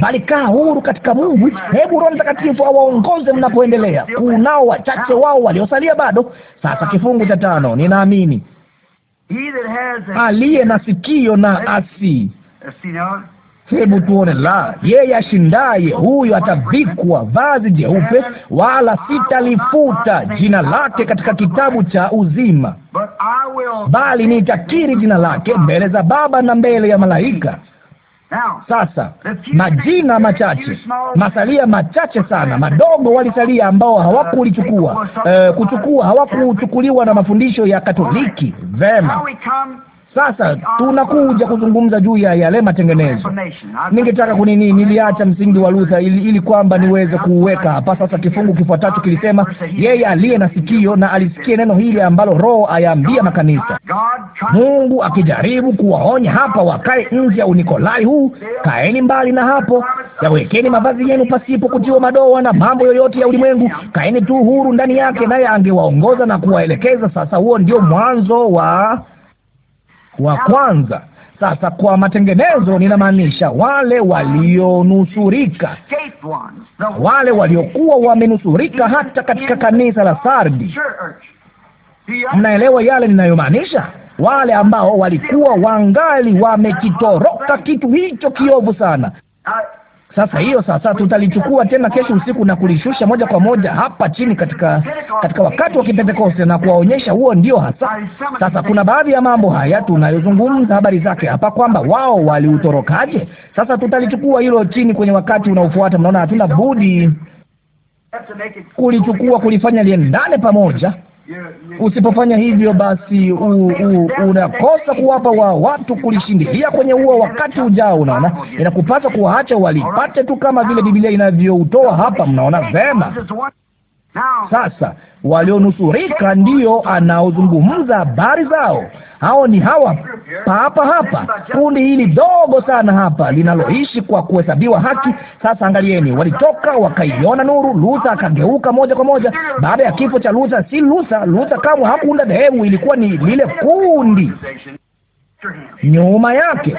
bali kaa huru katika Mungu. Hebu Roho Mtakatifu awaongoze mnapoendelea. Kunao wachache wao waliosalia bado. Sasa kifungu cha tano, ninaamini aliye na sikio na asi Hebu tuone. La, yeye ashindaye huyo atavikwa vazi jeupe, wala sitalifuta jina lake katika kitabu cha uzima, bali nitakiri jina lake mbele za Baba na mbele ya malaika. Sasa majina machache, masalia machache sana, madogo walisalia ambao hawakulichukua, uh, kuchukua hawakuchukuliwa na mafundisho ya Katoliki. Vema. Sasa tunakuja kuzungumza juu ya yale matengenezo. Ningetaka kunini, niliacha msingi wa Luther ili, ili kwamba niweze kuuweka hapa. Sasa kifungu kifuatacho kilisema, yeye aliye na sikio na alisikie neno hili ambalo Roho ayaambia makanisa. Mungu akijaribu kuwaonya hapa, wakae nje ya Unikolai huu, kaeni mbali na hapo, yawekeni mavazi yenu pasipo kutiwa madoa na mambo yoyote ya ulimwengu, kaeni tu huru ndani yake, naye angewaongoza na kuwaelekeza. Sasa huo ndio mwanzo wa wa kwanza. Sasa kwa matengenezo ninamaanisha wale walionusurika, wale waliokuwa wamenusurika hata katika kanisa la Sardi. Mnaelewa yale ninayomaanisha? Wale ambao walikuwa wangali wamekitoroka kitu hicho kiovu sana. Sasa hiyo sasa tutalichukua tena kesho usiku na kulishusha moja kwa moja hapa chini katika katika wakati wa Kipentekoste na kuwaonyesha huo ndio hasa. Sasa kuna baadhi ya mambo haya tunayozungumza habari zake hapa kwamba wao waliutorokaje. Sasa tutalichukua hilo chini kwenye wakati unaofuata. Mnaona hatuna budi kulichukua kulifanya liendane pamoja. Usipofanya hivyo, basi unakosa kuwapa wa watu kulishindilia kwenye huo wakati ujao. Unaona, inakupasa kuwaacha walipate tu, kama vile Biblia inavyoutoa hapa. Mnaona vema? Sasa walionusurika ndio anaozungumza habari zao hao ni hawa papa hapa, kundi hili dogo sana hapa linaloishi kwa kuhesabiwa haki. Sasa angalieni, walitoka wakaiona nuru. Luther akageuka moja kwa moja baada ya kifo cha Luther. Si Luther, Luther kamwe hakuunda dhehebu, ilikuwa ni lile kundi nyuma yake.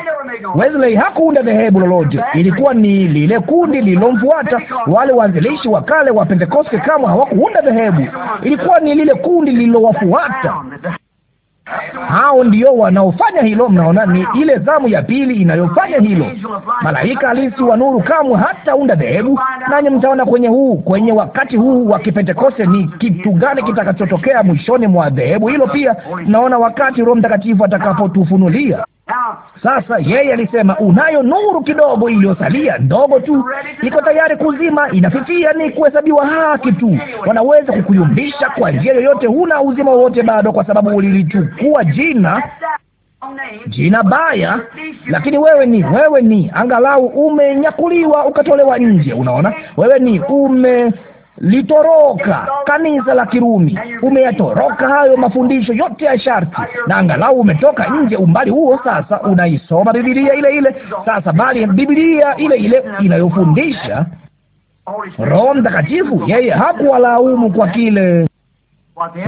Wesley hakuunda dhehebu lolote, ilikuwa ni lile kundi lililomfuata. Wale waanzilishi wa kale wa Pentekoste kamwe hawakuunda dhehebu, ilikuwa ni lile kundi lililowafuata. Hao ndio wanaofanya hilo. Mnaona, ni ile zamu ya pili inayofanya hilo. Malaika halisi wa nuru kamwe unda dhehebu, nanyi mtaona kwenye huu kwenye wakati huu wa Kipentekoste ni kitu gani kitakachotokea mwishoni mwa dhehebu hilo. Pia naona wakati Roho Mtakatifu atakapotufunulia sasa yeye alisema, unayo nuru kidogo iliyosalia, ndogo tu, iko tayari kuzima, inafikia, ni kuhesabiwa haki tu. Wanaweza kukuyumbisha kwa njia yoyote, huna uzima wowote bado, kwa sababu ulilichukua jina jina baya, lakini wewe ni wewe ni angalau umenyakuliwa ukatolewa nje. Unaona, wewe ni ume litoroka kanisa la Kirumi, umeyatoroka hayo mafundisho yote ya sharti, na angalau umetoka nje umbali huo. Sasa unaisoma Biblia ile ile sasa, bali Biblia ile ile inayofundisha Roho Mtakatifu. Yeye hakuwalaumu kwa kile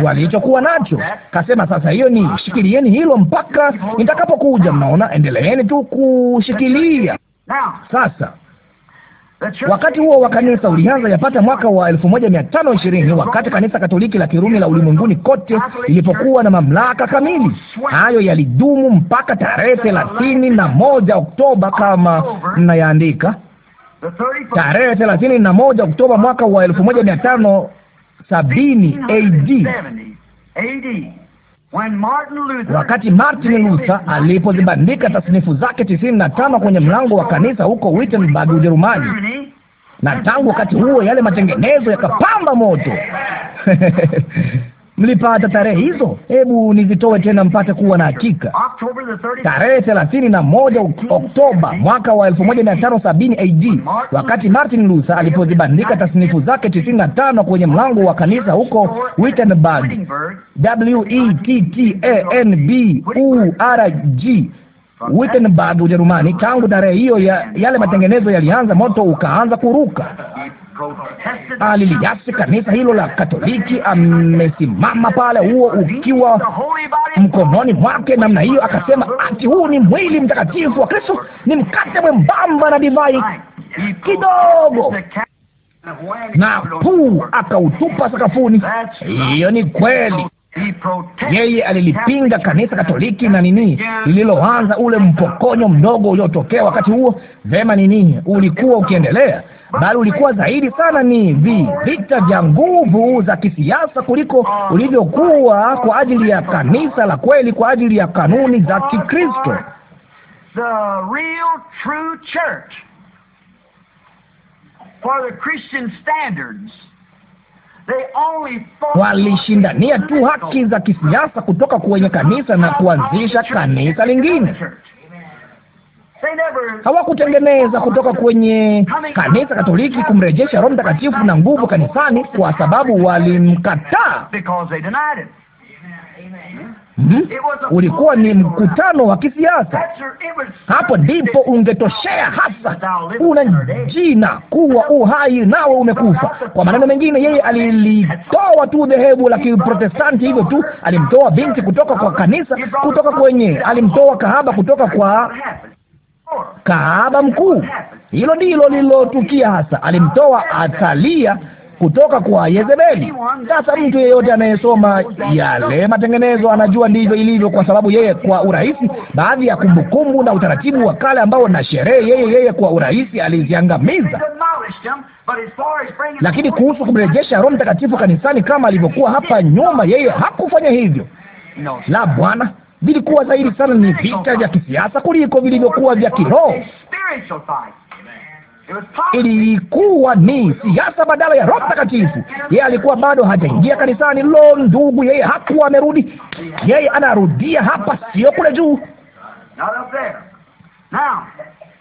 walichokuwa nacho, kasema sasa, hiyo ni shikilieni hilo mpaka nitakapokuja. Mnaona, endeleeni tu kushikilia sasa Wakati huo wa kanisa ulianza yapata mwaka wa ishirini wakati kanisa Katoliki la Kirumi la ulimwenguni kote ilipokuwa na mamlaka kamili. Hayo yalidumu mpaka tarehe thelathini na moja Oktoba, kama mnayaandika, tarehe thelathini na moja Oktoba mwaka wa sabini AD. Wakati Martin Luther alipozibandika tasnifu zake tisini na tano kwenye mlango wa kanisa huko Wittenberg, Ujerumani, na tangu wakati huo yale matengenezo yakapamba moto Mlipata tarehe hizo? Hebu nizitoe tena mpate kuwa na hakika. Tarehe thelathini na moja Oktoba mwaka wa 1570 AD, wakati Martin Luther alipozibandika tasnifu zake tisini na tano kwenye mlango wa kanisa huko Wittenberg, W E T T A e N B U R G Wittenberg, Ujerumani. Tangu tarehe hiyo ya, yale matengenezo yalianza, moto ukaanza kuruka aliliasi ah, kanisa hilo la Katoliki. Amesimama pale, huo ukiwa mkononi mwake namna hiyo, akasema ati huu ni mwili mtakatifu wa Kristo, ni mkate mwembamba na divai kidogo na huu akautupa sakafuni. Hiyo ni kweli. Yeye alilipinga kanisa Katoliki na nini lililoanza ule mpokonyo mdogo uliotokea wakati huo. Vema, ni nini ulikuwa ukiendelea, bali ulikuwa zaidi sana ni vi vita vya nguvu za kisiasa kuliko ulivyokuwa kwa ajili ya kanisa la kweli, kwa ajili ya kanuni za Kikristo walishindania tu haki za kisiasa kutoka kwenye kanisa na kuanzisha kanisa lingine. Hawakutengeneza kutoka kwenye kanisa Katoliki kumrejesha Roho Mtakatifu na nguvu kanisani, kwa sababu walimkataa mm, ulikuwa ni mkutano wa kisiasa. Hapo ndipo ungetoshea hasa. Una jina kuwa uhai, nawe umekufa. Kwa maneno mengine, yeye alilitoa tu dhehebu la Kiprotestanti hivyo tu. Alimtoa binti kutoka kwa kanisa, kutoka kwenye, alimtoa kahaba kutoka kwa kahaba mkuu. Hilo ndilo lililotukia hasa. Alimtoa Atalia kutoka kwa Yezebeli. Sasa mtu yeyote anayesoma yale matengenezo anajua ndivyo ilivyo, kwa sababu yeye kwa urahisi baadhi ya kumbukumbu na utaratibu wa kale ambao na sherehe, yeye yeye kwa urahisi aliziangamiza. Lakini kuhusu kumrejesha Roho Mtakatifu kanisani kama alivyokuwa hapa nyuma, yeye hakufanya hivyo. La, Bwana, vilikuwa zaidi sana ni vita vya kisiasa kuliko vilivyokuwa vya kiroho ilikuwa ni siasa badala ya Roho Mtakatifu. Yeye alikuwa bado hajaingia kanisani. Lo, ndugu, yeye hakuwa amerudi. Yeye anarudia hapa, sio kule juu.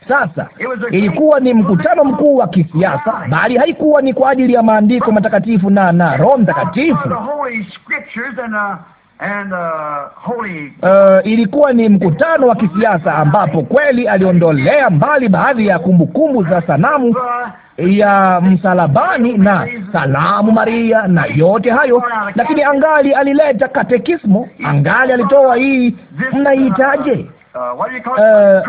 Sasa ilikuwa ni mkutano mkuu wa kisiasa, bali haikuwa ni kwa ajili ya maandiko matakatifu na na Roho Mtakatifu. Uh, uh, ilikuwa ni mkutano wa kisiasa ambapo kweli aliondolea mbali baadhi ya kumbukumbu za sanamu ya msalabani na salamu Maria na yote hayo, lakini angali alileta katekismo, angali alitoa hii mnaitaje, uh,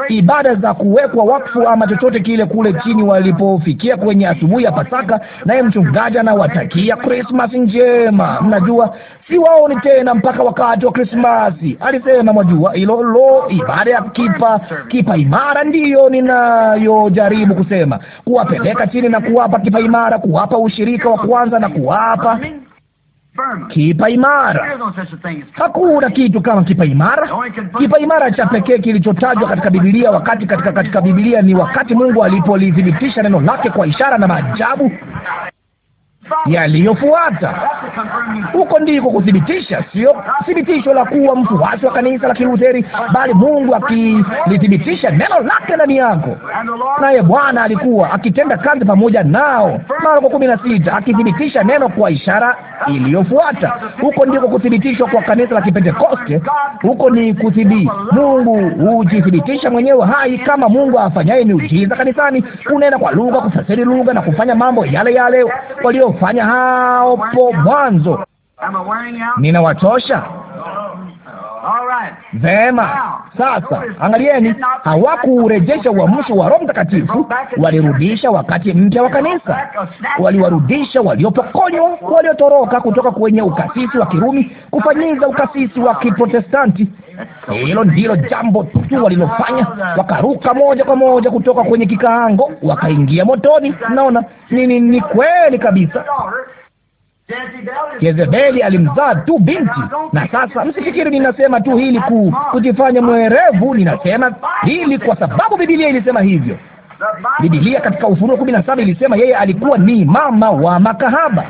ibada za kuwekwa wakfu ama chochote kile kule chini, walipofikia kwenye asubuhi ya Pasaka, naye mchungaji anawatakia Krismasi njema. Mnajua siwaoni tena mpaka wakati wa Krismasi, alisema. Mwajua hilo lo, ibada ya kipa kipa imara ndiyo ninayojaribu kusema, kuwapeleka chini na kuwapa kipa imara, kuwapa ushirika wa kwanza na kuwapa kipa imara. Hakuna kitu kama kipa imara. Kipa imara cha pekee kilichotajwa katika Biblia wakati katika katika Biblia ni wakati Mungu alipolithibitisha neno lake kwa ishara na maajabu yaliyofuata. Huko ndiko kuthibitisha, sio thibitisho la kuwa mfuasi wa kanisa la Kilutheri, bali Mungu akilithibitisha neno lake ndani yako. Naye Bwana alikuwa akitenda kazi pamoja nao, Marko kumi na sita, akithibitisha neno kwa ishara iliyofuata. Huko ndiko kuthibitishwa kwa kanisa la Kipentekoste. Huko ni kuthibi, Mungu hujithibitisha mwenyewe hai, kama Mungu afanyaye miujiza kanisani, kunena kwa lugha, kufasiri lugha na kufanya mambo yale yale walio Fanya hapo mwanzo, ninawatosha. Vema, sasa angalieni, hawakuurejesha uamsho wa Roho Mtakatifu, walirudisha wakati mpya wa kanisa. Waliwarudisha waliopokonywa, waliotoroka kutoka kwenye ukasisi wa Kirumi kufanyiza ukasisi wa Kiprotestanti. Hilo ndilo jambo tu walilofanya, wakaruka moja kwa moja kutoka kwenye kikaango wakaingia motoni. Naona ni, ni, ni kweli kabisa. Yezebeli alimzaa tu binti. Na sasa msifikiri ninasema tu hili ku, kujifanya mwerevu. Ninasema hili kwa sababu Biblia ilisema hivyo. Biblia katika Ufunuo kumi na saba ilisema yeye alikuwa ni mama wa makahaba.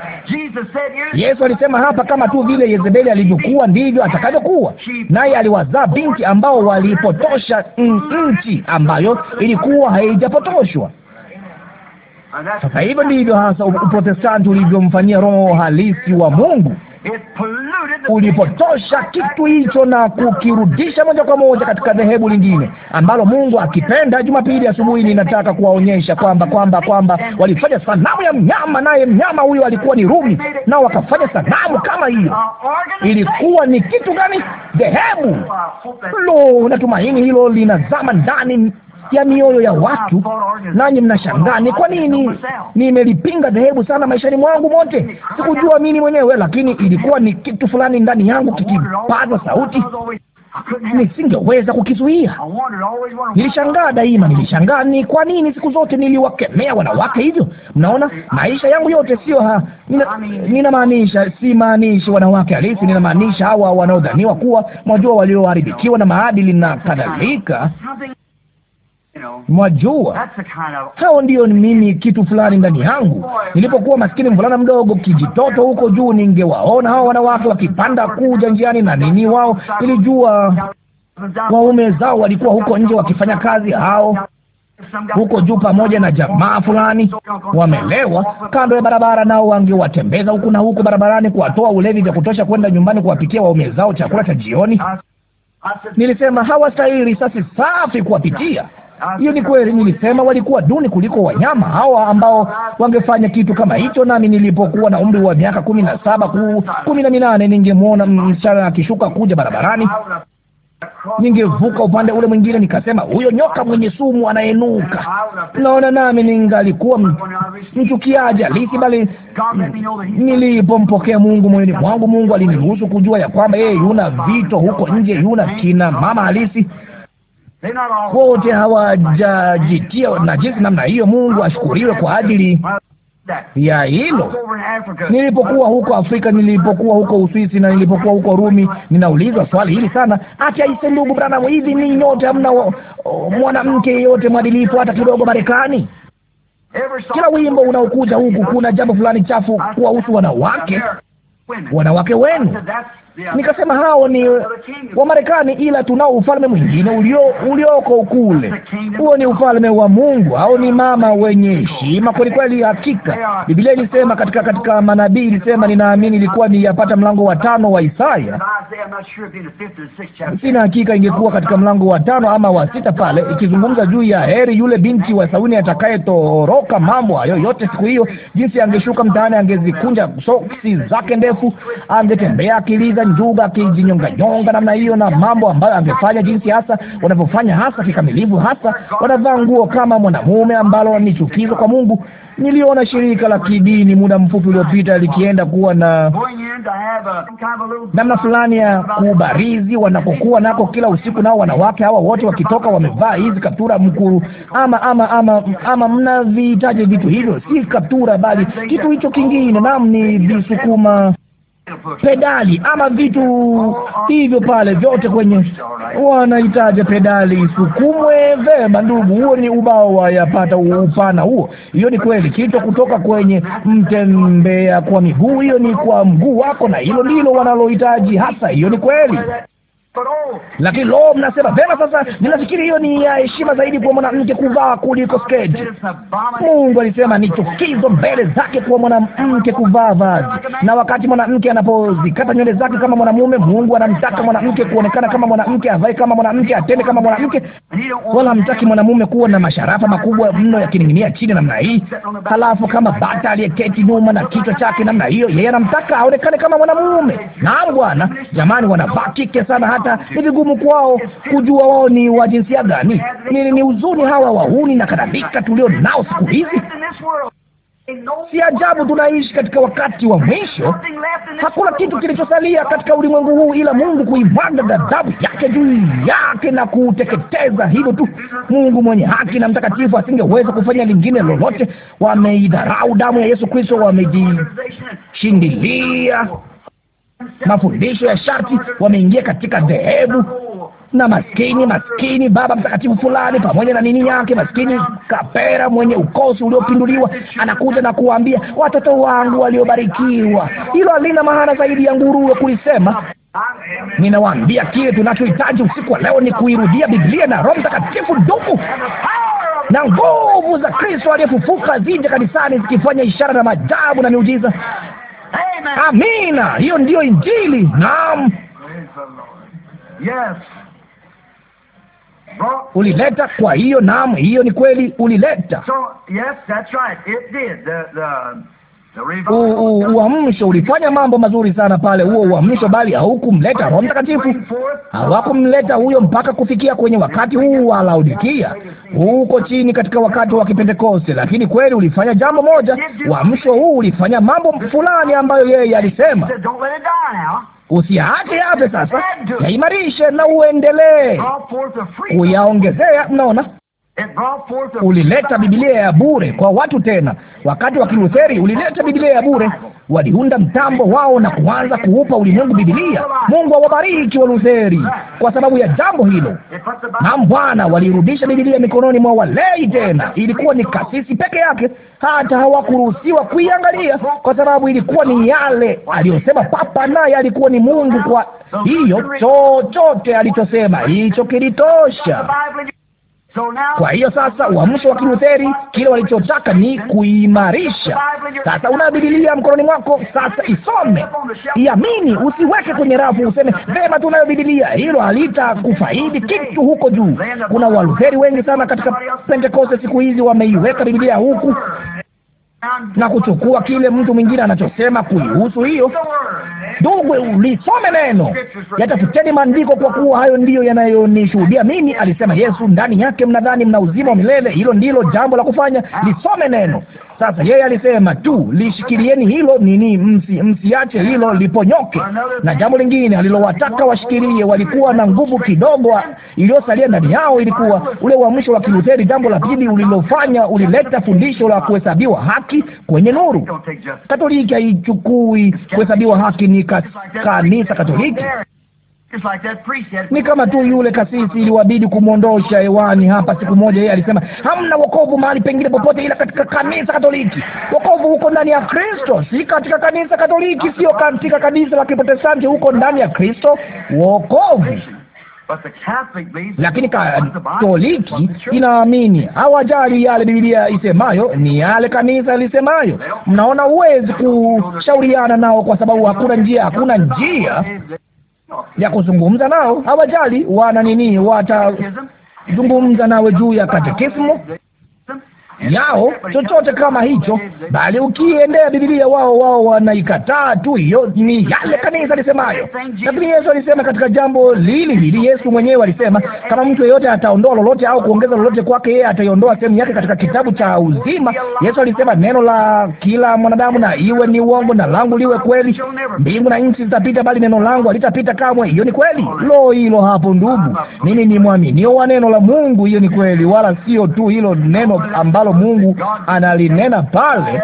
Yesu alisema hapa, kama tu vile Yezebeli alivyokuwa ndivyo atakavyokuwa, naye aliwazaa binti ambao walipotosha nchi ambayo ilikuwa haijapotoshwa. Sasa hivyo ndivyo hasa Uprotestanti ulivyomfanyia roho halisi wa Mungu. Ulipotosha kitu hicho na kukirudisha moja kwa moja katika dhehebu lingine ambalo Mungu akipenda, Jumapili asubuhi ninataka kuwaonyesha kwamba kwamba kwamba walifanya sanamu ya mnyama, naye mnyama huyo alikuwa ni Rumi, nao wakafanya sanamu kama hiyo. Ilikuwa ni kitu gani? Dhehebu. Lo, natumaini hilo linazama ndani ya mioyo ya watu, nanyi mnashangaa ni kwa nini. Nimelipinga dhehebu sana maishani mwangu mote, sikujua mimi mwenyewe, lakini ilikuwa ni kitu fulani ndani yangu kikipaza sauti nisingeweza kukizuia. Nilishangaa daima, nilishangaa ni kwa nini siku zote niliwakemea wanawake hivyo. Mnaona, maisha yangu yote sio ha, ninamaanisha nina, simaanishi wanawake halisi, ninamaanisha hawa wanaodhaniwa kuwa, mwajua, walioharibikiwa na maadili na kadhalika. Mwajua, hao ndiyo mimi, kitu fulani ndani yangu. Nilipokuwa maskini mvulana mdogo kijitoto huko juu, ningewaona hao wanawake wakipanda kuja njiani na nini, wao ilijua waume zao walikuwa huko nje wakifanya kazi, hao huko juu pamoja na jamaa fulani wamelewa kando ya barabara, nao wangewatembeza huku na huku barabarani, kuwatoa ulevi vya kutosha kwenda nyumbani kuwapikia waume zao chakula cha jioni. Nilisema hawastahili sasi safi kuwapitia. Hiyo ni kweli, nilisema walikuwa duni kuliko wanyama hawa ambao wangefanya kitu kama hicho. Nami nilipokuwa na umri wa miaka kumi na saba kumi na minane ningemwona msichana akishuka kuja barabarani, ningevuka upande ule mwingine, nikasema huyo nyoka mwenye sumu anayenuka. Naona nami ningalikuwa mchukiaji halisi, bali nilipompokea Mungu moyoni mwangu, Mungu aliniruhusu kujua ya kwamba yeye yuna vito huko nje, yuna kina mama halisi wote hawajajitia na jinsi namna hiyo. Mungu ashukuriwe kwa ajili ya hilo. Nilipokuwa huko Afrika, nilipokuwa huko Uswisi na nilipokuwa huko Rumi, ninaulizwa swali hili sana, ati aise, ndugu Branham, hivi ni nyote hamna mwanamke yeyote mwadilifu hata kidogo Marekani? Kila wimbo unaokuja huku kuna jambo fulani chafu kuwahusu wanawake wanawake wenu. Nikasema hao ni wa Marekani, ila tunao ufalme mwingine ulio ulioko kule. Huo ni ufalme wa Mungu. Hao ni mama wenye heshima kweli kweli. Hakika Biblia ilisema katika katika manabii ilisema, ninaamini ilikuwa ni yapata mlango wa tano wa Isaya. Sina hakika, ingekuwa katika mlango wa tano ama wa sita pale, ikizungumza juu ya heri yule binti wa Sayuni atakayetoroka mambo hayo yote. Siku hiyo jinsi angeshuka mtaani, angezikunja soksi zake ndefu, angetembea akiliza akipiga njuga, akijinyonganyonga namna hiyo, na mambo ambayo angefanya, jinsi hasa wanavyofanya hasa kikamilifu, hasa wanavaa nguo kama mwanamume, ambalo ni chukizo kwa Mungu. Niliona shirika la kidini muda mfupi uliopita likienda kuwa na namna fulani ya kubarizi wanapokuwa nako kila usiku, nao wanawake hawa wote wakitoka wamevaa hizi kaptura mkuru, ama ama ama ama, mnavihitaji vitu hivyo, si kaptura bali kitu hicho kingine. Naam, ni visukuma pedali ama vitu hivyo pale vyote kwenye wanahitaja pedali isukumwe vema. Ndugu, huo ni ubao wa yapata upana huo. Hiyo ni kweli, kichwa kutoka kwenye mtembea kwa miguu, hiyo ni kwa mguu wako, na hilo ndilo wanalohitaji hasa. Hiyo ni kweli. Lakini lo, mnasema vema. Sasa ninafikiri hiyo ni ya heshima zaidi kwa mwanamke kuvaa kuliko sketi. Mungu alisema ni chukizo mbele zake kwa mwanamke kuvaa vazi, na wakati mwanamke anapozikata nywele zake kama mwanamume, Mungu anamtaka mwanamke kuonekana kama mwanamke, avae kama mwanamke, atende kama mwanamke, wala hamtaki mwanamume kuwa na masharafa makubwa mno yakining'inia chini namna hii, halafu kama bata aliyeketi nyuma na kichwa chake namna hiyo. Yeye anamtaka aonekane kama mwanamume. Naam, Bwana, jamani, wanabakike sana hata ni vigumu kwao kujua wao ni wa jinsia gani. Ni, ni uzuni hawa wahuni na kadhalika tulio nao siku hizi. Si ajabu tunaishi katika wakati wa mwisho. Hakuna kitu kilichosalia katika ulimwengu huu ila Mungu kuimwaga ghadhabu yake juu yake na kuteketeza Hivyo tu, Mungu mwenye haki na mtakatifu asingeweza kufanya lingine lolote. Wameidharau damu ya Yesu Kristo, wamejishindilia mafundisho ya sharti, wameingia katika dhehebu na maskini maskini baba mtakatifu fulani pamoja na nini yake maskini kapera mwenye ukosi uliopinduliwa anakuja na kuambia watoto wangu waliobarikiwa. Hilo halina maana zaidi ya nguruwe kulisema. Ninawaambia kile tunachohitaji usiku wa leo ni kuirudia Biblia na Roho Mtakatifu dumu na nguvu za Kristo aliyefufuka zije kanisani zikifanya ishara na maajabu na miujiza. Amina, hiyo ndiyo Injili. Naam, ulileta. Kwa hiyo, naam, hiyo ni kweli, ulileta. So, yes, that's right. It did. The, the uamsho ulifanya mambo mazuri sana pale, huo uamsho, bali haukumleta Roho Mtakatifu. Hawakumleta huyo mpaka kufikia kwenye wakati huu wa Laodikia, huko chini katika wakati wa Kipentekoste. Lakini kweli ulifanya jambo moja, uamsho huu ulifanya mambo fulani ambayo yeye alisema Usiache yape sasa, yaimarishe na uendelee kuyaongezea. Mnaona, Ulileta Biblia ya bure kwa watu tena. Wakati wa Kilutheri ulileta Biblia ya bure, waliunda mtambo wao na kuanza kuupa ulimwengu Biblia. Mungu awabariki wa Walutheri kwa sababu ya jambo hilo. Na Bwana walirudisha Biblia mikononi mwa walei tena, ilikuwa ni kasisi peke yake, hata hawakuruhusiwa kuiangalia kwa sababu ilikuwa ni yale aliyosema Papa, naye alikuwa ni Mungu. Kwa hiyo chochote alichosema hicho kilitosha. Kwa hiyo sasa, uamsho wa Kilutheri, kile walichotaka ni kuimarisha. Sasa una Biblia mkononi mwako, sasa isome, iamini, usiweke kwenye rafu useme vema, tunayo Biblia. Hilo halitakufaidi kitu huko juu. Kuna Walutheri wengi sana katika Pentekoste siku hizi wameiweka Biblia huku na kuchukua kile mtu mwingine anachosema kuihusu hiyo. Ndugu, lisome neno, yatafuteni maandiko, kwa kuwa hayo ndiyo yanayonishuhudia mimi, alisema Yesu. Ndani yake mnadhani mna uzima wa milele. Hilo ndilo jambo la kufanya, lisome neno. Sasa yeye alisema tu lishikilieni hilo nini, msi msiache hilo liponyoke. Na jambo lingine alilowataka washikilie, walikuwa na nguvu kidogo iliyosalia ndani yao, ilikuwa ule uamsho wa Kilutheri. Jambo la pili ulilofanya ulileta fundisho la kuhesabiwa haki haki kwenye nuru. Katoliki haichukui kuhesabiwa haki, ni ka, kanisa Katoliki ni kama tu yule kasisi iliwabidi kumwondosha hewani hapa siku moja. Yeye alisema hamna wokovu mahali pengine popote ila katika kanisa Katoliki. Wokovu huko ndani ya Kristo, si katika kanisa Katoliki, sio katika kanisa la Kiprotestanti, huko ndani ya Kristo wokovu lakini Katoliki inaamini hawajali yale Biblia isemayo, ni yale kanisa lisemayo. Mnaona, huwezi kushauriana nao kwa sababu hakuna njia, hakuna njia ya kuzungumza nao. Hawajali wana nini, watazungumza nawe juu ya katekismu yao chochote kama hicho, bali ukiendea Biblia, wao wao wanaikataa tu. Hiyo ni yale kanisa lisemayo. Lakini Yesu alisema katika jambo lili hili, Yesu mwenyewe alisema, kama mtu yeyote ataondoa lolote au kuongeza lolote kwake, yeye ataiondoa sehemu yake katika kitabu cha uzima. Yesu alisema neno la kila mwanadamu na iwe ni uongo na langu liwe kweli. Mbingu na nchi zitapita, bali neno langu halitapita kamwe. Hiyo ni kweli. Lo, hilo hapo, ndugu, mimi ni mwamini wa neno la Mungu. Hiyo ni kweli, wala sio tu hilo neno ambalo ambalo Mungu analinena pale.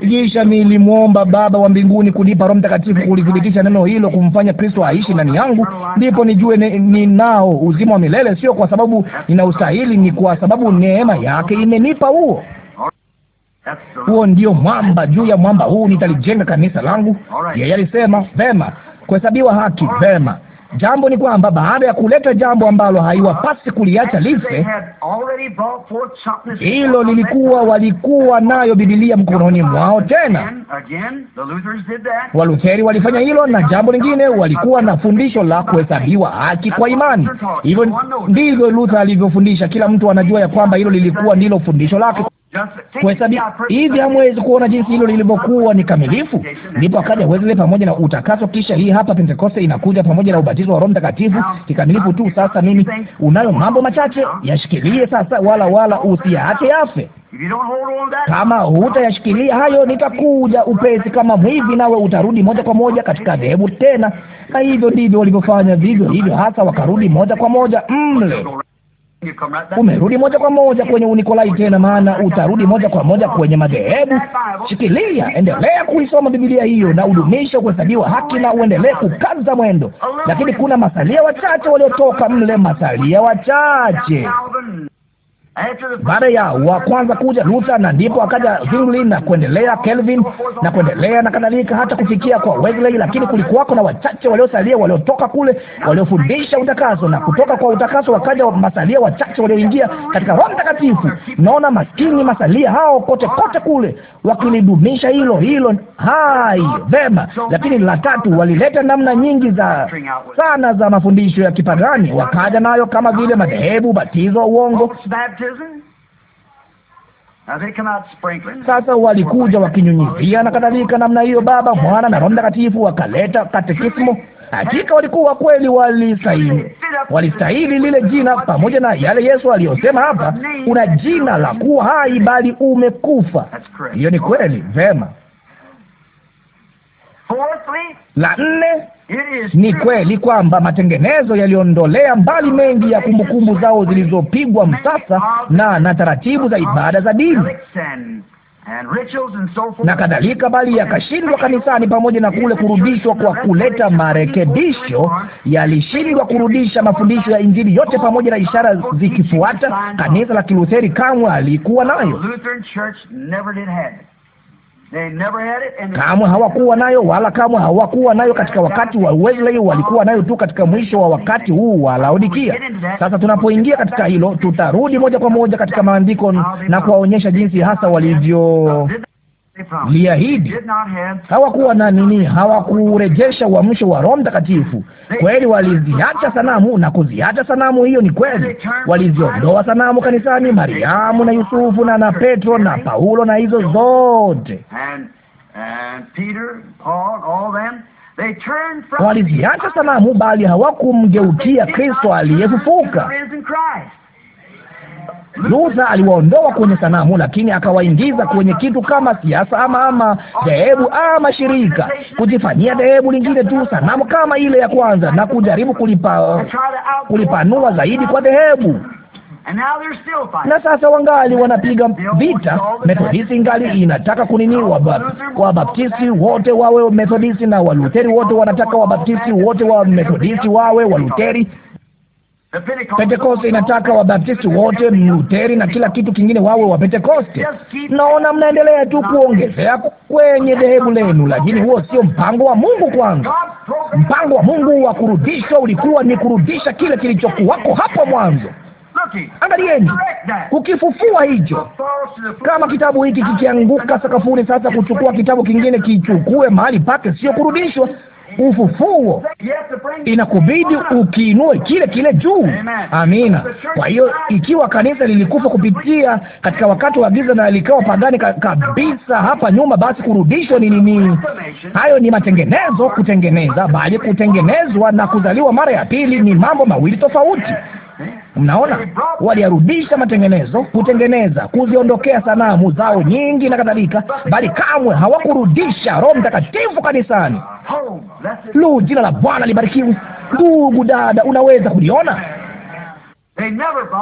Kisha nilimwomba Baba wa mbinguni kunipa Roho Mtakatifu kulithibitisha neno hilo, kumfanya Kristo aishi ndani yangu, ndipo nijue ninao ni uzima wa milele, sio kwa sababu ninaustahili, ni kwa sababu neema yake imenipa huo huo ndio mwamba. Juu ya mwamba huu nitalijenga kanisa langu. Yeye alisema vema, kuhesabiwa haki vema. Jambo ni kwamba baada ya kuleta jambo ambalo haiwapasi kuliacha life, hilo lilikuwa, walikuwa nayo Bibilia mkononi mwao. Tena Walutheri walifanya hilo, na jambo lingine, walikuwa na fundisho la kuhesabiwa haki kwa imani. Hivyo ndivyo Luther alivyofundisha. Kila mtu anajua ya kwamba hilo lilikuwa ndilo fundisho lake kuhesabia hivi, hamwezi kuona jinsi hilo lilivyokuwa ni kamilifu. Ndipo akaja Wesley pamoja na utakaso, kisha hii hapa Pentekoste inakuja pamoja na ubatizo wa Roho Mtakatifu kikamilifu tu. Sasa mimi, unayo mambo machache, yashikilie sasa, wala wala usiyaache yafe. Kama hutayashikilia hayo, nitakuja upesi kama mwivi, nawe utarudi moja kwa moja katika dhehebu tena. Na hivyo ndivyo walivyofanya, vivyo hivyo hasa, wakarudi moja kwa moja mle umerudi moja kwa moja kwenye Unikolai tena, maana utarudi moja kwa moja kwenye madhehebu. Shikilia, endelea kuisoma Biblia hiyo na udumisha kuhesabiwa haki na uendelee kukaza mwendo, lakini kuna masalia wachache waliotoka mle, masalia wachache baada ya wa kwanza kuja Luther, na ndipo akaja Zwingli na kuendelea, Kelvin na kuendelea na kadhalika, hata kufikia kwa Wesley. Lakini kulikuwako na wachache waliosalia waliotoka kule waliofundisha utakaso, na kutoka kwa utakaso wakaja masalia wachache walioingia katika Roho Mtakatifu. Naona maskini masalia hao kote kote kule wakilidumisha hilo hilo hai vema. Lakini la tatu, walileta namna nyingi za sana za mafundisho ya kipagani, wakaja nayo kama vile madhehebu, batizo wa uongo sasa walikuja wakinyunyizia na kadhalika namna hiyo, Baba, Mwana na Roho Mtakatifu, wakaleta katekismo. Hakika walikuwa kweli, walistahili walistahili lile jina, pamoja na yale Yesu aliyosema hapa, una jina la kuwa hai, bali umekufa. Hiyo ni kweli. Vema, la nne ni kweli kwamba matengenezo yaliondolea mbali mengi ya kumbukumbu zao zilizopigwa msasa na na taratibu za ibada za dini na kadhalika, bali yakashindwa kanisani, pamoja na kule kurudishwa kwa kuleta marekebisho, yalishindwa kurudisha mafundisho ya Injili yote pamoja na ishara zikifuata. Kanisa la Kilutheri kamwe alikuwa nayo Kamwe hawakuwa nayo wala kamwe hawakuwa nayo katika wakati wa Wesley, walikuwa nayo tu katika mwisho wa wakati huu wa Laodikia. Sasa tunapoingia katika hilo, tutarudi moja kwa moja katika maandiko na kuwaonyesha jinsi hasa walivyo Mliahidi. Hawakuwa na nini, hawakurejesha uamsho wa Roho Mtakatifu. Kweli waliziacha sanamu, na kuziacha sanamu, hiyo ni kweli. Waliziondoa sanamu kanisani, Mariamu na Yusufu na na Petro na Paulo na hizo zote waliziacha sanamu, bali hawakumgeukia Kristo aliyefufuka. Luther aliwaondoa kwenye sanamu, lakini akawaingiza kwenye kitu kama siasa ama ama dhehebu ama shirika, kujifanyia dhehebu lingine tu, sanamu kama ile ya kwanza, na kujaribu kulipa kulipanua zaidi kwa dhehebu na sasa wangali wanapiga vita. Methodisti ngali inataka kunini, wabaptisti wa wote wawe Methodisti na Walutheri wote wanataka Wabaptisti wote wa Methodisti wawe Walutheri. Pentekoste inataka Wabaptisti wote Mluteri na kila kitu kingine wawe wa Pentekoste. Naona mnaendelea tu kuongezea kwenye dhehebu lenu, lakini huo sio mpango wa Mungu. Kwanza, mpango wa Mungu wa kurudishwa ulikuwa ni kurudisha kile kilichokuwako hapo mwanzo. Angalieni kukifufua hicho. Kama kitabu hiki kikianguka sakafuni, sasa kuchukua kitabu kingine kichukue mahali pake, sio kurudishwa ufufuo, inakubidi ukiinue kile kile juu. Amina. Kwa hiyo ikiwa kanisa lilikufa kupitia katika wakati wa giza na likawa pagani ka, kabisa hapa nyuma, basi kurudishwa ni nini? Hayo ni matengenezo, kutengeneza, bali kutengenezwa na kuzaliwa mara ya pili ni mambo mawili tofauti. Mnaona, waliarudisha matengenezo, kutengeneza, kuziondokea sanamu zao nyingi na kadhalika, bali kamwe hawakurudisha Roho Mtakatifu kanisani. Lu, jina la Bwana libarikiwe. Ndugu dada, unaweza kuliona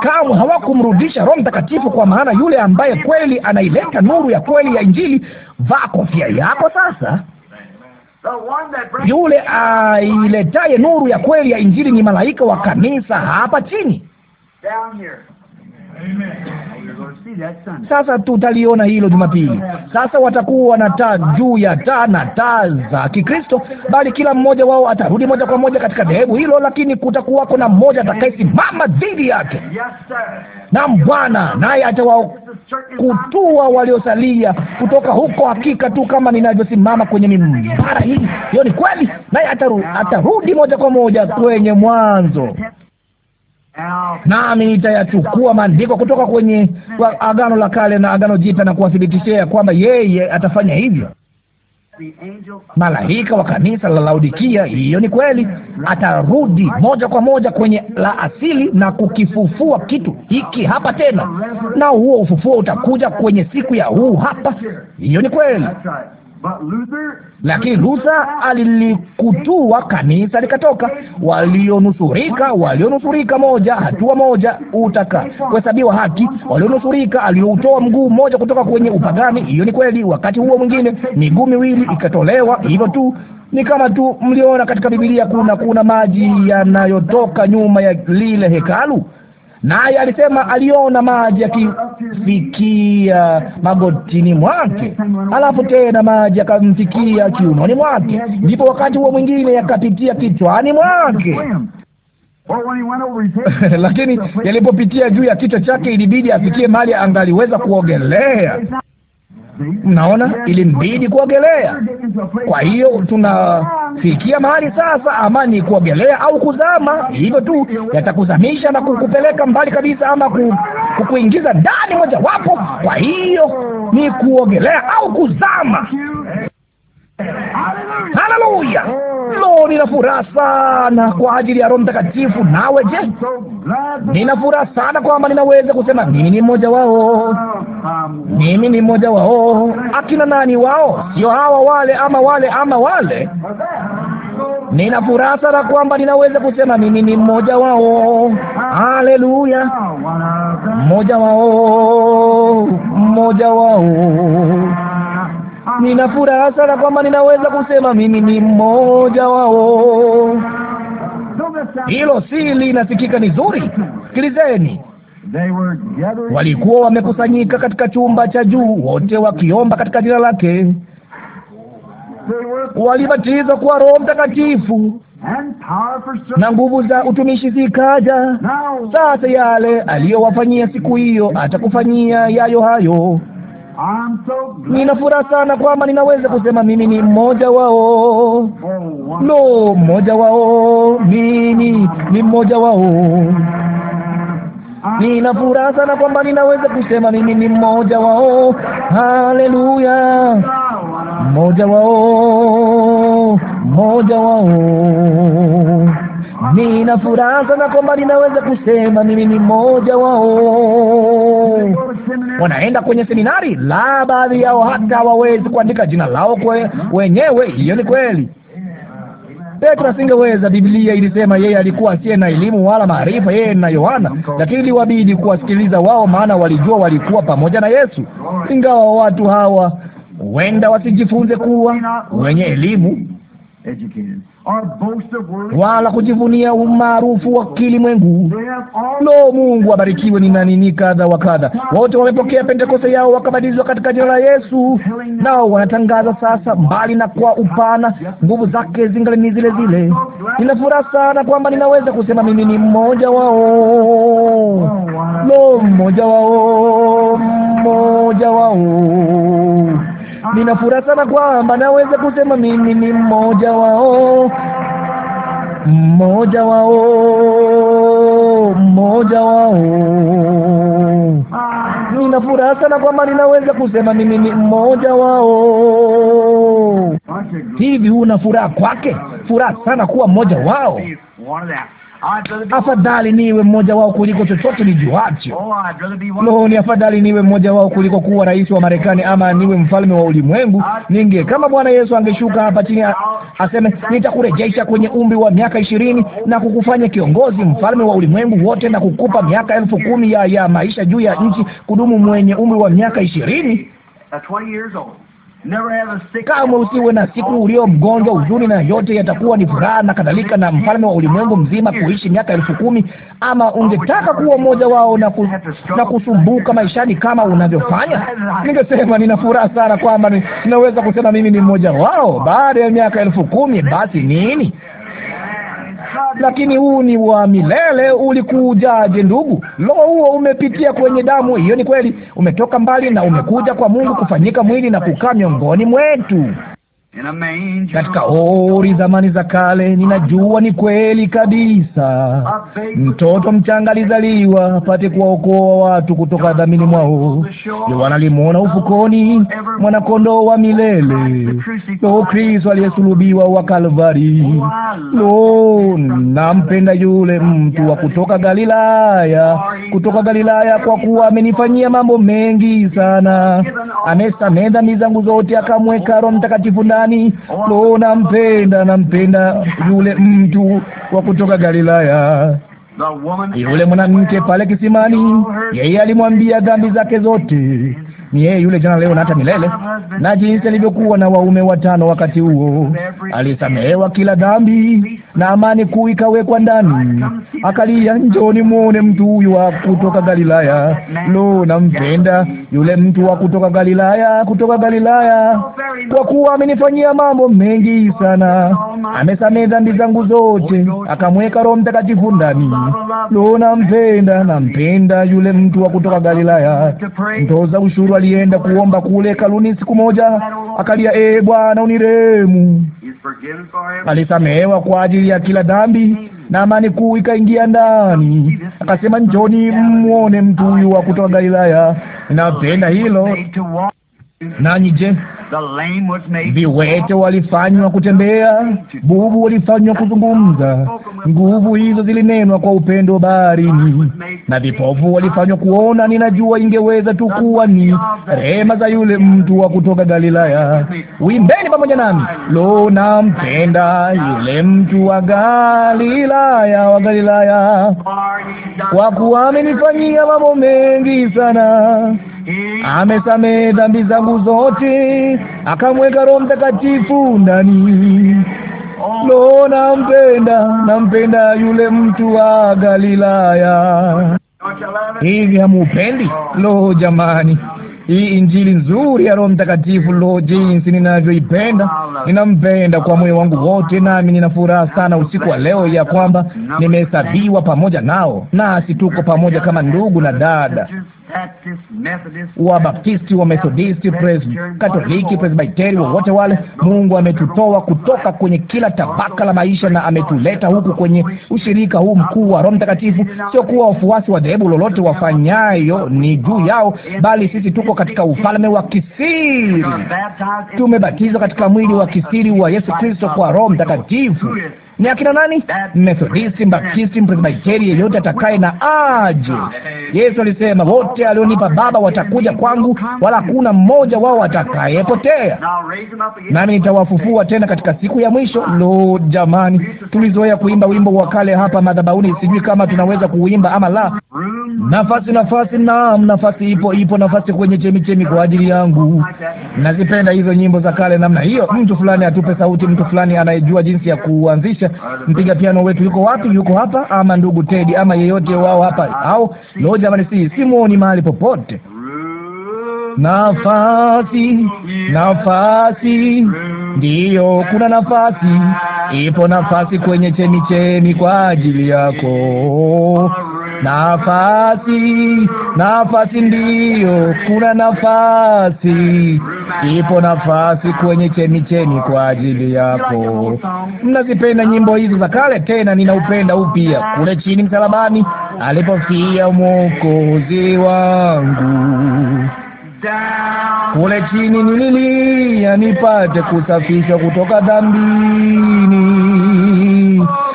kamwe hawakumrudisha Roho Mtakatifu, kwa maana yule ambaye kweli anaileta nuru ya kweli ya Injili. Vaa kofia yako sasa. Yule ailetaye nuru ya kweli ya Injili ni malaika wa kanisa hapa chini. Sasa tutaliona hilo Jumapili. Sasa watakuwa na taa juu ya taa na taa za Kikristo, bali kila mmoja wao atarudi moja kwa moja katika dhehebu hilo, lakini kutakuwa kuna mmoja atakayesimama dhidi yake. Naam Bwana, naye atawakutua waliosalia kutoka huko, hakika tu kama ninavyosimama kwenye mimbara hii. Hiyo ni kweli, naye ataru, atarudi moja kwa moja kwenye mwanzo nami nitayachukua maandiko kutoka kwenye Agano la Kale na Agano Jipya na kuwathibitishia ya kwamba yeye atafanya hivyo. Malaika wa kanisa la Laodikia, hiyo ni kweli, atarudi moja kwa moja kwenye la asili na kukifufua kitu hiki hapa tena, na huo ufufuo utakuja kwenye siku ya huu hapa. Hiyo ni kweli. Lakini Luther alilikutua kanisa likatoka. Walionusurika walionusurika moja, hatua moja utaka kuhesabiwa haki. Walionusurika alioutoa mguu mmoja kutoka kwenye upagani, hiyo ni kweli. Wakati huo mwingine miguu miwili ikatolewa, hivyo tu ni kama tu mliona katika Biblia kuna kuna maji yanayotoka nyuma ya lile hekalu naye alisema aliona maji yakifikia magotini mwake, alafu tena maji yakamfikia kiunoni mwake, ndipo wakati huo mwingine yakapitia kichwani mwake. Lakini yalipopitia juu ya kichwa chake, ilibidi afikie mahali angaliweza kuogelea. Mnaona, ilimbidi kuogelea. Kwa hiyo tunafikia mahali sasa, ama ni kuogelea au kuzama. Hivyo tu yatakuzamisha na kukupeleka mbali kabisa, ama kukuingiza ndani mojawapo. Kwa hiyo ni kuogelea au kuzama. Haleluya! Lo, nina furaha sana kwa ajili ya Roho Mtakatifu. Nawe je? Nina furaha sana kwamba ninaweza kusema mimi ni mmoja wao mimi ni mmoja wao. Akina nani wao? Sio hawa wale, ama wale, ama wale. Nina furaha sana kwamba ninaweza kusema mimi ni mmoja wao. Haleluya, mmoja wao, mmoja wao. Nina furaha sana kwamba ninaweza kusema mimi ni mmoja wao. Hilo si linasikika nizuri? Sikilizeni, walikuwa wamekusanyika katika chumba cha juu, wote wakiomba katika jina lake. Walibatizwa kwa Roho Mtakatifu na nguvu za utumishi zikaja. Sasa yale aliyowafanyia siku hiyo atakufanyia yayo hayo. Nina furaha sana kwamba ninaweza kusema mimi ni mmoja wao. Lo, mmoja wao, mimi ni mmoja wao. Nina furaha sana kwamba ninaweza kusema mimi ni mmoja wao. Haleluya, mmoja wao, mmoja wao. Nina furaha sana kwamba ninaweza kusema mimi ni mmoja wao. Wanaenda kwenye seminari, la baadhi yao hata wawezi kuandika jina lao kwe wenyewe. Hiyo ni kweli. Petro asingeweza. Biblia ilisema yeye alikuwa asiye na elimu wala maarifa, yeye na Yohana, lakini iliwabidi kuwasikiliza wao, maana walijua walikuwa pamoja na Yesu. Ingawa watu hawa huenda wasijifunze kuwa wenye elimu wala kujivunia umaarufu wa kilimwengu. Lo, Mungu abarikiwe. Ni nanini kadha wa kadha, wote wamepokea pentekoste yao wakabatizwa katika jina la Yesu, nao wanatangaza sasa, mbali na kwa upana, nguvu zake zingali ni zile zile. Nina furaha sana kwamba ninaweza kusema mimi ni mmoja wao. Lo, mmoja wao, mmoja wao Nina furaha sana kwamba naweza kusema mimi ni mmoja wao, mmoja wao, mmoja wao. Nina furaha sana kwamba ninaweza kusema mimi ni mmoja wao. Hivi huna furaha kwake? Furaha sana kuwa mmoja wao afadhali niwe mmoja wao kuliko chochote nijuacho. Oh, Lo, ni afadhali niwe mmoja wao kuliko kuwa rais wa Marekani ama niwe mfalme wa ulimwengu. Ninge kama Bwana Yesu angeshuka hapa chini aseme, nitakurejesha kwenye umri wa miaka ishirini na kukufanya kiongozi, mfalme wa ulimwengu wote na kukupa miaka elfu kumi ya, ya maisha juu ya nchi, kudumu mwenye umri wa miaka ishirini Kamwe usiwe na siku ulio mgonjwa, huzuni, na yote yatakuwa ni furaha na kadhalika, na mfalme wa ulimwengu mzima kuishi miaka elfu kumi. Ama ungetaka kuwa mmoja wao na, ku, na kusumbuka maishani kama unavyofanya? Ningesema nina furaha sana kwamba ninaweza kusema mimi ni mmoja wao baada ya miaka elfu kumi. Basi nini? lakini huu ni wa milele. Ulikujaje ndugu? lo huo umepitia kwenye damu, hiyo ni kweli, umetoka mbali na umekuja kwa Mungu kufanyika mwili na kukaa miongoni mwetu katika hori zamani za kale. Ninajua ni kweli kabisa, mtoto mchanga alizaliwa apate kuwaokoa watu kutoka dhamini mwao. Yohana alimwona ufukoni mwanakondoo wa milele, Roho Kristo aliyesulubiwa wa Kalvari. Lo, nampenda yule mtu wa kutoka Galilaya, kutoka Galilaya, kwa kuwa amenifanyia mambo mengi sana, amesamehe dhambi zangu zote, akamweka Roho Mtakatifu ndani fulani, lo, nampenda, nampenda yule mtu wa kutoka Galilaya, yule mwanamke pale kisimani. Yeye alimwambia dhambi zake zote ni yeye yule jana, leo na hata milele. Na jinsi alivyokuwa na waume watano wakati huo, alisamehewa kila dhambi na amani kuu ikawekwa ndani. Akalia, njoni mwone mtu huyu wa kutoka Galilaya. Lo, nampenda yule mtu wa kutoka Galilaya, kutoka Galilaya, kwa kuwa amenifanyia mambo mengi sana, amesamehe dhambi zangu zote, akamweka Roho Mtakatifu ndani. Lo, nampenda, nampenda yule mtu wa kutoka Galilaya, mtoza ushuru alienda kuomba kule kaluni siku moja, akalia e, Bwana unirehemu. Alisamehewa kwa ajili ya kila dhambi, na amani kuu ikaingia ndani. Akasema, njoni muone mtu huyu wa kutoka Galilaya. Napenda hilo Nanyi je, viwete walifanywa kutembea, bubu walifanywa kuzungumza, nguvu hizo zilinenwa kwa upendo wa baharini, na vipofu walifanywa kuona. Ninajua ingeweza tu kuwa ni rehema za yule mtu wa kutoka Galilaya. Wimbeni pamoja nami, lo, nampenda yule mtu wa Galilaya, wa Galilaya, kwa kuwa amenifanyia mambo mengi sana amesamehe dhambi zangu zote, akamweka Roho Mtakatifu ndani. Lo, nampenda, nampenda yule mtu wa Galilaya. Hivi hamupendi? Lo, jamani, hii injili nzuri ya Roho Mtakatifu, lo, jinsi ninavyoipenda! Ninampenda kwa moyo wangu wote, nami nina furaha sana usiku wa leo ya kwamba nimehesabiwa pamoja nao, nasi tuko pamoja kama ndugu na dada. Wabaptisti, Wamethodisti, Katoliki, Presbiteri, wowote wale. Mungu ametutoa kutoka kwenye kila tabaka la maisha na ametuleta huku kwenye ushirika huu mkuu wa Roho Mtakatifu. Sio kuwa wafuasi wa dhehebu lolote wafanyayo ni juu yao, bali sisi tuko katika ufalme wa kisiri. Tumebatizwa katika mwili wa kisiri wa Yesu Kristo kwa Roho Mtakatifu ni akina nani? Methodisti, Mbaptisti, Mpresbiteri, yeyote atakaye na aje. Yesu alisema wote alionipa Baba watakuja kwangu, wala hakuna mmoja wao atakayepotea, nami nitawafufua tena katika siku ya mwisho. Lo, jamani, tulizoea kuimba wimbo wa kale hapa madhabahuni. Sijui kama tunaweza kuimba ama la. Nafasi, nafasi, naam, nafasi ipo, ipo nafasi kwenye chemichemi kwa ajili yangu. Nazipenda hizo nyimbo za kale namna hiyo. Mtu fulani atupe sauti, mtu fulani anayejua jinsi ya kuanzisha kuhakikisha mpiga piano wetu yuko wapi? Yuko hapa, ama ndugu Teddy ama yeyote wao hapa, au lo, jamani, si simuoni mahali popote. Nafasi, nafasi, ndiyo, kuna nafasi, ipo nafasi kwenye chemichemi kwa ajili yako. Nafasi, nafasi, ndiyo, kuna nafasi. Ipo nafasi kwenye chemichemi kwa ajili yako. Mnazipenda nyimbo hizo za kale, tena ninaupenda upya. Kule chini msalabani alipofia mwokozi wangu kule chini nililia nipate kusafishwa kutoka dhambini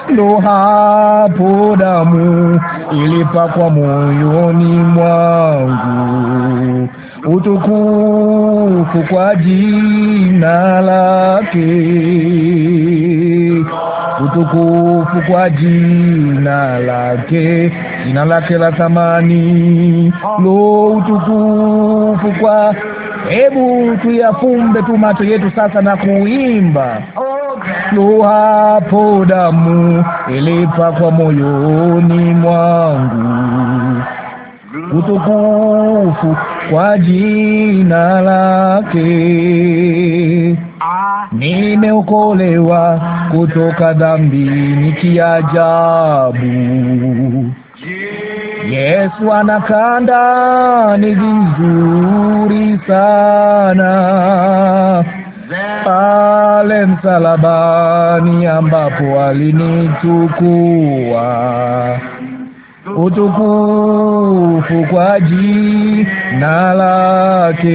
ndo hapo damu ilipakwa moyoni mwangu utukufu kwa jina lake, utukufu kwa jina lake, jina lake la thamani. Lo, utukufu kwa... Hebu tuyafumbe tu macho yetu sasa na kuimba Lo, hapo damu kwa moyoni mwangu utukufu kwa jina lake. Nimeokolewa kutoka dhambini kiajabu. Yesu anakaa ndani vizuri sana pale msalabani ambapo alinichukua utukufu kwa jina lake,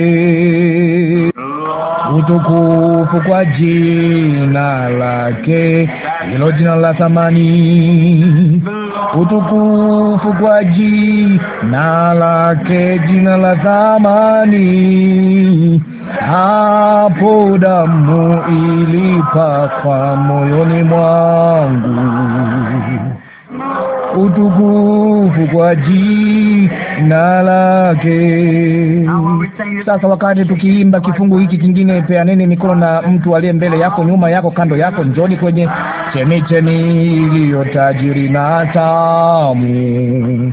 utukufu kwa jina lake, hilo jina la thamani, utukufu kwa jina lake, jina la thamani. Hapo damu ilipakwa moyoni mwangu utukufu kwa jina lake. Sasa wakati tukiimba kifungu hiki kingine, peaneni mikono na mtu aliye mbele yako, nyuma yako, kando yako. Njoni kwenye chemichemi iliyo tajiri na tamu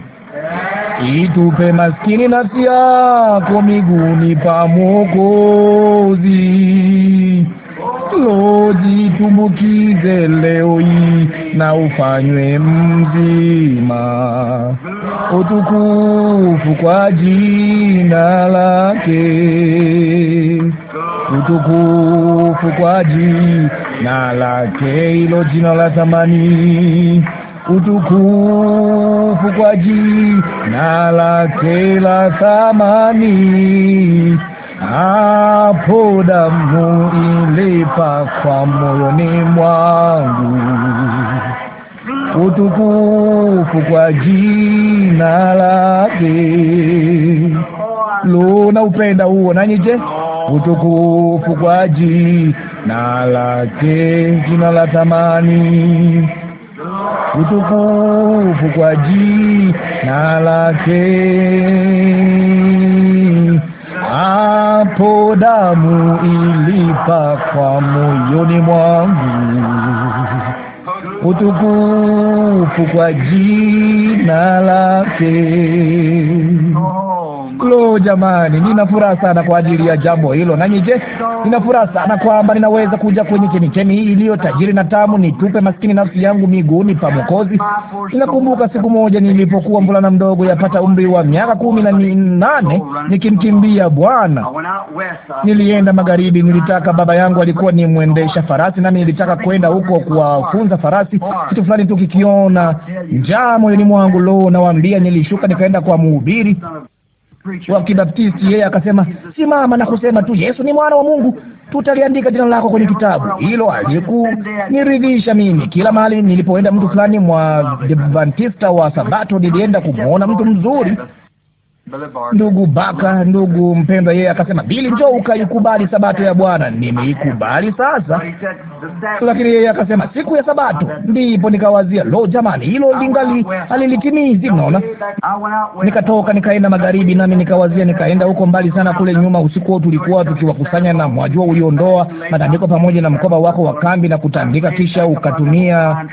itupe maskini nafsi yako miguuni pa Mwokozi. Lo, jitumbukize leo hii na ufanywe mzima. Utukufu kwa jina lake, utukufu kwa jina lake, hilo jina la thamani utukufu kwa jina lake la thamani, hapo damu moyo moyoni mwangu, utukufu kwa jina lake. Luna upenda huo, nanyi je? Utukufu kwa jina lake, jina la thamani utukufu kwa jina lake hapo damu ilipakwa moyoni mwangu. Utukufu kwa jina lake. Lo, jamani, nina furaha sana kwa ajili ya jambo hilo. Nanyi je, nina furaha sana kwamba ninaweza kuja kwenye chemichemi hii iliyo tajiri na tamu, nitupe maskini nafsi yangu miguuni pa Mwokozi. Ninakumbuka siku moja nilipokuwa mvulana mdogo, yapata umri wa miaka kumi na minane, nikimkimbia Bwana. Nilienda magharibi, nilitaka baba yangu alikuwa ni mwendesha farasi, nami nilitaka kwenda huko kuwafunza farasi. Kitu fulani tu kikiona njaa moyoni mwangu. Lo, nawaambia, nilishuka nikaenda kwa mhubiri wa Kibaptisti, yeye akasema, simama na kusema tu Yesu ni mwana wa Mungu, tutaliandika jina lako kwenye kitabu. Hilo alikuniridhisha mimi. Kila mahali nilipoenda, mtu fulani mwa Adventista wa Sabato, nilienda kumwona mtu mzuri ndugu Baka, ndugu mpendwa, yeye akasema, Bili, njoo ukaikubali sabato ya Bwana. Nimeikubali sasa, lakini yeye akasema, siku ya sabato. Ndipo nikawazia lo, jamani, hilo lingali alilitimizi. Mnaona, nikatoka nikaenda magharibi, nami nikawazia, nikaenda huko mbali sana kule nyuma. Usiku huo tulikuwa tukiwakusanya, na mwajua uliondoa matandiko pamoja na mkoba wako wa kambi na kutandika, kisha ukatumia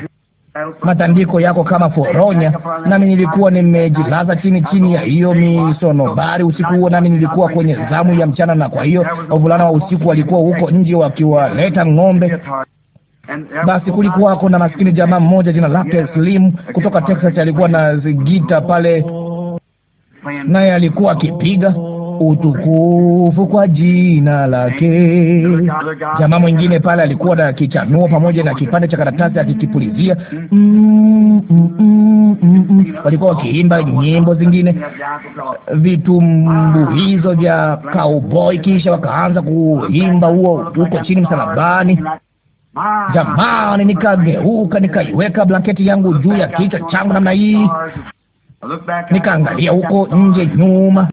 matandiko yako kama foronya, nami nilikuwa nimejilaza chini chini ya hiyo misonobari usiku huo, nami nilikuwa kwenye zamu ya mchana, na kwa hiyo wavulana wa usiku walikuwa huko nje wakiwaleta ng'ombe. Basi kulikuwa na maskini jamaa mmoja jina lake Slim kutoka Texas, alikuwa na zigita pale, naye alikuwa akipiga utukufu kwa jina lake. Jamaa mwingine pale alikuwa na kichanuo pamoja na kipande cha karatasi akikipulizia. mm, mm, mm, mm, mm. Walikuwa wakiimba nyimbo zingine, vitumbuizo vya cowboy, kisha wakaanza kuimba huo huko chini msalabani. Jamani, nikageuka nikaiweka blanketi yangu juu ya kichwa changu namna hii, nikaangalia huko nje nyuma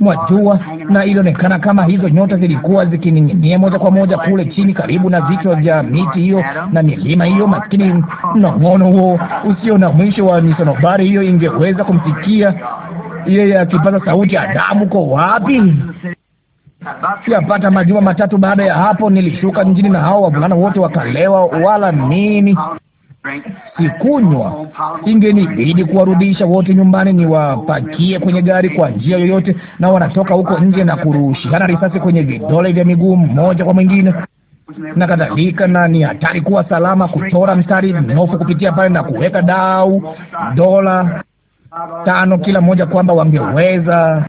mwa jua, na ilionekana kama hizo nyota zilikuwa zikining'inia moja kwa moja kule chini, karibu na vichwa vya miti hiyo na milima hiyo. Maskini mnong'ono huo usio na mwisho wa misonobari hiyo ingeweza kumsikia yeye akipaza sauti, Adamu, ko wapi? Yapata majuma matatu baada ya hapo, nilishuka mjini na hao wavulana wote wakalewa, wala mimi sikunywa. Ingenibidi kuwarudisha wote nyumbani, niwapakie kwenye gari kwa njia yoyote, na wanatoka huko nje na kurushana risasi kwenye vidole vya miguu mmoja kwa mwingine na kadhalika. Na ni hatari kuwa salama kutora mstari mnofu kupitia pale na kuweka dau dola tano kila mmoja, kwamba wangeweza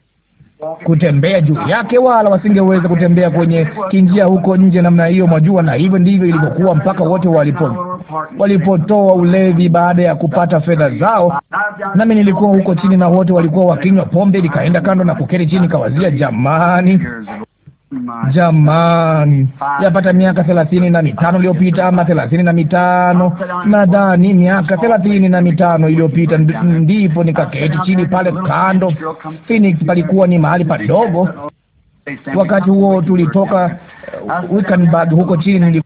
kutembea juu yake wala wasingeweza kutembea kwenye kinjia huko nje namna hiyo, mwajua. Na hivyo ndivyo ilivyokuwa mpaka wote walipo walipotoa ulevi baada ya kupata fedha zao. Nami nilikuwa huko chini na wote walikuwa wakinywa pombe, nikaenda kando na kuketi chini, kawazia jamani jamani yapata miaka thelathini na mitano iliyopita ama thelathini na mitano nadhani miaka thelathini na mitano iliyopita, ndipo nikaketi chini pale kando Phoenix. Palikuwa ni mahali padogo, Wakati huo tulitoka uh, Wickenburg huko chini,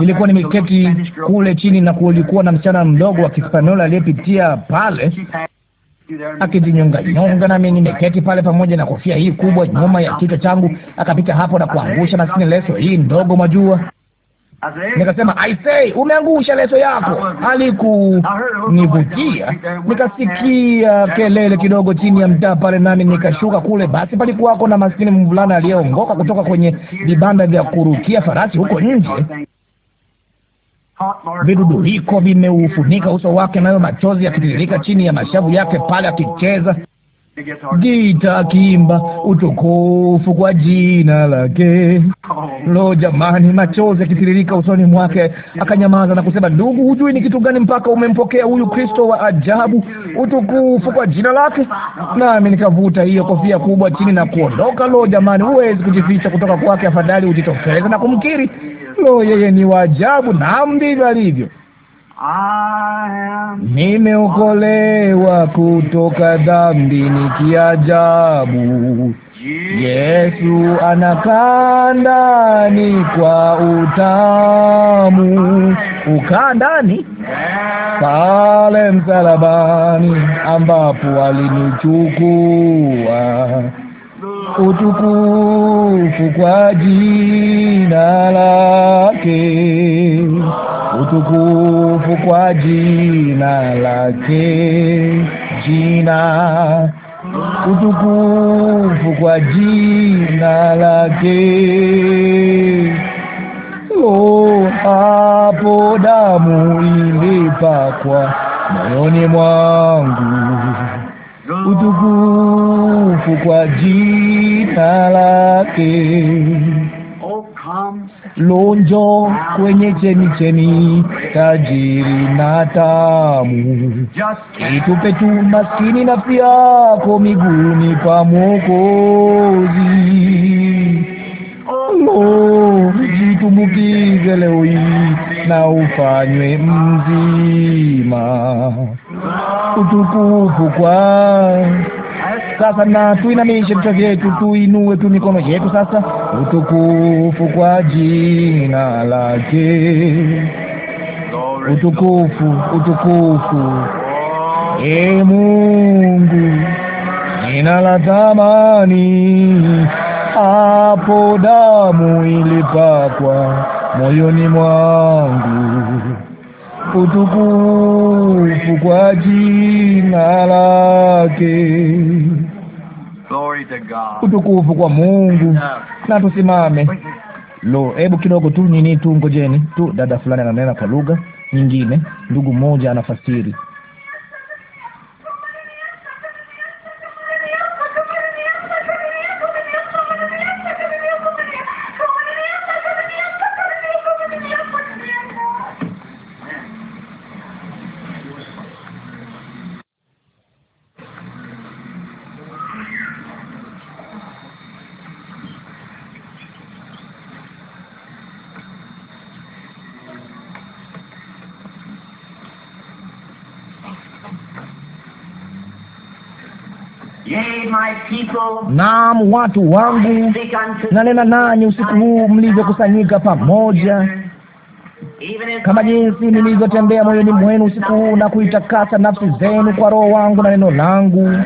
nilikuwa nimeketi kule chini, na kulikuwa na msichana mdogo wa Kispanola aliyepitia pale akijinyonga nyonga, nami nimeketi pale pamoja na kofia hii kubwa nyuma ya kichwa changu. Akapita hapo na kuangusha maskini leso hii ndogo, mwajua Nikasema, aisei, umeangusha leso yako. Halikunivutia. Nikasikia kelele kidogo chini ya mtaa pale, nami nikashuka kule. Basi palikuwako na maskini mvulana aliyeongoka kutoka kwenye vibanda vya kurukia farasi huko nje vidudu hiko vimeufunika uso wake, nayo machozi yakitiririka chini ya mashavu yake pale, akicheza gita akiimba utukufu kwa jina lake. Lo, jamani, machozi akitiririka usoni mwake, akanyamaza na kusema, ndugu, hujui ni kitu gani mpaka umempokea huyu Kristo wa ajabu, utukufu kwa jina lake. Nami nikavuta hiyo kofia kubwa chini na kuondoka. Lo, jamani, huwezi kujificha kutoka kwake, afadhali ujitokeze na kumkiri. Lo, yeye ni wa ajabu, na ndivyo alivyo nimeokolewa kutoka dhambi ni kiajabu. Yesu anakaa ndani kwa utamu, ukaa ndani pale msalabani ambapo alinichukua utukufu kwa jina lake, utukufu kwa jina lake, jina utukufu kwa jina lake. Oh, hapo damu ilipakwa moyoni mwangu utukufu kwa jina lake. Lonjo kwenye chemichemi tajiri na tamu, itupe tu maskini na yako miguni pa Mwokozi. Lo, jitumbukize leo hii na ufanywe mzima utukufu kwao. Sasa na tuinamishe vichwa vyetu, tuinue tu mikono yetu sasa. Utukufu kwa jina lake, utukufu, utukufu. E Mungu, jina la thamani, hapo damu ilipakwa moyoni mwangu utukufu kwa jina lake. Utukufu kwa Mungu. Na tusimame. Lo, hebu kidogo tu nini tu, ngojeni tu, dada fulani ananena kwa lugha nyingine, ndugu mmoja anafasiri. Naam, watu wangu, nanena nanyi usiku huu mlivyokusanyika pamoja, kama jinsi nilivyotembea moyoni mwenu usiku huu na kuitakasa nafsi zenu kwa Roho wangu na neno langu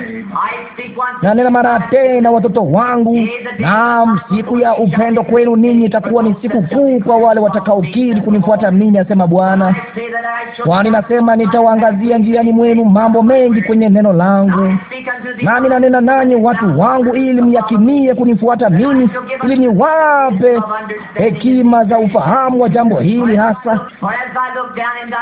na nena mara tena, watoto wangu, naam, siku ya upendo kwenu ninyi itakuwa ni siku kuu kwa wale watakaokiri kunifuata mimi, asema Bwana, kwani nasema nitawaangazia njiani mwenu mambo mengi kwenye neno langu, nami nanena nanyi watu wangu, ili myakimie kunifuata mimi, ili niwape hekima za ufahamu wa jambo hili hasa.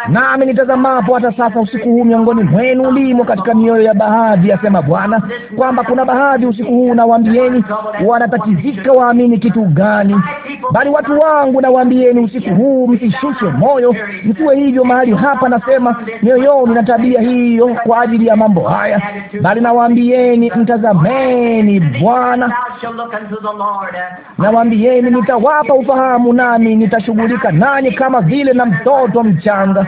Nami nitazamapo hata sasa usiku huu miongoni mwenu, limo katika mioyo ya baadhi, asema Bwana sana kwamba kuna baadhi usiku huu, nawaambieni, wanatatizika waamini kitu gani. Bali watu wangu, nawaambieni usiku huu, msishushe moyo, msiwe hivyo mahali hapa. Nasema mioyoni na tabia hiyo kwa ajili ya mambo haya, bali nawaambieni, mtazameni Bwana. Nawaambieni, nitawapa ufahamu, nami nitashughulika nanyi kama vile na mtoto mchanga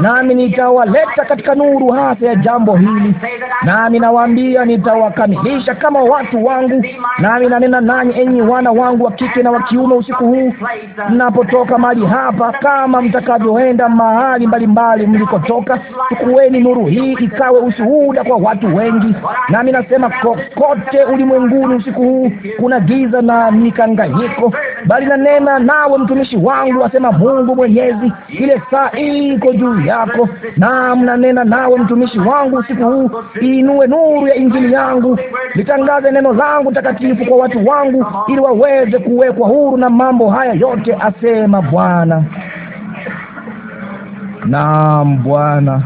nami nitawaleta katika nuru hasa ya jambo hili, nami nawaambia nitawakamilisha kama watu wangu. Nami nanena nanyi, enyi wana wangu wa kike na wa kiume, usiku huu mnapotoka mahali hapa, kama mtakavyoenda mahali mbalimbali mlikotoka, chukueni nuru hii ikawe ushuhuda kwa watu wengi. Nami nasema kokote ulimwenguni usiku huu kuna giza na mikanganyiko, bali nanena nawe mtumishi wangu, asema Mungu Mwenyezi, ile saa hii iko juu yako, na mnanena nawe, mtumishi wangu, usiku huu iinue nuru ya injili yangu, litangaze neno langu takatifu kwa watu wangu, ili waweze kuwekwa huru na mambo haya yote, asema Bwana. Naam, Bwana.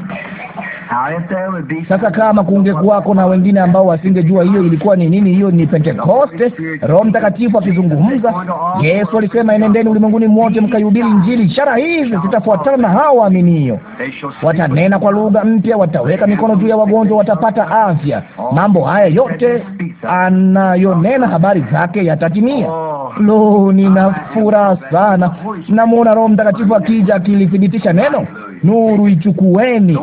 Sasa kama kungekuwako na wengine ambao wasingejua hiyo ilikuwa ni nini, hiyo ni Pentekoste, Roho Mtakatifu akizungumza. Yesu alisema, enendeni ulimwenguni mwote mkaihubiri Injili. Ishara hizi zitafuatana na hao waaminio, watanena kwa lugha mpya, wataweka mikono juu ya wagonjwa, watapata afya. Mambo haya yote anayonena habari zake yatatimia. Lo, nina furaha sana, namwona Roho Mtakatifu akija akilithibitisha neno. Nuru ichukueni,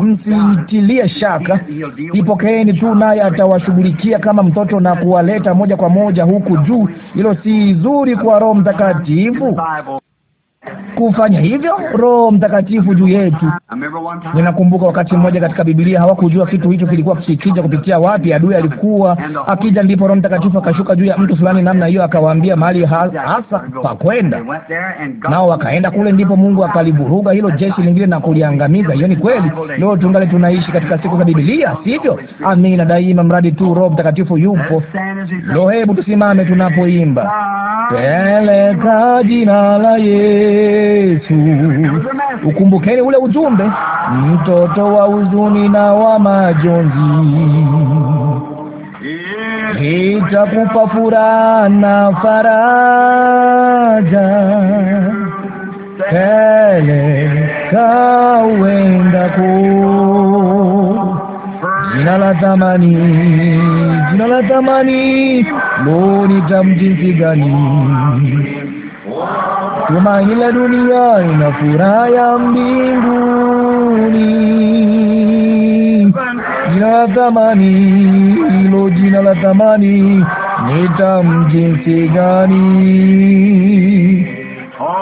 msiitilie shaka, ipokeeni tu, naye atawashughulikia kama mtoto na kuwaleta moja kwa moja huku juu. Hilo si zuri kwa Roho Mtakatifu kufanya hivyo Roho Mtakatifu juu yetu. Ninakumbuka wakati mmoja katika Biblia hawakujua kitu hicho kilikuwa kikija kupitia wapi. Adui alikuwa akija, ndipo Roho Mtakatifu akashuka juu ya mtu fulani namna hiyo, akawaambia mahali hasa pa kwenda, nao wakaenda kule, ndipo Mungu akalivuruga hilo jeshi lingine na kuliangamiza. Hiyo ni kweli. Leo tungali tunaishi katika siku za Biblia, sivyo? Amina daima, mradi tu Roho Mtakatifu yupo. Lo, hebu tusimame tunapoimba, peleka jina la Yesu Yesu, ukumbukeni ule ujumbe, mtoto wa huzuni na wa majonzi, itakupa furaha na faraja tele kawenda ko jina la thamani, jina la thamani, lo, gani! tumaini la duniani na furaha ya mbinguni. Jina la thamani, hilo jina la thamani ni jinsi gani!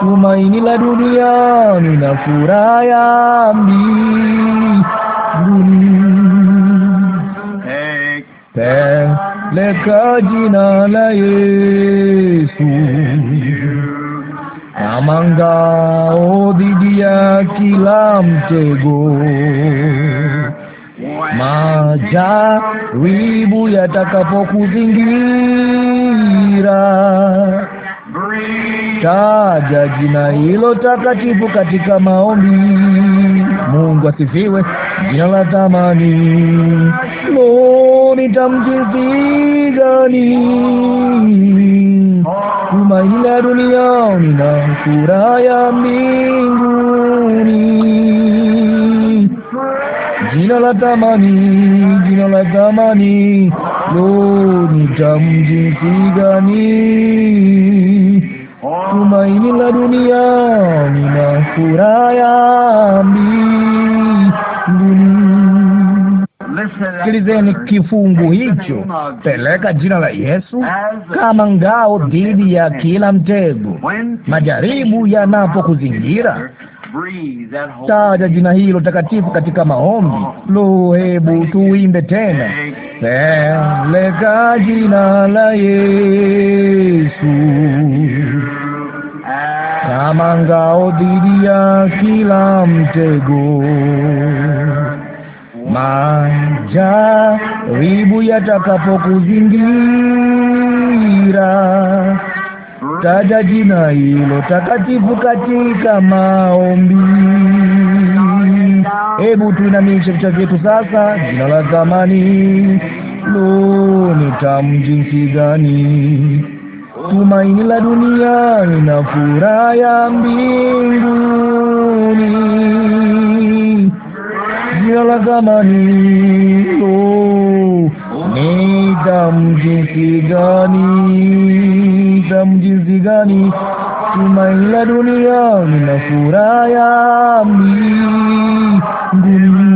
Tumaini la duniani na furaha ya mbinguni. Peleka jina la Yesu ama ngao dhidi ya kila mtego. Majaribu yatakapokuzingira Taja jina hilo takatifu katika maombi. Mungu asifiwe, jina la thamani. Lo, nitamji jinsi gani! Tumaini la dunia, nina furaha ya mbinguni Jina la thamani, jina la thamani, lo, nitamjinsi gani? Tumaini la dunia, nina furaha ya mbinguni sikilizeni kifungu hicho, peleka jina la Yesu kama ngao dhidi ya kila mtego. Majaribu yanapokuzingira, taja jina hilo takatifu katika maombi. Lo, hebu tuimbe tena, peleka jina la Yesu kama ngao dhidi ya kila mtego majaribu yatakapokuzingira, taja jina hilo takatifu katika maombi. Hebu tuinamishe vichwa vyetu sasa. Jina la zamani lo, ni tamu jinsi gani! Tumaini la duniani na furaha ya mbinguni jina la zamani oh, ni damu jinsi gani, damu jinsi gani, tumaini la dunia na furaha ya mbinguni